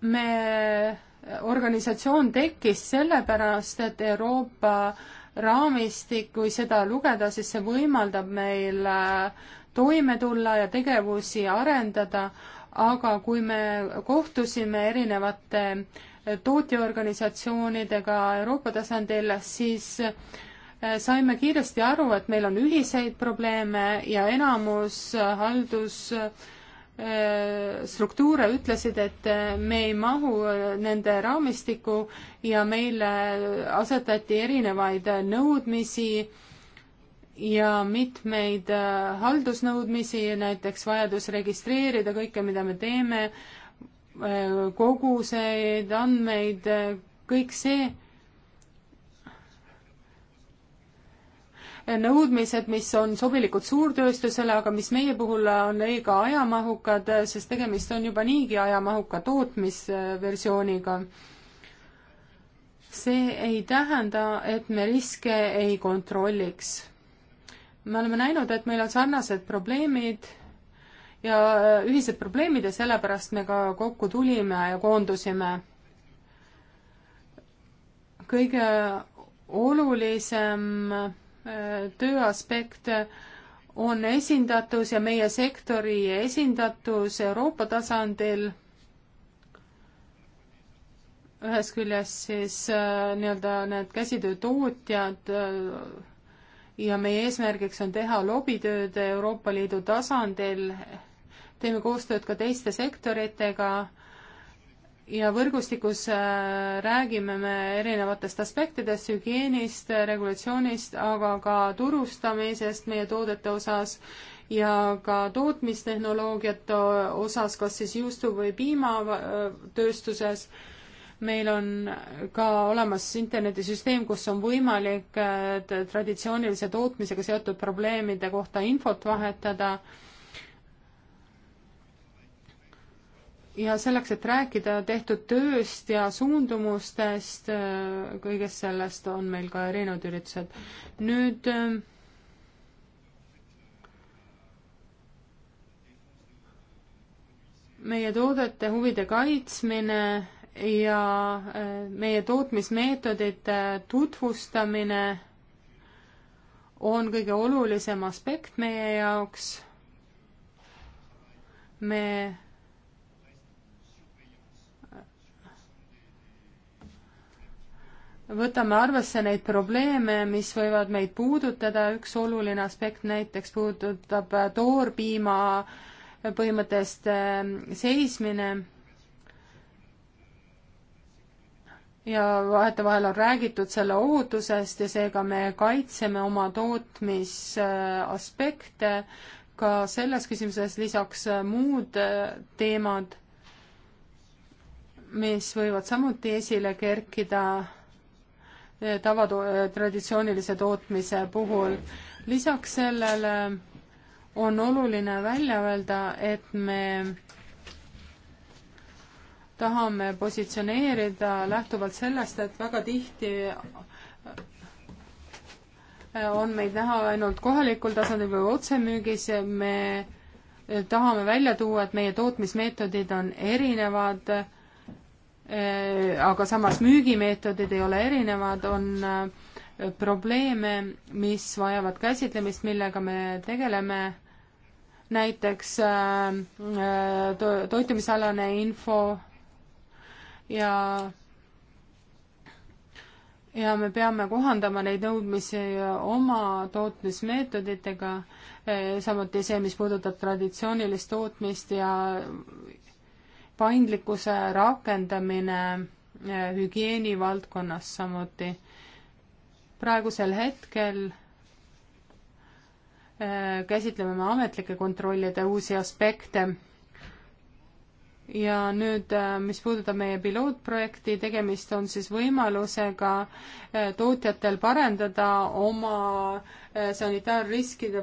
me, organisatsioon tekkis sellepärast, et Euroopa raamistik, kui seda lugeda, siis see võimaldab meil eh, toime tulla ja tegevusi arendada aga kui me kohtusime erinevate tootjaorganisatsioonidega Euroopa tasandil, siis äh, saime kiiresti aru, et meil on ühiseid probleeme ja enamus haldusstruktuure äh, ütlesid, et äh, me ei mahu nende raamistikku ja meile asetati erinevaid nõudmisi ja mitmeid äh, haldusnõudmisi, näiteks vajadus registreerida kõike, mida me teeme, äh, koguseid, andmeid, äh, kõik see, nõudmised, mis on sobilikud suurtööstusele, aga mis meie puhul on liiga ajamahukad, sest tegemist on juba niigi ajamahuka tootmisversiooniga. see ei tähenda, et me riske ei kontrolliks me oleme näinud, et meil on sarnased probleemid ja äh, ühised probleemid ja sellepärast me ka kokku tulime ja koondusime. kõige olulisem äh, tööaspekt on esindatus ja meie sektori esindatus Euroopa tasandil. ühest küljest siis äh, nii-öelda need käsitöötootjad ja meie eesmärgiks on teha lobitööd Euroopa Liidu tasandil, teeme koostööd ka teiste sektoritega ja võrgustikus äh, räägime me erinevatest aspektidest, hügieenist, regulatsioonist, aga ka turustamisest meie toodete osas ja ka tootmistehnoloogiate osas, kas siis juustu- või piimatööstuses äh, meil on ka olemas internetisüsteem, kus on võimalik äh, traditsioonilise tootmisega seotud probleemide kohta infot vahetada. ja selleks, et rääkida tehtud tööst ja suundumustest, äh, kõigest sellest on meil ka erinevad üritused. nüüd äh, meie toodete huvide kaitsmine ja äh, meie tootmismeetodite äh, tutvustamine on kõige olulisem aspekt meie jaoks. me äh, võtame arvesse neid probleeme, mis võivad meid puudutada, üks oluline aspekt näiteks puudutab toorpiima põhimõttest seismine ja vahetevahel on räägitud selle ohutusest ja seega me kaitseme oma tootmisaspekte ka selles küsimuses, lisaks muud teemad, mis võivad samuti esile kerkida tavato-, traditsioonilise tootmise puhul. lisaks sellele on oluline välja öelda, et me tahame positsioneerida lähtuvalt sellest, et väga tihti on meid näha ainult kohalikul tasandil või otsemüügis, me tahame välja tuua, et meie tootmismeetodid on erinevad, aga samas müügimeetodid ei ole erinevad, on äh, probleeme, mis vajavad käsitlemist, millega me tegeleme, näiteks äh, äh, toitumisalane info ja ja me peame kohandama neid nõudmisi oma tootmismeetoditega, eh, samuti see, mis puudutab traditsioonilist tootmist ja paindlikkuse rakendamine eh, hügieeni valdkonnas samuti. praegusel hetkel eh, käsitleme me ametlike kontrollide uusi aspekte ja nüüd, äh, mis puudutab meie pilootprojekti, tegemist on siis võimalusega äh, tootjatel parendada oma äh, sanitaarriskide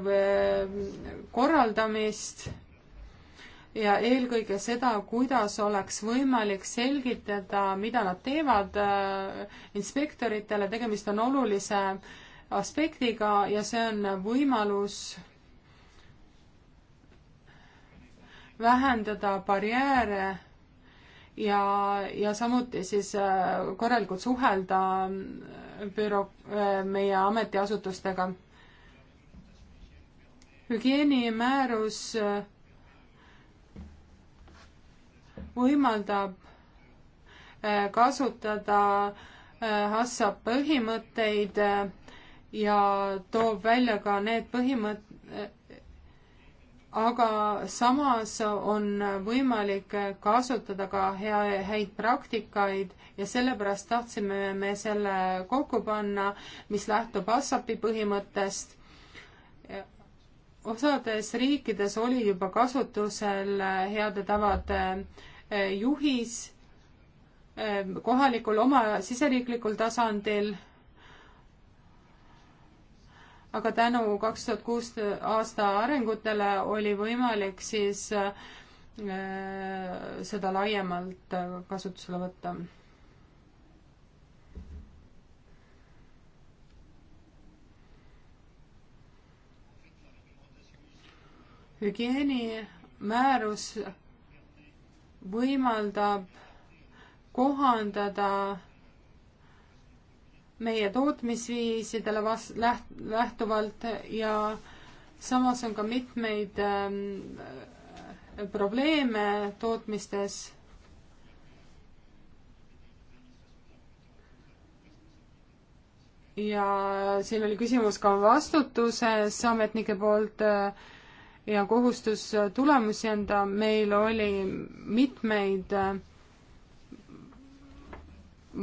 korraldamist ja eelkõige seda, kuidas oleks võimalik selgitada, mida nad teevad inspektoritele, tegemist on olulise aspektiga ja see on võimalus vähendada barjääre ja, ja samuti siis äh, korralikult suhelda äh, büro, äh, meie ametiasutustega. hügieenimäärus võimaldab kasutada Hassa põhimõtteid ja toob välja ka need põhimõt-, aga samas on võimalik kasutada ka hea, häid praktikaid ja sellepärast tahtsime me selle kokku panna, mis lähtub ASAP-i põhimõttest. osades riikides oli juba kasutusel heade tavade eh, juhis eh, kohalikul oma siseriiklikul tasandil aga tänu kaks tuhat kuus aasta arengutele oli võimalik siis äh, seda laiemalt kasutusele võtta. hügieenimäärus võimaldab kohandada meie tootmisviisidele vas-, läht-, lähtuvalt ja samas on ka mitmeid ähm, äh, probleeme tootmistes. ja siin oli küsimus ka vastutuses ametnike poolt äh, ja kohustus äh, tulemusi anda, meil oli mitmeid äh,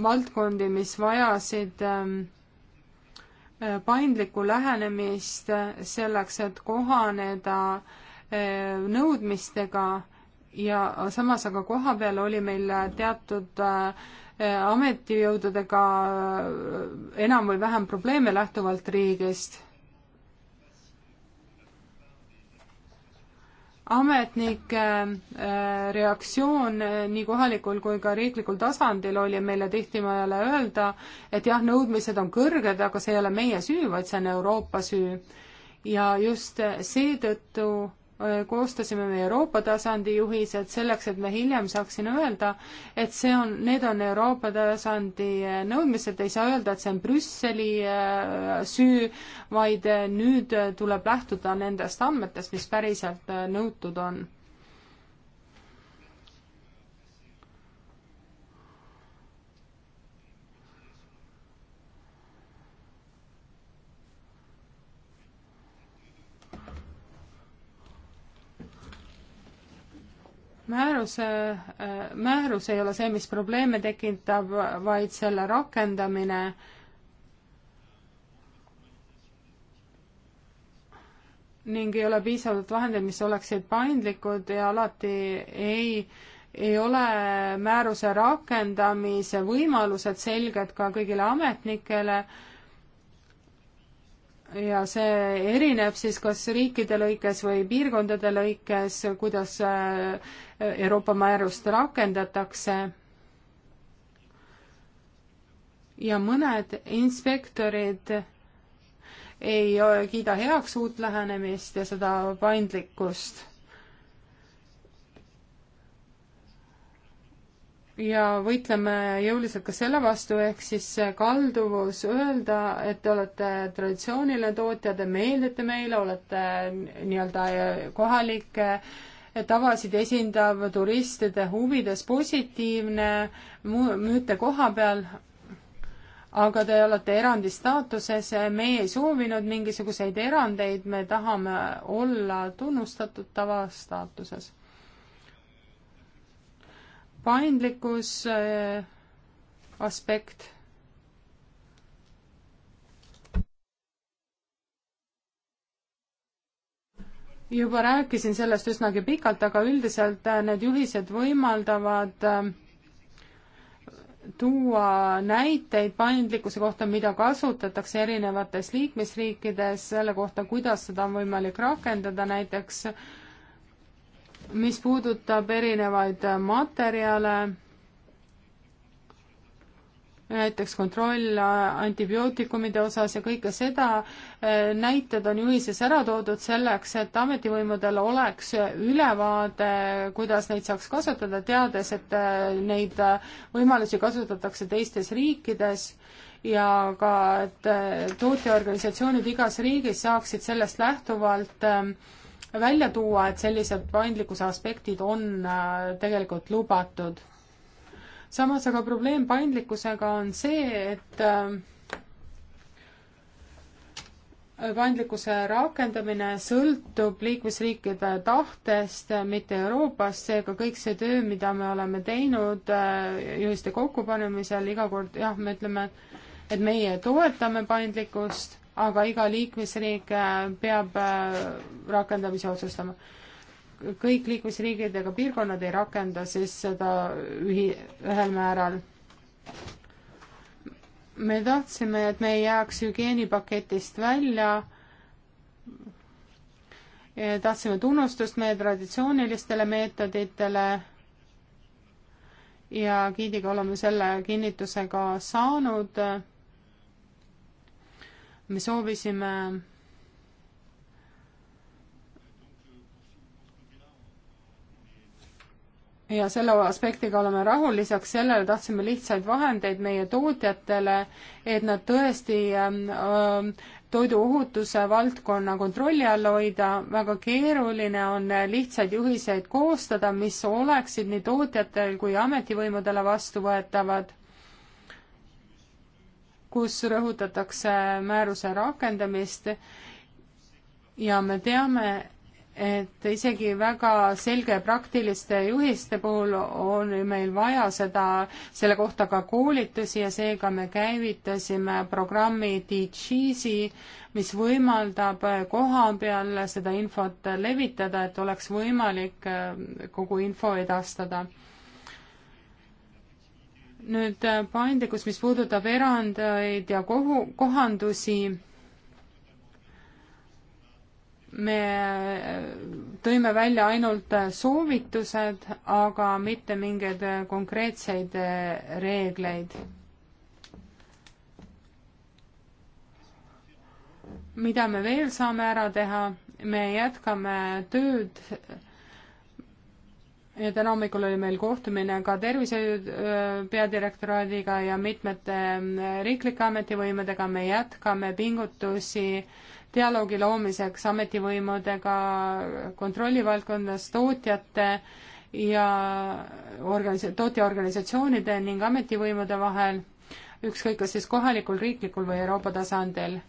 valdkondi, mis vajasid ähm, äh, paindlikku lähenemist äh, selleks, et kohaneda äh, nõudmistega ja samas aga kohapeal oli meil teatud ametijõududega enam või vähem probleeme lähtuvalt riigist ametnike äh, reaktsioon äh, nii kohalikul kui ka riiklikul tasandil oli meile tihtipeale öelda, et jah, nõudmised on kõrged, aga see ei ole meie süü, vaid see on Euroopa süü. ja just äh, seetõttu koostasime me Euroopa tasandi juhised selleks, et me hiljem saaksime öelda, et see on, need on Euroopa tasandi äh, nõudmised, ei saa öelda, et see on Brüsseli äh, süü, vaid äh, nüüd tuleb lähtuda nendest andmetest, mis päriselt nõutud on määruse, äh, määrus ei ole see, mis probleeme tekitab, vaid selle rakendamine ning ei ole piisavalt vahendeid, mis oleksid paindlikud ja alati ei, ei ole määruse rakendamise võimalused selged ka kõigile ametnikele äh, ja see erineb siis kas riikide lõikes või piirkondade lõikes, kuidas äh, Euroopa määrust rakendatakse. ja mõned inspektorid ei kiida heaks uut lähenemist ja seda paindlikkust ja võitleme jõuliselt ka selle vastu, ehk siis kalduvus öelda, et te olete traditsiooniline tootja, te meeldite meile, olete nii-öelda kohalike tavasid esindav turistide huvides positiivne, müüte koha peal, aga te olete erandi staatuses, meie ei soovinud mingisuguseid erandeid, me tahame olla tunnustatud tavastaatuses paindlikkus äh, aspekt. juba rääkisin sellest üsnagi pikalt, aga üldiselt äh, need juhised võimaldavad äh, tuua näiteid paindlikkuse kohta, mida kasutatakse erinevates liikmesriikides, selle kohta, kuidas seda on võimalik rakendada, näiteks äh, mis puudutab erinevaid materjale, näiteks kontroll antibiootikumide osas ja kõike seda, e, näited on juhises ära toodud selleks, et ametivõimudel oleks ülevaade, kuidas neid saaks kasutada, teades, et e, neid võimalusi kasutatakse teistes riikides ja ka, et e, tootjaorganisatsioonid igas riigis saaksid sellest lähtuvalt välja tuua, et sellised paindlikkuse aspektid on äh, tegelikult lubatud. samas aga probleem paindlikkusega on see, et äh, paindlikkuse rakendamine sõltub liikmesriikide tahtest, mitte Euroopast, seega kõik see töö, mida me oleme teinud äh, juhiste kokkupanemisel iga kord, jah, me ütleme, et meie toetame paindlikkust aga iga liikmesriik äh, peab äh, rakendamise otsustama. kõik liikmesriigid ega piirkonnad ei rakenda siis seda ühi-, ühel määral. me tahtsime, et me ei jääks hügieenipaketist välja, tahtsime tunnustust meie traditsioonilistele meetoditele ja giidiga oleme selle kinnituse ka saanud me soovisime ja selle aspektiga oleme rahul, lisaks sellele tahtsime lihtsaid vahendeid meie tootjatele, et nad tõesti ähm, ähm, toiduohutuse valdkonna kontrolli all hoida, väga keeruline on lihtsaid juhiseid koostada, mis oleksid nii tootjatel kui ametivõimudele vastuvõetavad kus rõhutatakse määruse rakendamist ja me teame, et isegi väga selge praktiliste juhiste puhul on meil vaja seda, selle kohta ka koolitusi ja seega me käivitasime programmi DG-si, mis võimaldab koha peal seda infot levitada, et oleks võimalik äh, kogu info edastada nüüd äh, paindlikkus, mis puudutab erandeid ja kohu, kohandusi, me äh, tõime välja ainult äh, soovitused, aga mitte mingeid konkreetseid reegleid. mida me veel saame ära teha, me jätkame tööd et enamikul oli meil kohtumine ka tervishoiu peadirektoraadiga ja mitmete riiklike ametivõimedega, me jätkame pingutusi dialoogi loomiseks ametivõimudega kontrollivaldkondas, tootjate ja organis-, tootjaorganisatsioonide ning ametivõimude vahel, ükskõik kas siis kohalikul, riiklikul või Euroopa tasandil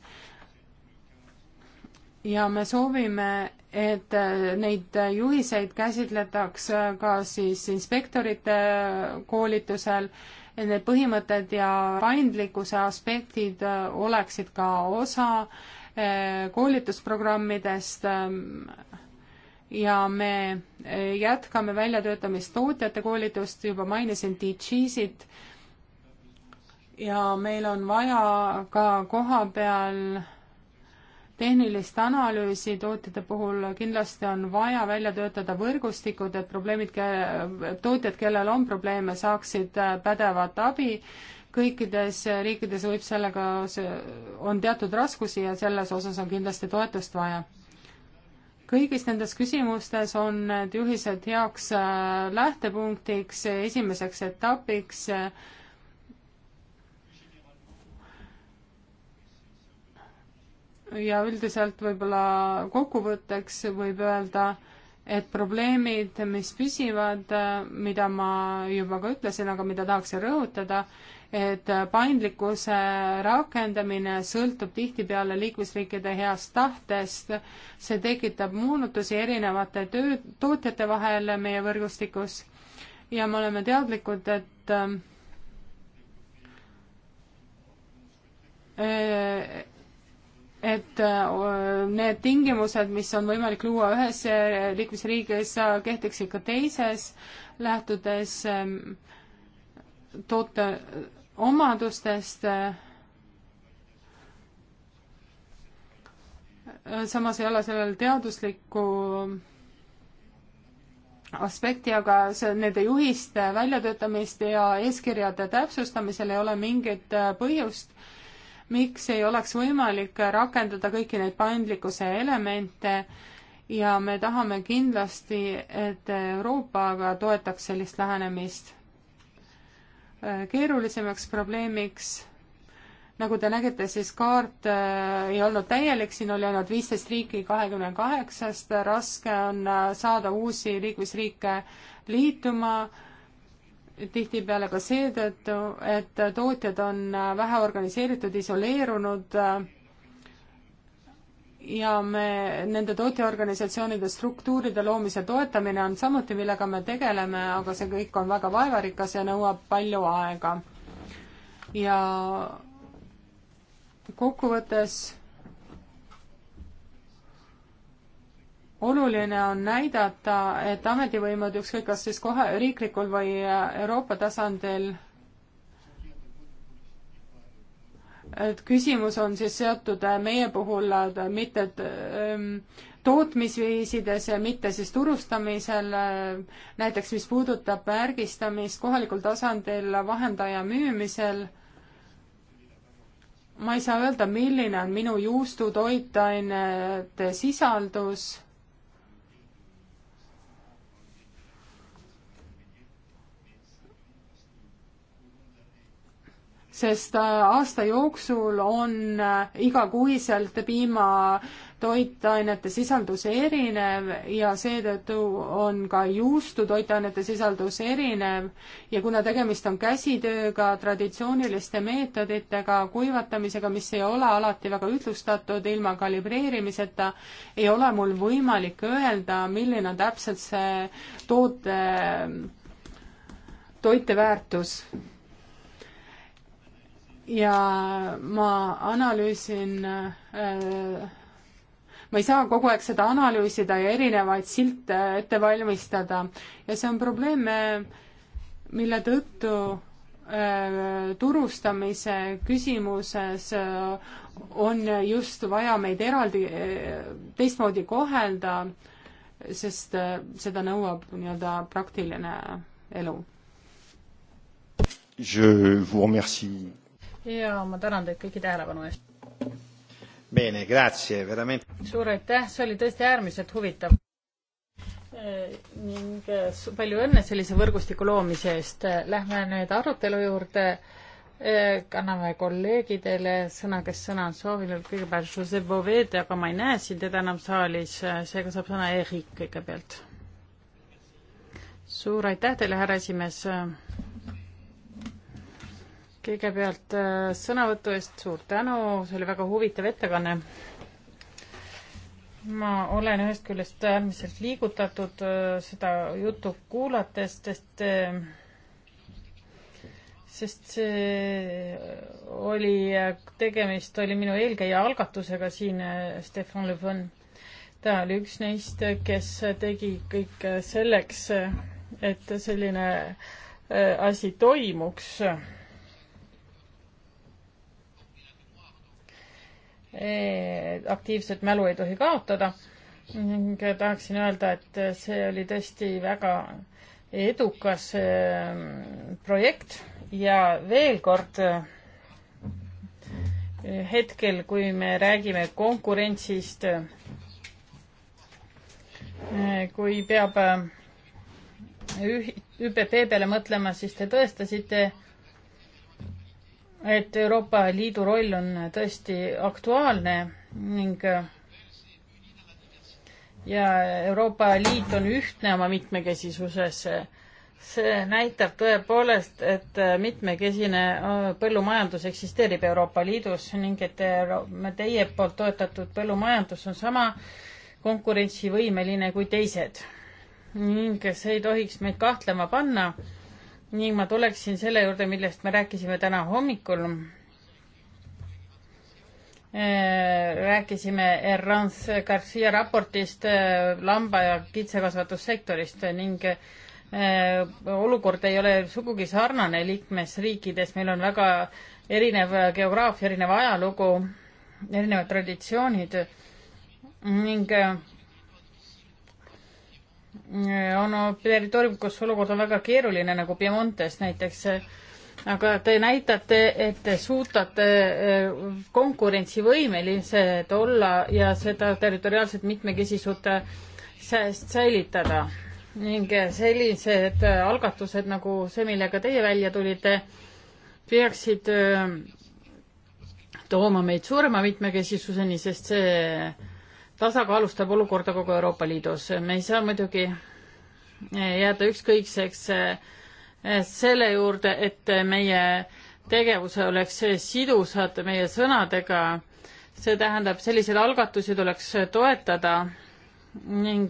ja me soovime, et äh, neid juhiseid käsitletaks äh, ka siis inspektorite äh, koolitusel, et need põhimõtted ja paindlikkuse aspektid oleksid ka osa koolitusprogrammidest ähm, ja me jätkame väljatöötamist tootjate koolitust, juba mainisin DG-sid ja meil on vaja ka koha peal tehnilist analüüsi tootjate puhul kindlasti on vaja välja töötada võrgustikud, et probleemid, tootjad, kellel on probleeme, saaksid äh, pädevat abi. kõikides riikides võib sellega, on teatud raskusi ja selles osas on kindlasti toetust vaja. kõigis nendes küsimustes on need juhised heaks äh, lähtepunktiks, esimeseks etapiks äh, ja üldiselt võib-olla kokkuvõtteks võib öelda, et probleemid, mis püsivad, mida ma juba ka ütlesin, aga mida tahaks rõhutada, et paindlikkuse rakendamine sõltub tihtipeale liikmesriikide heast tahtest, see tekitab moonutusi erinevate töö, tootjate vahel meie võrgustikus ja me oleme teadlikud, et äh, et äh, need tingimused, mis on võimalik luua ühes äh, liikmesriigis, äh, kehtiksid ka teises, lähtudes ähm, toote omadustest. samas ei ole sellel teaduslikku aspekti, aga see, nende juhiste väljatöötamist ja eeskirjade täpsustamisel ei ole mingit põhjust miks ei oleks võimalik rakendada kõiki neid paindlikkuse elemente ja me tahame kindlasti, et Euroopa aga toetaks sellist lähenemist. keerulisemaks probleemiks, nagu te nägite, siis kaart äh, ei olnud täielik, siin oli ainult viisteist riiki kahekümne kaheksast, raske on äh, saada uusi liikmesriike liituma tihtipeale ka seetõttu, et tootjad on vähe organiseeritud, isoleerunud ja me, nende tootjaorganisatsioonide struktuuride loomise toetamine on samuti, millega me tegeleme, aga see kõik on väga vaevarikas ja nõuab palju aega. ja kokkuvõttes oluline on näidata, et ametivõimud, ükskõik kas siis kohe riiklikul või äh, Euroopa tasandil, et küsimus on siis seotud äh, meie puhul äh, mitte ähm, tootmisviisides ja mitte siis turustamisel, näiteks mis puudutab märgistamist kohalikul tasandil vahendaja müümisel ma ei saa öelda, milline on minu juustu toitainete sisaldus, sest äh, aasta jooksul on äh, igakuiselt piimatoitainete sisaldus erinev ja seetõttu on ka juustu toitainete sisaldus erinev ja kuna tegemist on käsitööga, traditsiooniliste meetoditega, kuivatamisega, mis ei ole alati väga ühtlustatud ilma kalibreerimiseta, ei ole mul võimalik öelda, milline on täpselt see toote toiteväärtus ja ma analüüsin äh, ma ei saa kogu aeg seda analüüsida ja erinevaid silte ette valmistada ja see on probleem, mille tõttu äh, turustamise küsimuses äh, on just vaja meid eraldi, teistmoodi kohelda, sest seda nõuab nii-öelda praktiline elu. Je vous remercie ja ma tänan teid kõiki tähelepanu eest. Bene, grazie, veramente. suur aitäh, see oli tõesti äärmiselt huvitav ning eh, palju õnne sellise võrgustiku loomise eest. Lähme nüüd arutelu juurde. Eh, anname kolleegidele sõna, kes sõna on soovinud. kõigepealt Jose Boved, aga ma ei näe siin teda enam saalis, seega saab sõna Erik kõigepealt. suur aitäh teile, härra esimees kõigepealt äh, sõnavõtu eest suur tänu, see oli väga huvitav ettekanne. ma olen ühest küljest äärmiselt liigutatud äh, seda juttu kuulates, sest äh, sest see oli, tegemist oli minu eelkäija algatusega siin, Stefan Le Bon. ta oli üks neist, kes tegi kõik selleks, et selline asi toimuks Eh, aktiivset mälu ei tohi kaotada ning tahaksin öelda, et see oli tõesti väga edukas eh, projekt ja veel kord eh, hetkel, kui me räägime konkurentsist, kui peab ÜPP peale mõtlema, siis te tõestasite, et Euroopa Liidu roll on tõesti aktuaalne ning ja Euroopa Liit on ühtne oma mitmekesisuses. see näitab tõepoolest, et mitmekesine äh, põllumajandus eksisteerib Euroopa Liidus ning et teie poolt toetatud põllumajandus on sama konkurentsivõimeline kui teised. ning see ei tohiks meid kahtlema panna ning ma tuleksin selle juurde, millest me rääkisime täna hommikul. Äh, rääkisime Errans Garcia raportist äh, lamba- ja kitsekasvatussektorist ning äh, olukord ei ole sugugi sarnane liikmesriikides, meil on väga erinev geograafia, erinev ajalugu, erinevad traditsioonid ning on territoorium, kus olukord on väga keeruline, nagu Piemontes näiteks, aga te näitate, et te suudate eh, konkurentsivõimelised olla ja seda territoriaalset mitmekesisust eh, säilitada ning sellised algatused nagu see, millega teie välja tulite, peaksid eh, tooma meid suurema mitmekesisuseni, sest see tasakaalustab olukorda kogu Euroopa Liidus. me ei saa muidugi eh, jääda ükskõikseks eh, selle juurde, et meie tegevus oleks sidusad meie sõnadega. see tähendab, selliseid algatusi tuleks toetada ning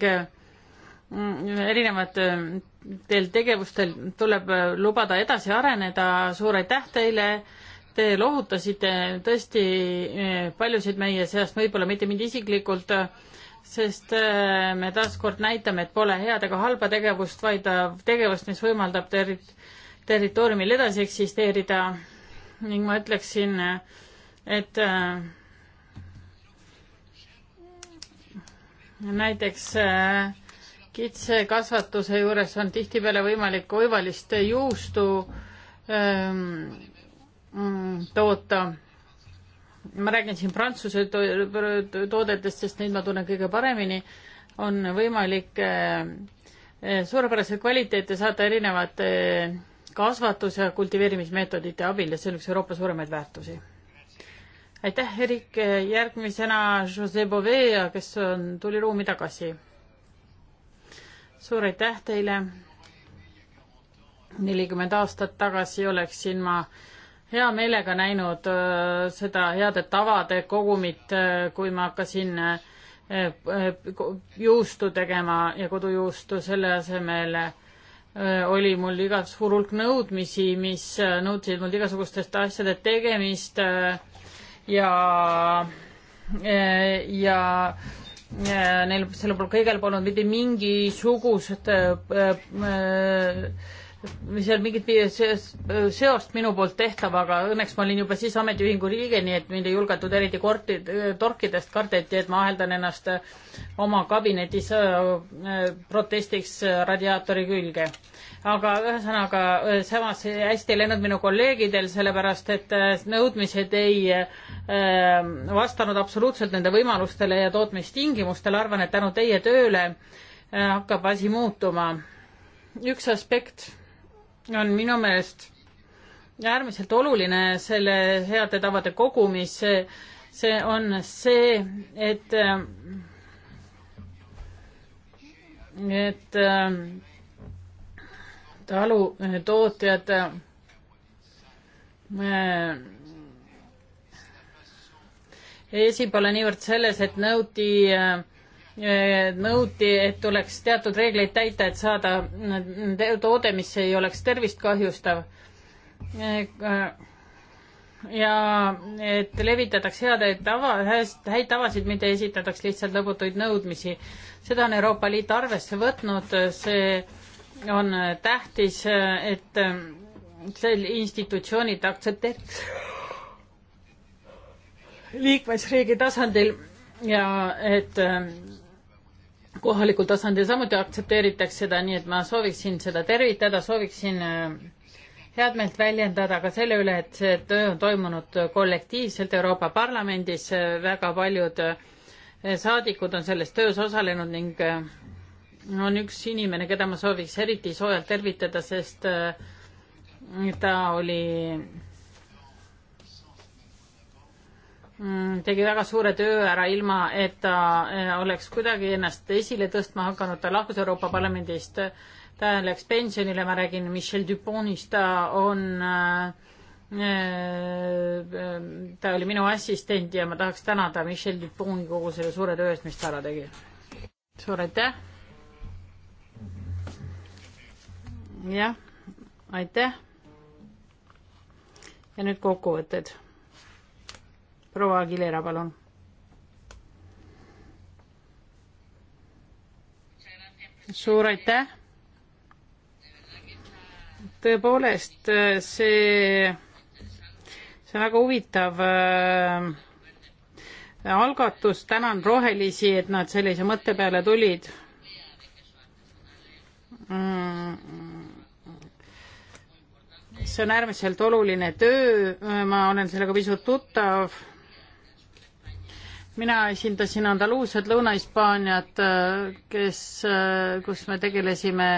mm, erinevatel tegevustel tuleb lubada edasi areneda. suur aitäh teile Te lohutasite tõesti eh, paljusid meie seast, võib-olla mitte mind isiklikult, eh, sest eh, me taaskord näitame, et pole head ega halba tegevust, vaid tegevust, mis võimaldab terri-, territooriumil edasi eksisteerida ning ma ütleksin, et näiteks kitsekasvatuse juures on tihtipeale võimalik oivalist juustu öö, Mm, toota. ma räägin siin prantsuse toodetest, sest neid ma tunnen kõige paremini. on võimalik äh, äh, suurepärase kvaliteete saada erinevate äh, kasvatus- ja kultiveerimismeetodite abil ja see on üks Euroopa suuremaid väärtusi. aitäh, Erik, järgmisena Jose Bovea, kes on, tuli ruumi tagasi. suur aitäh teile. nelikümmend aastat tagasi oleksin ma äh, hea meelega näinud äh, seda heade tavade kogumit, äh, kui ma hakkasin äh, juustu tegema ja kodujuustu, selle asemel oli mul igas hulk nõudmisi, mis nõudsid mul igasugustest asjade tegemist ja, ja neil, sellel pole, kõigel polnud mitte mingisugust äh, äh, seal mingit seost minu poolt tehtavaga, õnneks ma olin juba siis ametiühingu liige, nii et mind ei julgetud eriti korti, torkidest kardeti, et ma aheldan ennast oma kabinetis äh, äh, protestiks radiaatori külge. aga ühesõnaga, äh, samas hästi ei läinud minu kolleegidel, sellepärast et nõudmised ei vastanud absoluutselt nende võimalustele ja tootmistingimustele, arvan, et tänu teie tööle hakkab asi muutuma. üks aspekt on minu meelest äärmiselt oluline selle heade tavade kogumis, see, see on see, et, et talutootjad asi eh, pole niivõrd selles, et nõuti äh, Eh, nõuti, et tuleks teatud reegleid täita, et saada toode, mis ei oleks tervist kahjustav. Eh, eh, ja et levitataks heade tava, häid tavasid, mitte ei esitataks lihtsalt lõputuid nõudmisi. seda on Euroopa Liit arvesse võtnud, see on tähtis, et sel institutsioonid aktsepteeriks liikmesriigi tasandil ja et kohalikul tasandil samuti aktsepteeritakse seda, nii et ma sooviksin seda tervitada, sooviksin äh, head meelt väljendada ka selle üle, et see töö on toimunud kollektiivselt Euroopa Parlamendis, äh, väga paljud äh, saadikud on selles töös osalenud ning on üks inimene, keda ma sooviks eriti soojalt tervitada, sest ta oli Mm, tegi väga suure töö ära, ilma et ta äh, oleks kuidagi ennast esile tõstma hakanud, ta lahkus Euroopa Parlamendist, ta läks pensionile, ma räägin Michel Duponist, ta on, äh, äh, ta oli minu assistent ja ma tahaks tänada Michel Duponi kogu selle suure töö eest, mis ta ära tegi. suur aitäh! jah, aitäh! ja nüüd kokkuvõtted proua Aguilera, palun. suur aitäh. tõepoolest, see, see on väga huvitav äh, algatus, tänan rohelisi, et nad sellise mõtte peale tulid mm see on äärmiselt oluline töö, ma olen sellega pisut tuttav mina esindasin Andaluusiat, Lõuna-Hispaaniat, kes, kus me tegelesime,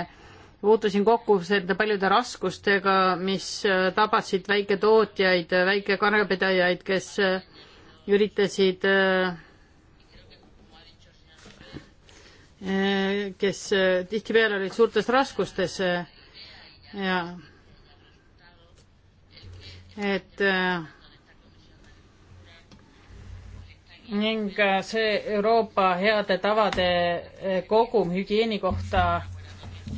puutusin kokku nende paljude raskustega, mis tabasid väiketootjaid, väikekarjapidajaid, kes üritasid, kes tihtipeale olid suurtes raskustes ja et äh, ning äh, see Euroopa heade tavade äh, kogum hügieeni kohta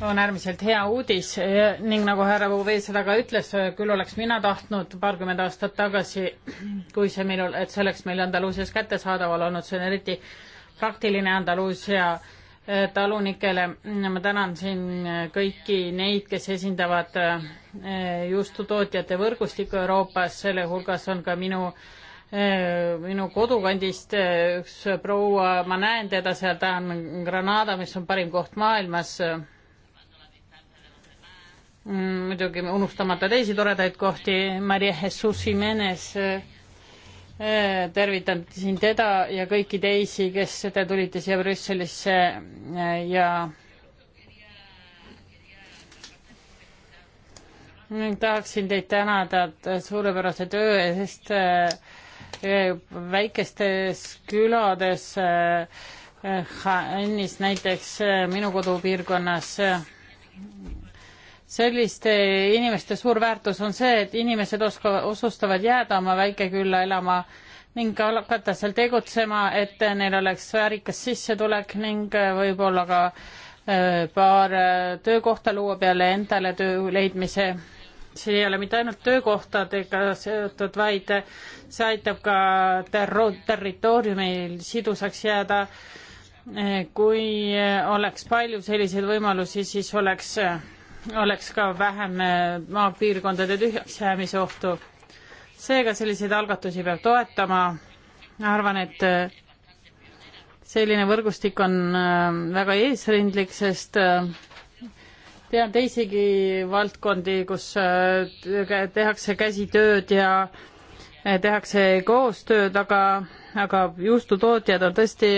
on äärmiselt hea uudis ning nagu härra Vovee seda ka ütles, äh, küll oleks mina tahtnud paarkümmend aastat tagasi, kui see meil, et see oleks meil Andaluusias kättesaadaval olnud, see on eriti praktiline Andaluusia talunikele. ma tänan siin kõiki neid, kes esindavad juustutootjate võrgustikku Euroopas, selle hulgas on ka minu äh, Äh, minu kodukandist äh, üks proua, ma näen teda seal, ta on Granada, mis on parim koht maailmas. Mm, muidugi unustamata teisi toredaid kohti, Maria Jesus Jimenez, äh, tervitan siin teda ja kõiki teisi, kes te tulite siia Brüsselisse ja ning tahaksin teid tänada suurepärase töö eest äh, väikestes külades eh, Hannis näiteks eh, minu kodupiirkonnas selliste inimeste suur väärtus on see, et inimesed oskavad, otsustavad jääda oma väikekülla elama ning hakata seal tegutsema, et neil oleks väärikas sissetulek ning eh, võib-olla ka paar töökohta luua peale endale töö leidmise see ei ole mitte ainult töökohtadega seotud, vaid see aitab ka terro-, territooriumil sidusaks jääda. kui oleks palju selliseid võimalusi, siis oleks, oleks ka vähem maapiirkondade tühjaks jäämise ohtu. seega selliseid algatusi peab toetama. arvan, et selline võrgustik on väga eesrindlik, sest äh, tean teisigi valdkondi, kus äh, tehakse käsitööd ja äh, tehakse koostööd, aga, aga juustutootjad on tõesti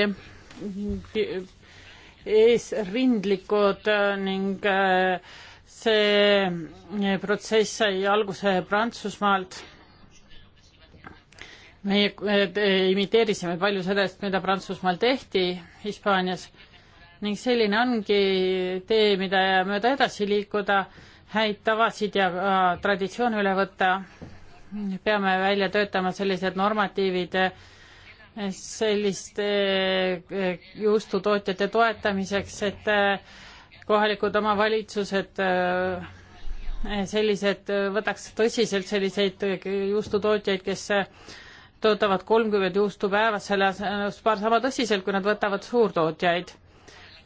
eesrindlikud äh, ning see protsess sai alguse Prantsusmaalt. meie imiteerisime palju sellest, mida Prantsusmaal tehti Hispaanias ning selline ongi tee, mida mööda edasi liikuda, häid tavasid ja ka äh, traditsioone üle võtta. peame välja töötama sellised normatiivid äh, selliste äh, juustutootjate toetamiseks, et kohalikud omavalitsused sellised, võtaks tõsiselt selliseid juustutootjaid, kes toodavad kolmkümmend juustu päevas, selle asemel paar sama tõsiselt, kui nad võtavad suurtootjaid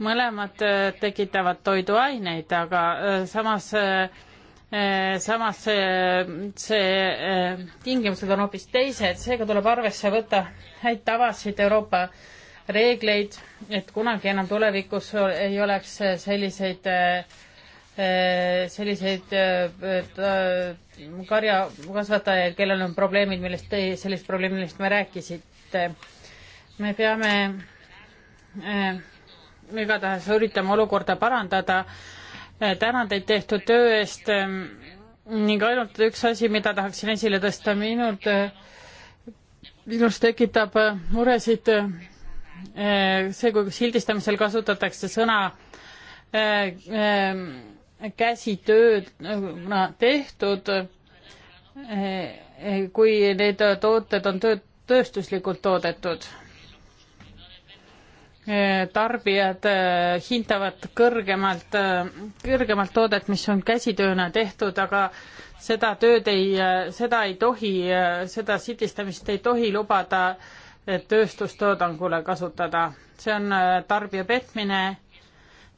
mõlemad äh, tekitavad toiduaineid, aga äh, samas, äh, samas see, see tingimused on hoopis teised, seega tuleb arvesse võtta häid tavasid, Euroopa reegleid, et kunagi enam tulevikus ei oleks selliseid selliseid karjakasvatajaid, kellel on probleemid, millest te, sellised probleemid, millest me rääkisite. me peame igatahes üritame olukorda parandada. Eh, tänan teid tehtud töö eest eh, ning ainult üks asi, mida tahaksin esile tõsta, minult, eh, minus tekitab muresid see, kui sildistamisel kasutatakse sõna käsitööna tehtud, kui need tooted on töö, tööstuslikult toodetud Eh, tarbijad eh, hindavad kõrgemalt, eh, kõrgemalt toodet, mis on käsitööna tehtud, aga seda tööd ei, seda ei tohi, seda sildistamist ei tohi lubada tööstustoodangule kasutada. see on tarbija petmine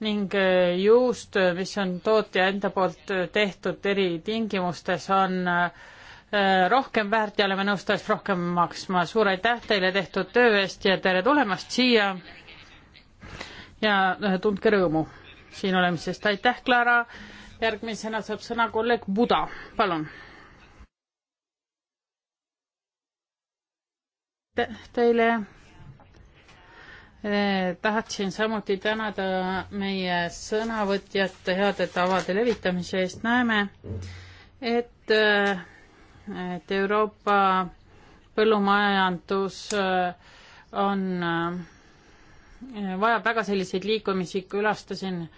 ning juust, mis on tootja enda poolt tehtud eritingimustes, on rohkem väärt ja oleme nõus tõesti rohkem maksma. suur aitäh teile tehtud töö eest ja tere tulemast siia ja äh, tundke rõõmu siin olemisest. aitäh, Clara. järgmisena saab sõna kolleeg Buda, palun. Teile äh, tahtsin samuti tänada meie sõnavõtjate heade tavade levitamise eest. näeme, et, äh, et Euroopa põllumajandus on vajab väga selliseid liikumisi, külastasin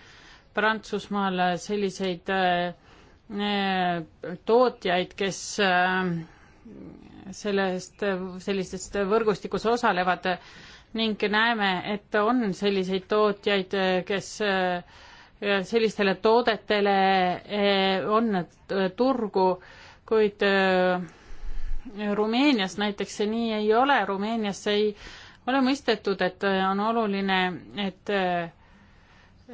Prantsusmaal selliseid äh, tootjaid, kes äh, sellest, sellistes võrgustikus osalevad ning näeme, et on selliseid tootjaid, kes äh, sellistele toodetele on turgu, kuid Rumeenias näiteks see nii ei ole, Rumeenias ei äh, ole mõistetud, et äh, on oluline, et äh,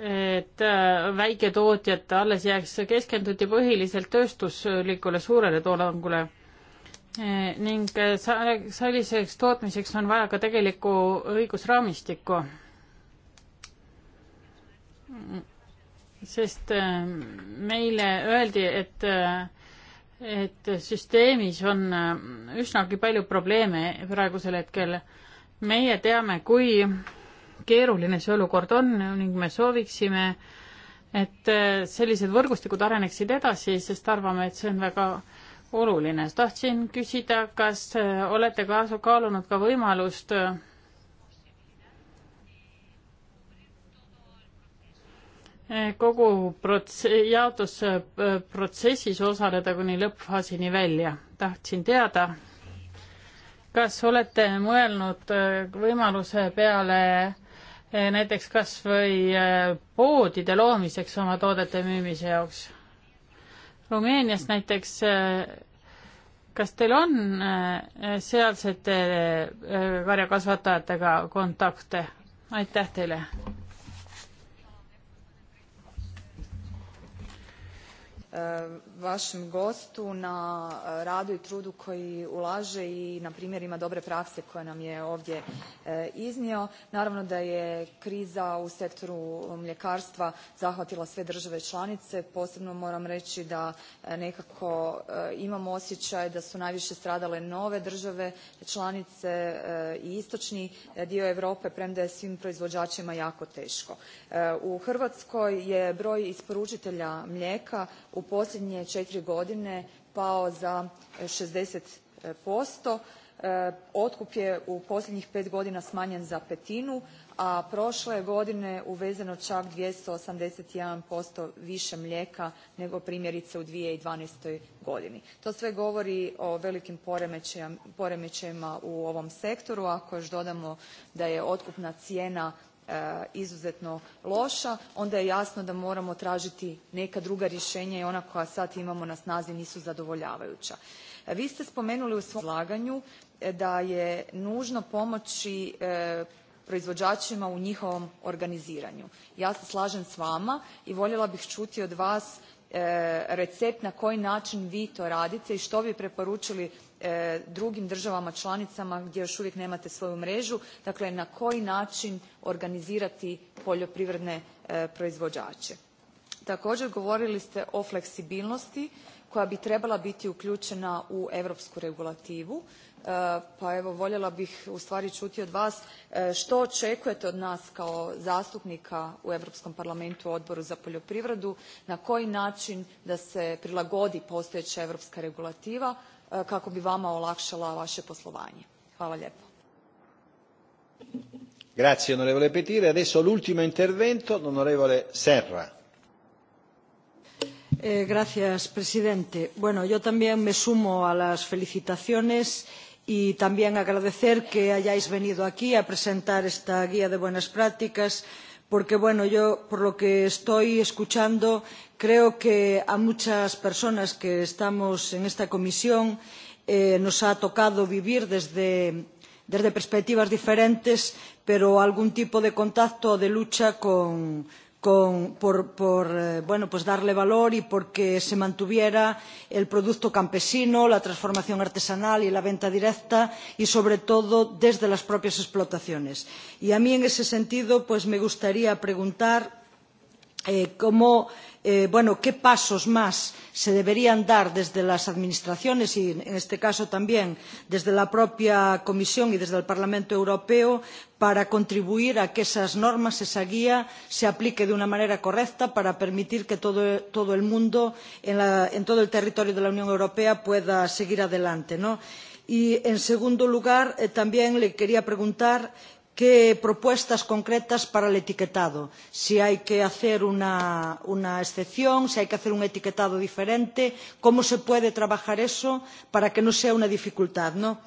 et äh, väiketootjad alles jääks, keskenduti põhiliselt tööstuslikule suurele toodangule ning selliseks tootmiseks on vaja ka tegelikku õigusraamistikku. sest meile öeldi, et et süsteemis on üsnagi palju probleeme praegusel hetkel meie teame, kui keeruline see olukord on ning me sooviksime, et äh, sellised võrgustikud areneksid edasi, sest arvame, et see on väga oluline. tahtsin küsida, kas äh, olete kaasa kaalunud ka võimalust äh, kogu prots-, jaotusprotsessis osaleda kuni lõppfaasini välja. tahtsin teada kas olete mõelnud äh, võimaluse peale äh, näiteks kas või äh, poodide loomiseks oma toodete müümise jaoks? Rumeenias näiteks, kas teil on sealsete karjakasvatajatega kontakte? aitäh teile! Um vašem gostu na e, radu i trudu koji ulaže i na primjerima dobre prakse koje nam je ovdje e, iznio. Naravno da je kriza u sektoru mljekarstva zahvatila sve države članice. Posebno moram reći da e, nekako imam osjećaj da su najviše stradale nove države članice i istočni dio Europe premda je svim proizvođačima jako teško. U Hrvatskoj je broj isporučitelja mlijeka u posljednje četiri godine pao za e, sixty e, e, otkup je u posljednjih pet godina smanjen za petinu a prošle je godine uvezeno čak two hundred and eighty one više mlijeka nego primjerice u. two thousand and twelve godini. to sve govori o velikim poremećajima u ovom sektoru a ako još dodamo da je otkupna cijena E, izuzetno loša, onda je jasno da moramo tražiti neka druga rješenja i ona koja sad imamo na snazi nisu zadovoljavajuća. E, vi ste spomenuli u svom izlaganju e, da je nužno pomoći proizvođačima u njihovom organiziranju. Ja se slažem s vama i voljela bih čuti od vas recept na koji način vi to radite i što bi preporučili E, drugim državama članicama gdje još uvijek nemate svoju mrežu, dakle na koji način organizirati poljoprivredne e, proizvođače. Također govorili ste o fleksibilnosti koja bi trebala biti uključena u europsku regulativu, e, pa evo voljela bih ustvari čuti od vas što očekujete od nas kao zastupnika u Europskom parlamentu u Odboru za poljoprivredu, na koji način da se prilagodi postojeća europska regulativa, E, kako bi vama olakšala vaše poslovanje. Hvala lijepo. Grazie onorevole Petire. Adesso l'ultimo intervento, l'onorevole Serra. Eh, gracias, presidente. Bueno, yo también me sumo a las felicitaciones y también agradecer que hayáis venido aquí a presentar esta guía de buenas prácticas porque bueno, yo por lo que estoy escuchando creo que a muchas personas que estamos en esta comisión eh, nos ha tocado vivir desde, desde perspectivas diferentes, pero algún tipo de contacto de lucha con, con, por, por eh, bueno, pues darle valor y porque se mantuviera el producto campesino, la transformación artesanal y la venta directa y sobre todo desde las propias explotaciones. Y a mí en ese sentido pues me gustaría preguntar eh, cómo eh, bueno, qué pasos más se deberían dar desde las administraciones y, en este caso, también desde la propia Comisión y desde el Parlamento Europeo para contribuir a que esas normas, esa guía, se aplique de una manera correcta para permitir que todo, todo el mundo, en, la, en todo el territorio de la Unión Europea, pueda seguir adelante. ¿no? Y, en segundo lugar, eh, también le quería preguntar eh, qué propuestas concretas para el etiquetado si hay que hacer una, una excepción si hay que hacer un etiquetado diferente cómo se puede trabajar eso para que no sea una dificultad. ¿no?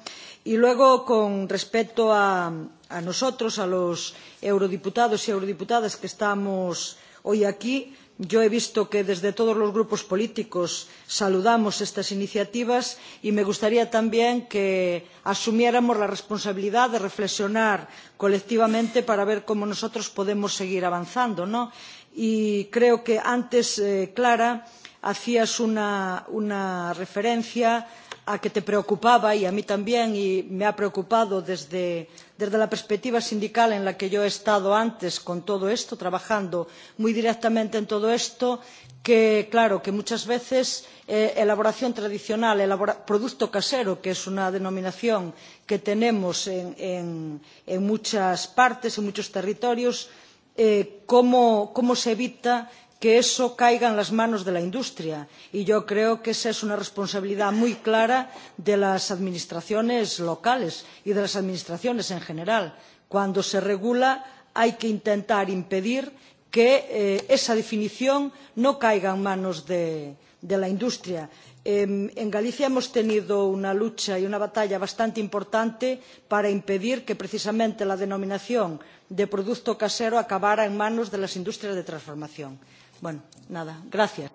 y luego con respecto a, a nosotros a los eurodiputados y eurodiputadas que estamos hoy aquí yo he visto que desde todos los grupos políticos saludamos estas iniciativas y me gustaría también que asumiéramos la responsabilidad de reflexionar colectivamente para ver cómo nosotros podemos seguir avanzando. ¿no? Y creo que antes, eh, Clara, hacías una, una referencia a a que te preocupaba y a mí también y me ha preocupado desde, desde la perspectiva sindical en la que yo he estado antes con todo esto, trabajando muy directamente en todo esto, que claro, que muchas veces eh, elaboración tradicional, elabora, producto casero, que es una denominación que tenemos en, en, en muchas partes, en muchos territorios, eh, cómo, cómo se evita que eso caiga en las manos de la industria y yo creo que esa es una responsabilidad muy clara de las administraciones locales y de las administraciones en general. cuando se regula hay que intentar impedir que eh, esa definición no caiga en manos de, de la industria. Eh, en Galicia hemos tenido una lucha y una batalla bastante importante para impedir que precisamente la denominación de producto casero acabara en manos de las industrias de transformación Bueno, nada, gracias.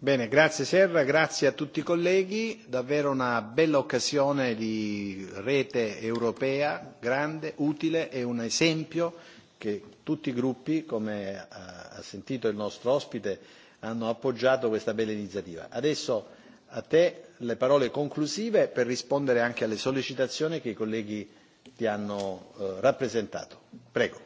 Bene, grazie Serra, grazie a tutti i colleghi, davvero una bella occasione di rete europea, grande, utile e un esempio che tutti i gruppi, come ha sentito il nostro ospite, hanno appoggiato questa bella iniziativa. Adesso a te le parole conclusive per rispondere anche alle sollecitazioni che i colleghi ti hanno eh, rappresentato. Prego.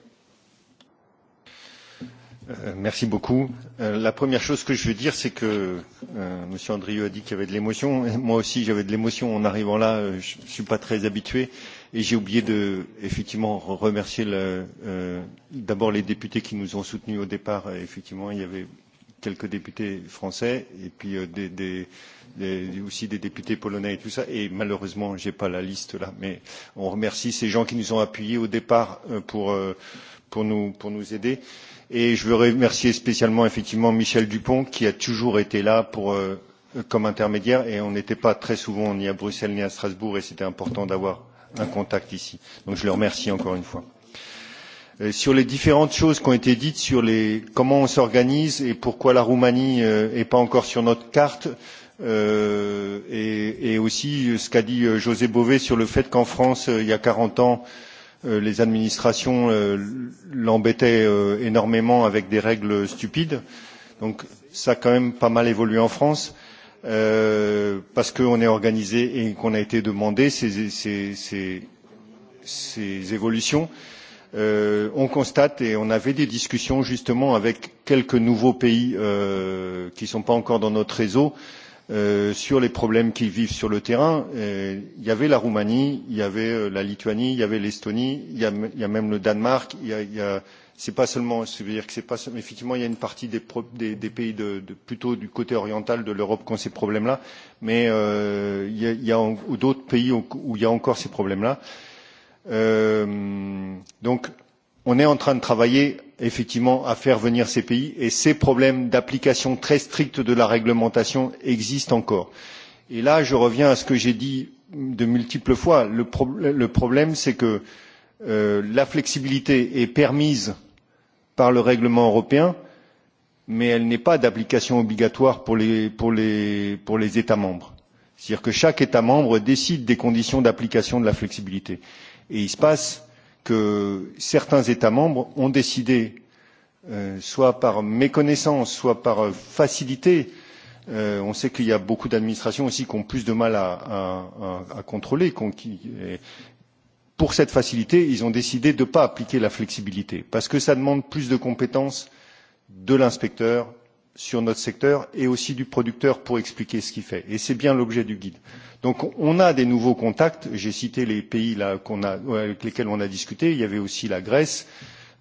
Euh, merci beaucoup. Euh, la première chose que je veux dire, c'est que euh, M. Andrieux a dit qu'il y avait de l'émotion. Moi aussi, j'avais de l'émotion en arrivant là. Euh, je ne suis pas très habitué et j'ai oublié de effectivement remercier le, euh, d'abord les députés qui nous ont soutenus au départ. Euh, effectivement, il y avait quelques députés français et puis euh, des, des, des, aussi des députés polonais et tout ça. Et malheureusement, j'ai pas la liste là, mais on remercie ces gens qui nous ont appuyés au départ euh, pour euh, pour nous pour nous aider. Euh, et je veux remercier spécialement effectivement Michel Dupont qui a toujours été là pour, euh, comme intermédiaire et on n'était pas très souvent ni à Bruxelles ni à Strasbourg et c'était important d'avoir un contact ici. Donc je le remercie encore une fois. Euh, sur les différentes choses qui ont été dites sur les comment on s'organise et pourquoi la Roumanie n'est euh, pas encore sur notre carte, euh, et, et aussi ce qu'a dit euh, José Bové sur le fait qu'en France, euh, il y a 40 ans, euh, Euh, les administrations euh, l'embêtaient euh, énormément avec des règles stupides. Donc ça a quand même pas mal évolué en France euh, parce qu'on est organisé et qu'on a été demandé ces, ces, ces, ces évolutions. Euh, on constate et on avait des discussions justement avec quelques nouveaux pays euh, qui ne sont pas encore dans notre réseau euh, euh, sur les problèmes qu'ils vivent sur le terrain. Et il y avait la Roumanie, il y avait la Lituanie, il y avait l'Estonie, il, y a, il y a même le Danemark. Il y a, il y a, c'est pas seulement, c'est-à-dire que c'est pas effectivement il y a une partie des, pro, des, des pays de, de, plutôt du côté oriental de l'Europe qui ont ces problèmes-là, mais euh, il y a, il y a d'autres pays où, où il y a encore ces problèmes-là. Euh, donc on est en train de travailler effectivement à faire venir ces pays et ces problèmes d'application très stricte de la réglementation existent encore. Et là, je reviens à ce que j'ai dit de multiples fois. Le, pro le problème, c'est que euh, la flexibilité est permise par le règlement européen, mais elle n'est pas d'application obligatoire pour les, pour, les, pour les États membres. C'est-à-dire que chaque État membre décide des conditions d'application de la flexibilité. Et il se passe que certains États membres ont décidé, euh, soit par méconnaissance, soit par euh, facilité, euh, on sait qu'il y a beaucoup d'administrations aussi qui ont plus de mal à, à, à, à contrôler, qu qui, et pour cette facilité, ils ont décidé de ne pas appliquer la flexibilité, parce que ça demande plus de compétences de l'inspecteur sur notre secteur et aussi du producteur pour expliquer ce qu'il fait. Et c'est bien l'objet du guide. Donc on a des nouveaux contacts. J'ai cité les pays là, qu'on a, avec lesquels on a discuté. Il y avait aussi la Grèce,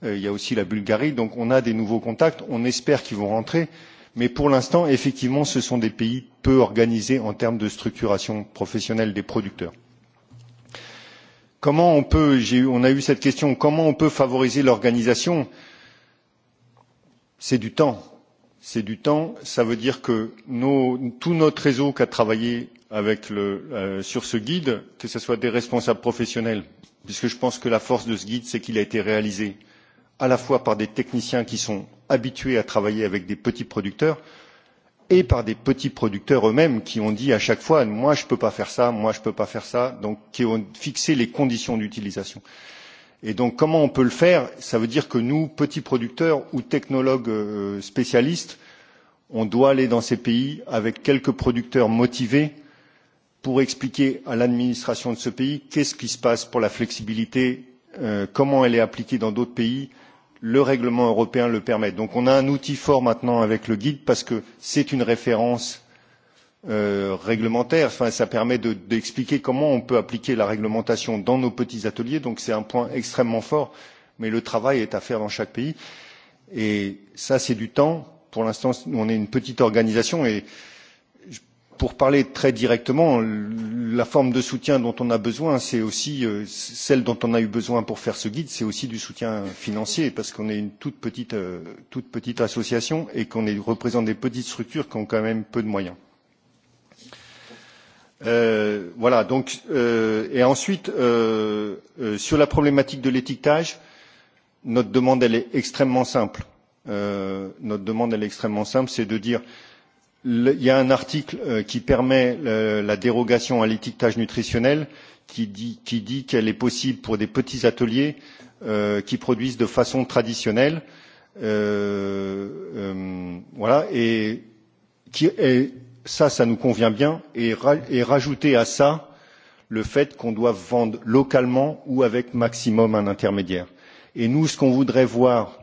euh, il y a aussi la Bulgarie. Donc on a des nouveaux contacts. On espère qu'ils vont rentrer. Mais pour l'instant, effectivement, ce sont des pays peu organisés en termes de structuration professionnelle des producteurs comment on peut j'ai, on a eu cette question comment on peut favoriser l'organisation c'est du temps c'est du temps. Ça veut dire que nos, tout notre réseau qui a travaillé avec le, euh, sur ce guide, que ce soit des responsables professionnels, puisque je pense que la force de ce guide, c'est qu'il a été réalisé à la fois par des techniciens qui sont habitués à travailler avec des petits producteurs et par des petits producteurs eux-mêmes qui ont dit à chaque fois moi je ne peux pas faire ça, moi je ne peux pas faire ça, donc qui ont fixé les conditions d'utilisation. Euh, Et donc, comment on peut le faire Ça veut dire que nous, petits producteurs ou technologues euh, spécialistes, on doit aller dans ces pays avec quelques producteurs motivés pour expliquer à l'administration de ce pays qu'est-ce qui se passe pour la flexibilité, euh, comment elle est appliquée dans d'autres pays. Le règlement européen le permet. Donc, on a un outil fort maintenant avec le guide parce que c'est une référence euh, réglementaire. Enfin, ça permet d'expliquer de, comment on peut appliquer la réglementation dans nos petits ateliers. Donc c'est un point extrêmement fort, mais le travail est à faire dans chaque pays. Et ça, c'est du temps. Pour l'instant, on est une petite organisation et pour parler très directement, la forme de soutien dont on a besoin, c'est aussi euh, celle dont on a eu besoin pour faire ce guide, c'est aussi du soutien financier, parce qu'on est une toute petite, euh, toute petite association et qu'on représente des petites structures qui ont quand même peu de moyens. Euh, voilà, donc, euh, et ensuite, euh, euh, sur la problématique de l'étiquetage, notre demande, elle est extrêmement simple. Euh, notre demande, elle est extrêmement simple, c'est de dire, le, il y a un article euh, qui permet euh, la dérogation à l'étiquetage nutritionnel, qui dit, qui dit qu'elle est possible pour des petits ateliers euh, qui produisent de façon traditionnelle, euh, euh, voilà, et qui est ça, ça nous convient bien, et, ra et rajouter à ça le fait qu'on doit vendre localement ou avec maximum un intermédiaire. Et nous, ce qu'on voudrait voir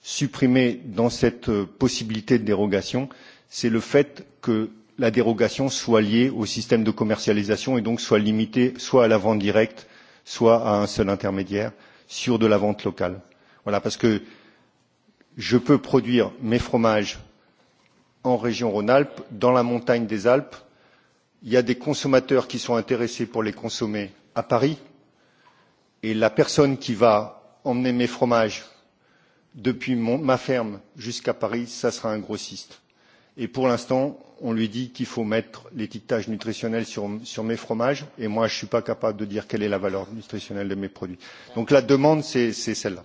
supprimé dans cette euh, possibilité de dérogation, c'est le fait que la dérogation soit liée au système de commercialisation et donc soit limitée soit à la vente directe, soit à un seul intermédiaire sur de la vente locale. Voilà, parce que je peux produire mes fromages en région Rhône-Alpes, dans la montagne des Alpes. Il y a des consommateurs qui sont intéressés pour les consommer à Paris. Et la personne qui va emmener mes fromages depuis mon, ma ferme jusqu'à Paris, ça sera un grossiste. Et pour l'instant, on lui dit qu'il faut mettre l'étiquetage nutritionnel sur, sur mes fromages, et moi, je ne suis pas capable de dire quelle est la valeur nutritionnelle de mes produits. Donc la demande, c'est celle-là.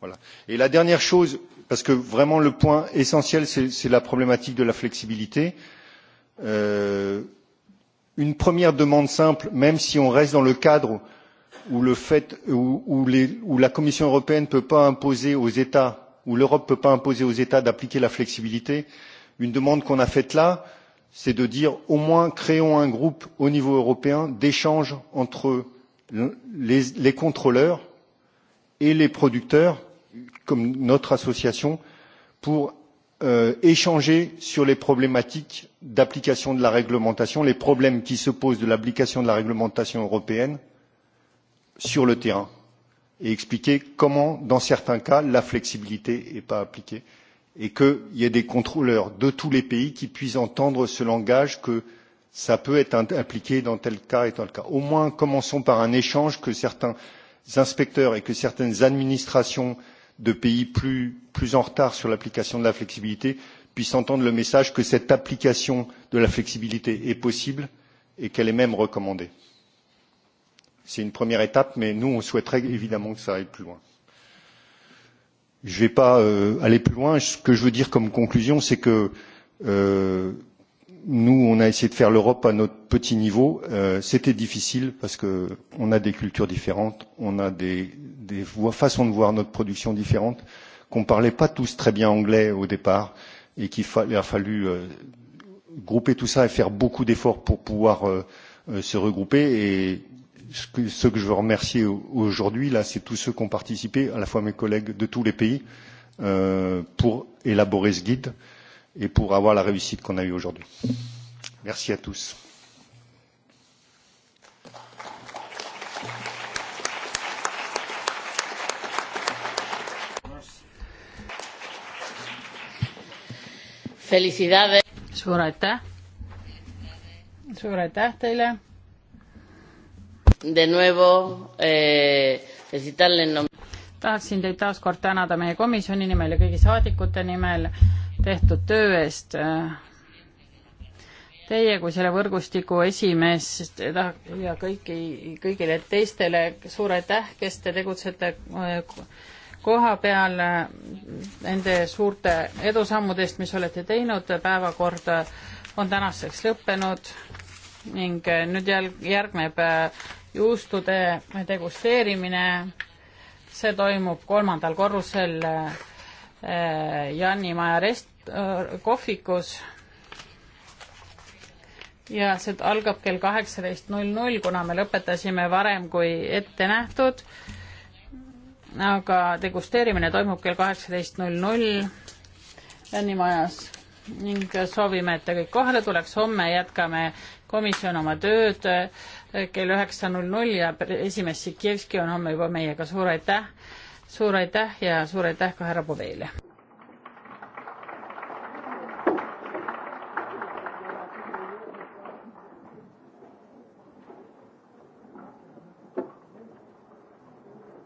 Voilà. Et la dernière chose, parce que vraiment le point essentiel, c'est la problématique de la flexibilité. Euh, une première demande simple, même si on reste dans le cadre où, le fait, où, où, les, où la Commission européenne ne peut pas imposer aux États, où l'Europe ne peut pas imposer aux États d'appliquer la flexibilité, une demande qu'on a faite là, c'est de dire au moins créons un groupe au niveau européen d'échange entre les, les contrôleurs et les producteurs comme notre association pour euh, échanger sur les problématiques d'application de la réglementation, les problèmes qui se posent de l'application de la réglementation européenne sur le terrain et expliquer comment, dans certains cas, la flexibilité n'est pas appliquée et qu'il y ait des contrôleurs de tous les pays qui puissent entendre ce langage que ça peut être appliqué dans tel cas et tel cas. Au moins, commençons par un échange que certains inspecteurs et que certaines administrations de pays plus, plus en retard sur l'application de la flexibilité puissent entendre le message que cette application de la flexibilité est possible et qu'elle est même recommandée. C'est une première étape, mais nous, on souhaiterait évidemment que ça aille plus loin. Je ne vais pas euh, aller plus loin. Ce que je veux dire comme conclusion, c'est que euh, nous, on a essayé de faire l'Europe à notre petit niveau. Euh, C'était difficile parce qu'on a des cultures différentes, on a des des voies, façons de voir notre production différentes, qu'on ne parlait pas tous très bien anglais au départ et qu'il fa a fallu euh, grouper tout ça et faire beaucoup d'efforts pour pouvoir euh, euh, se regrouper. Et ce que, ce que je veux remercier aujourd'hui, là, c'est tous ceux qui ont participé, à la fois mes collègues de tous les pays, euh, pour élaborer ce guide et pour avoir la réussite qu'on a eue aujourd'hui. Merci à tous. suur aitäh. suur aitäh teile. De nuevo eh, felicitarle en tahaksin teid taas kord tänada meie komisjoni nimel ja kõigi saadikute nimel tehtud töö eest. Teie kui selle võrgustiku esimees ja kõiki, kõigile teistele suur aitäh, kes te tegutsete eh, koha peal äh, nende suurte edusammudest, mis olete teinud, päevakord äh, on tänaseks lõppenud ning äh, nüüd jälg-, järgneb juustude degusteerimine. see toimub kolmandal korrusel Jannimaja rest-, kohvikus. ja see algab kell kaheksateist null null, kuna me lõpetasime varem kui ette nähtud aga degusteerimine toimub kell kaheksateist null null Lännimajas ning soovime, et te kõik kohale tuleks, homme jätkame komisjon oma tööd eh, kell üheksa null null ja esimees Sikjevski on homme juba meiega, suur aitäh, suur aitäh ja suur aitäh ka härra Poveile!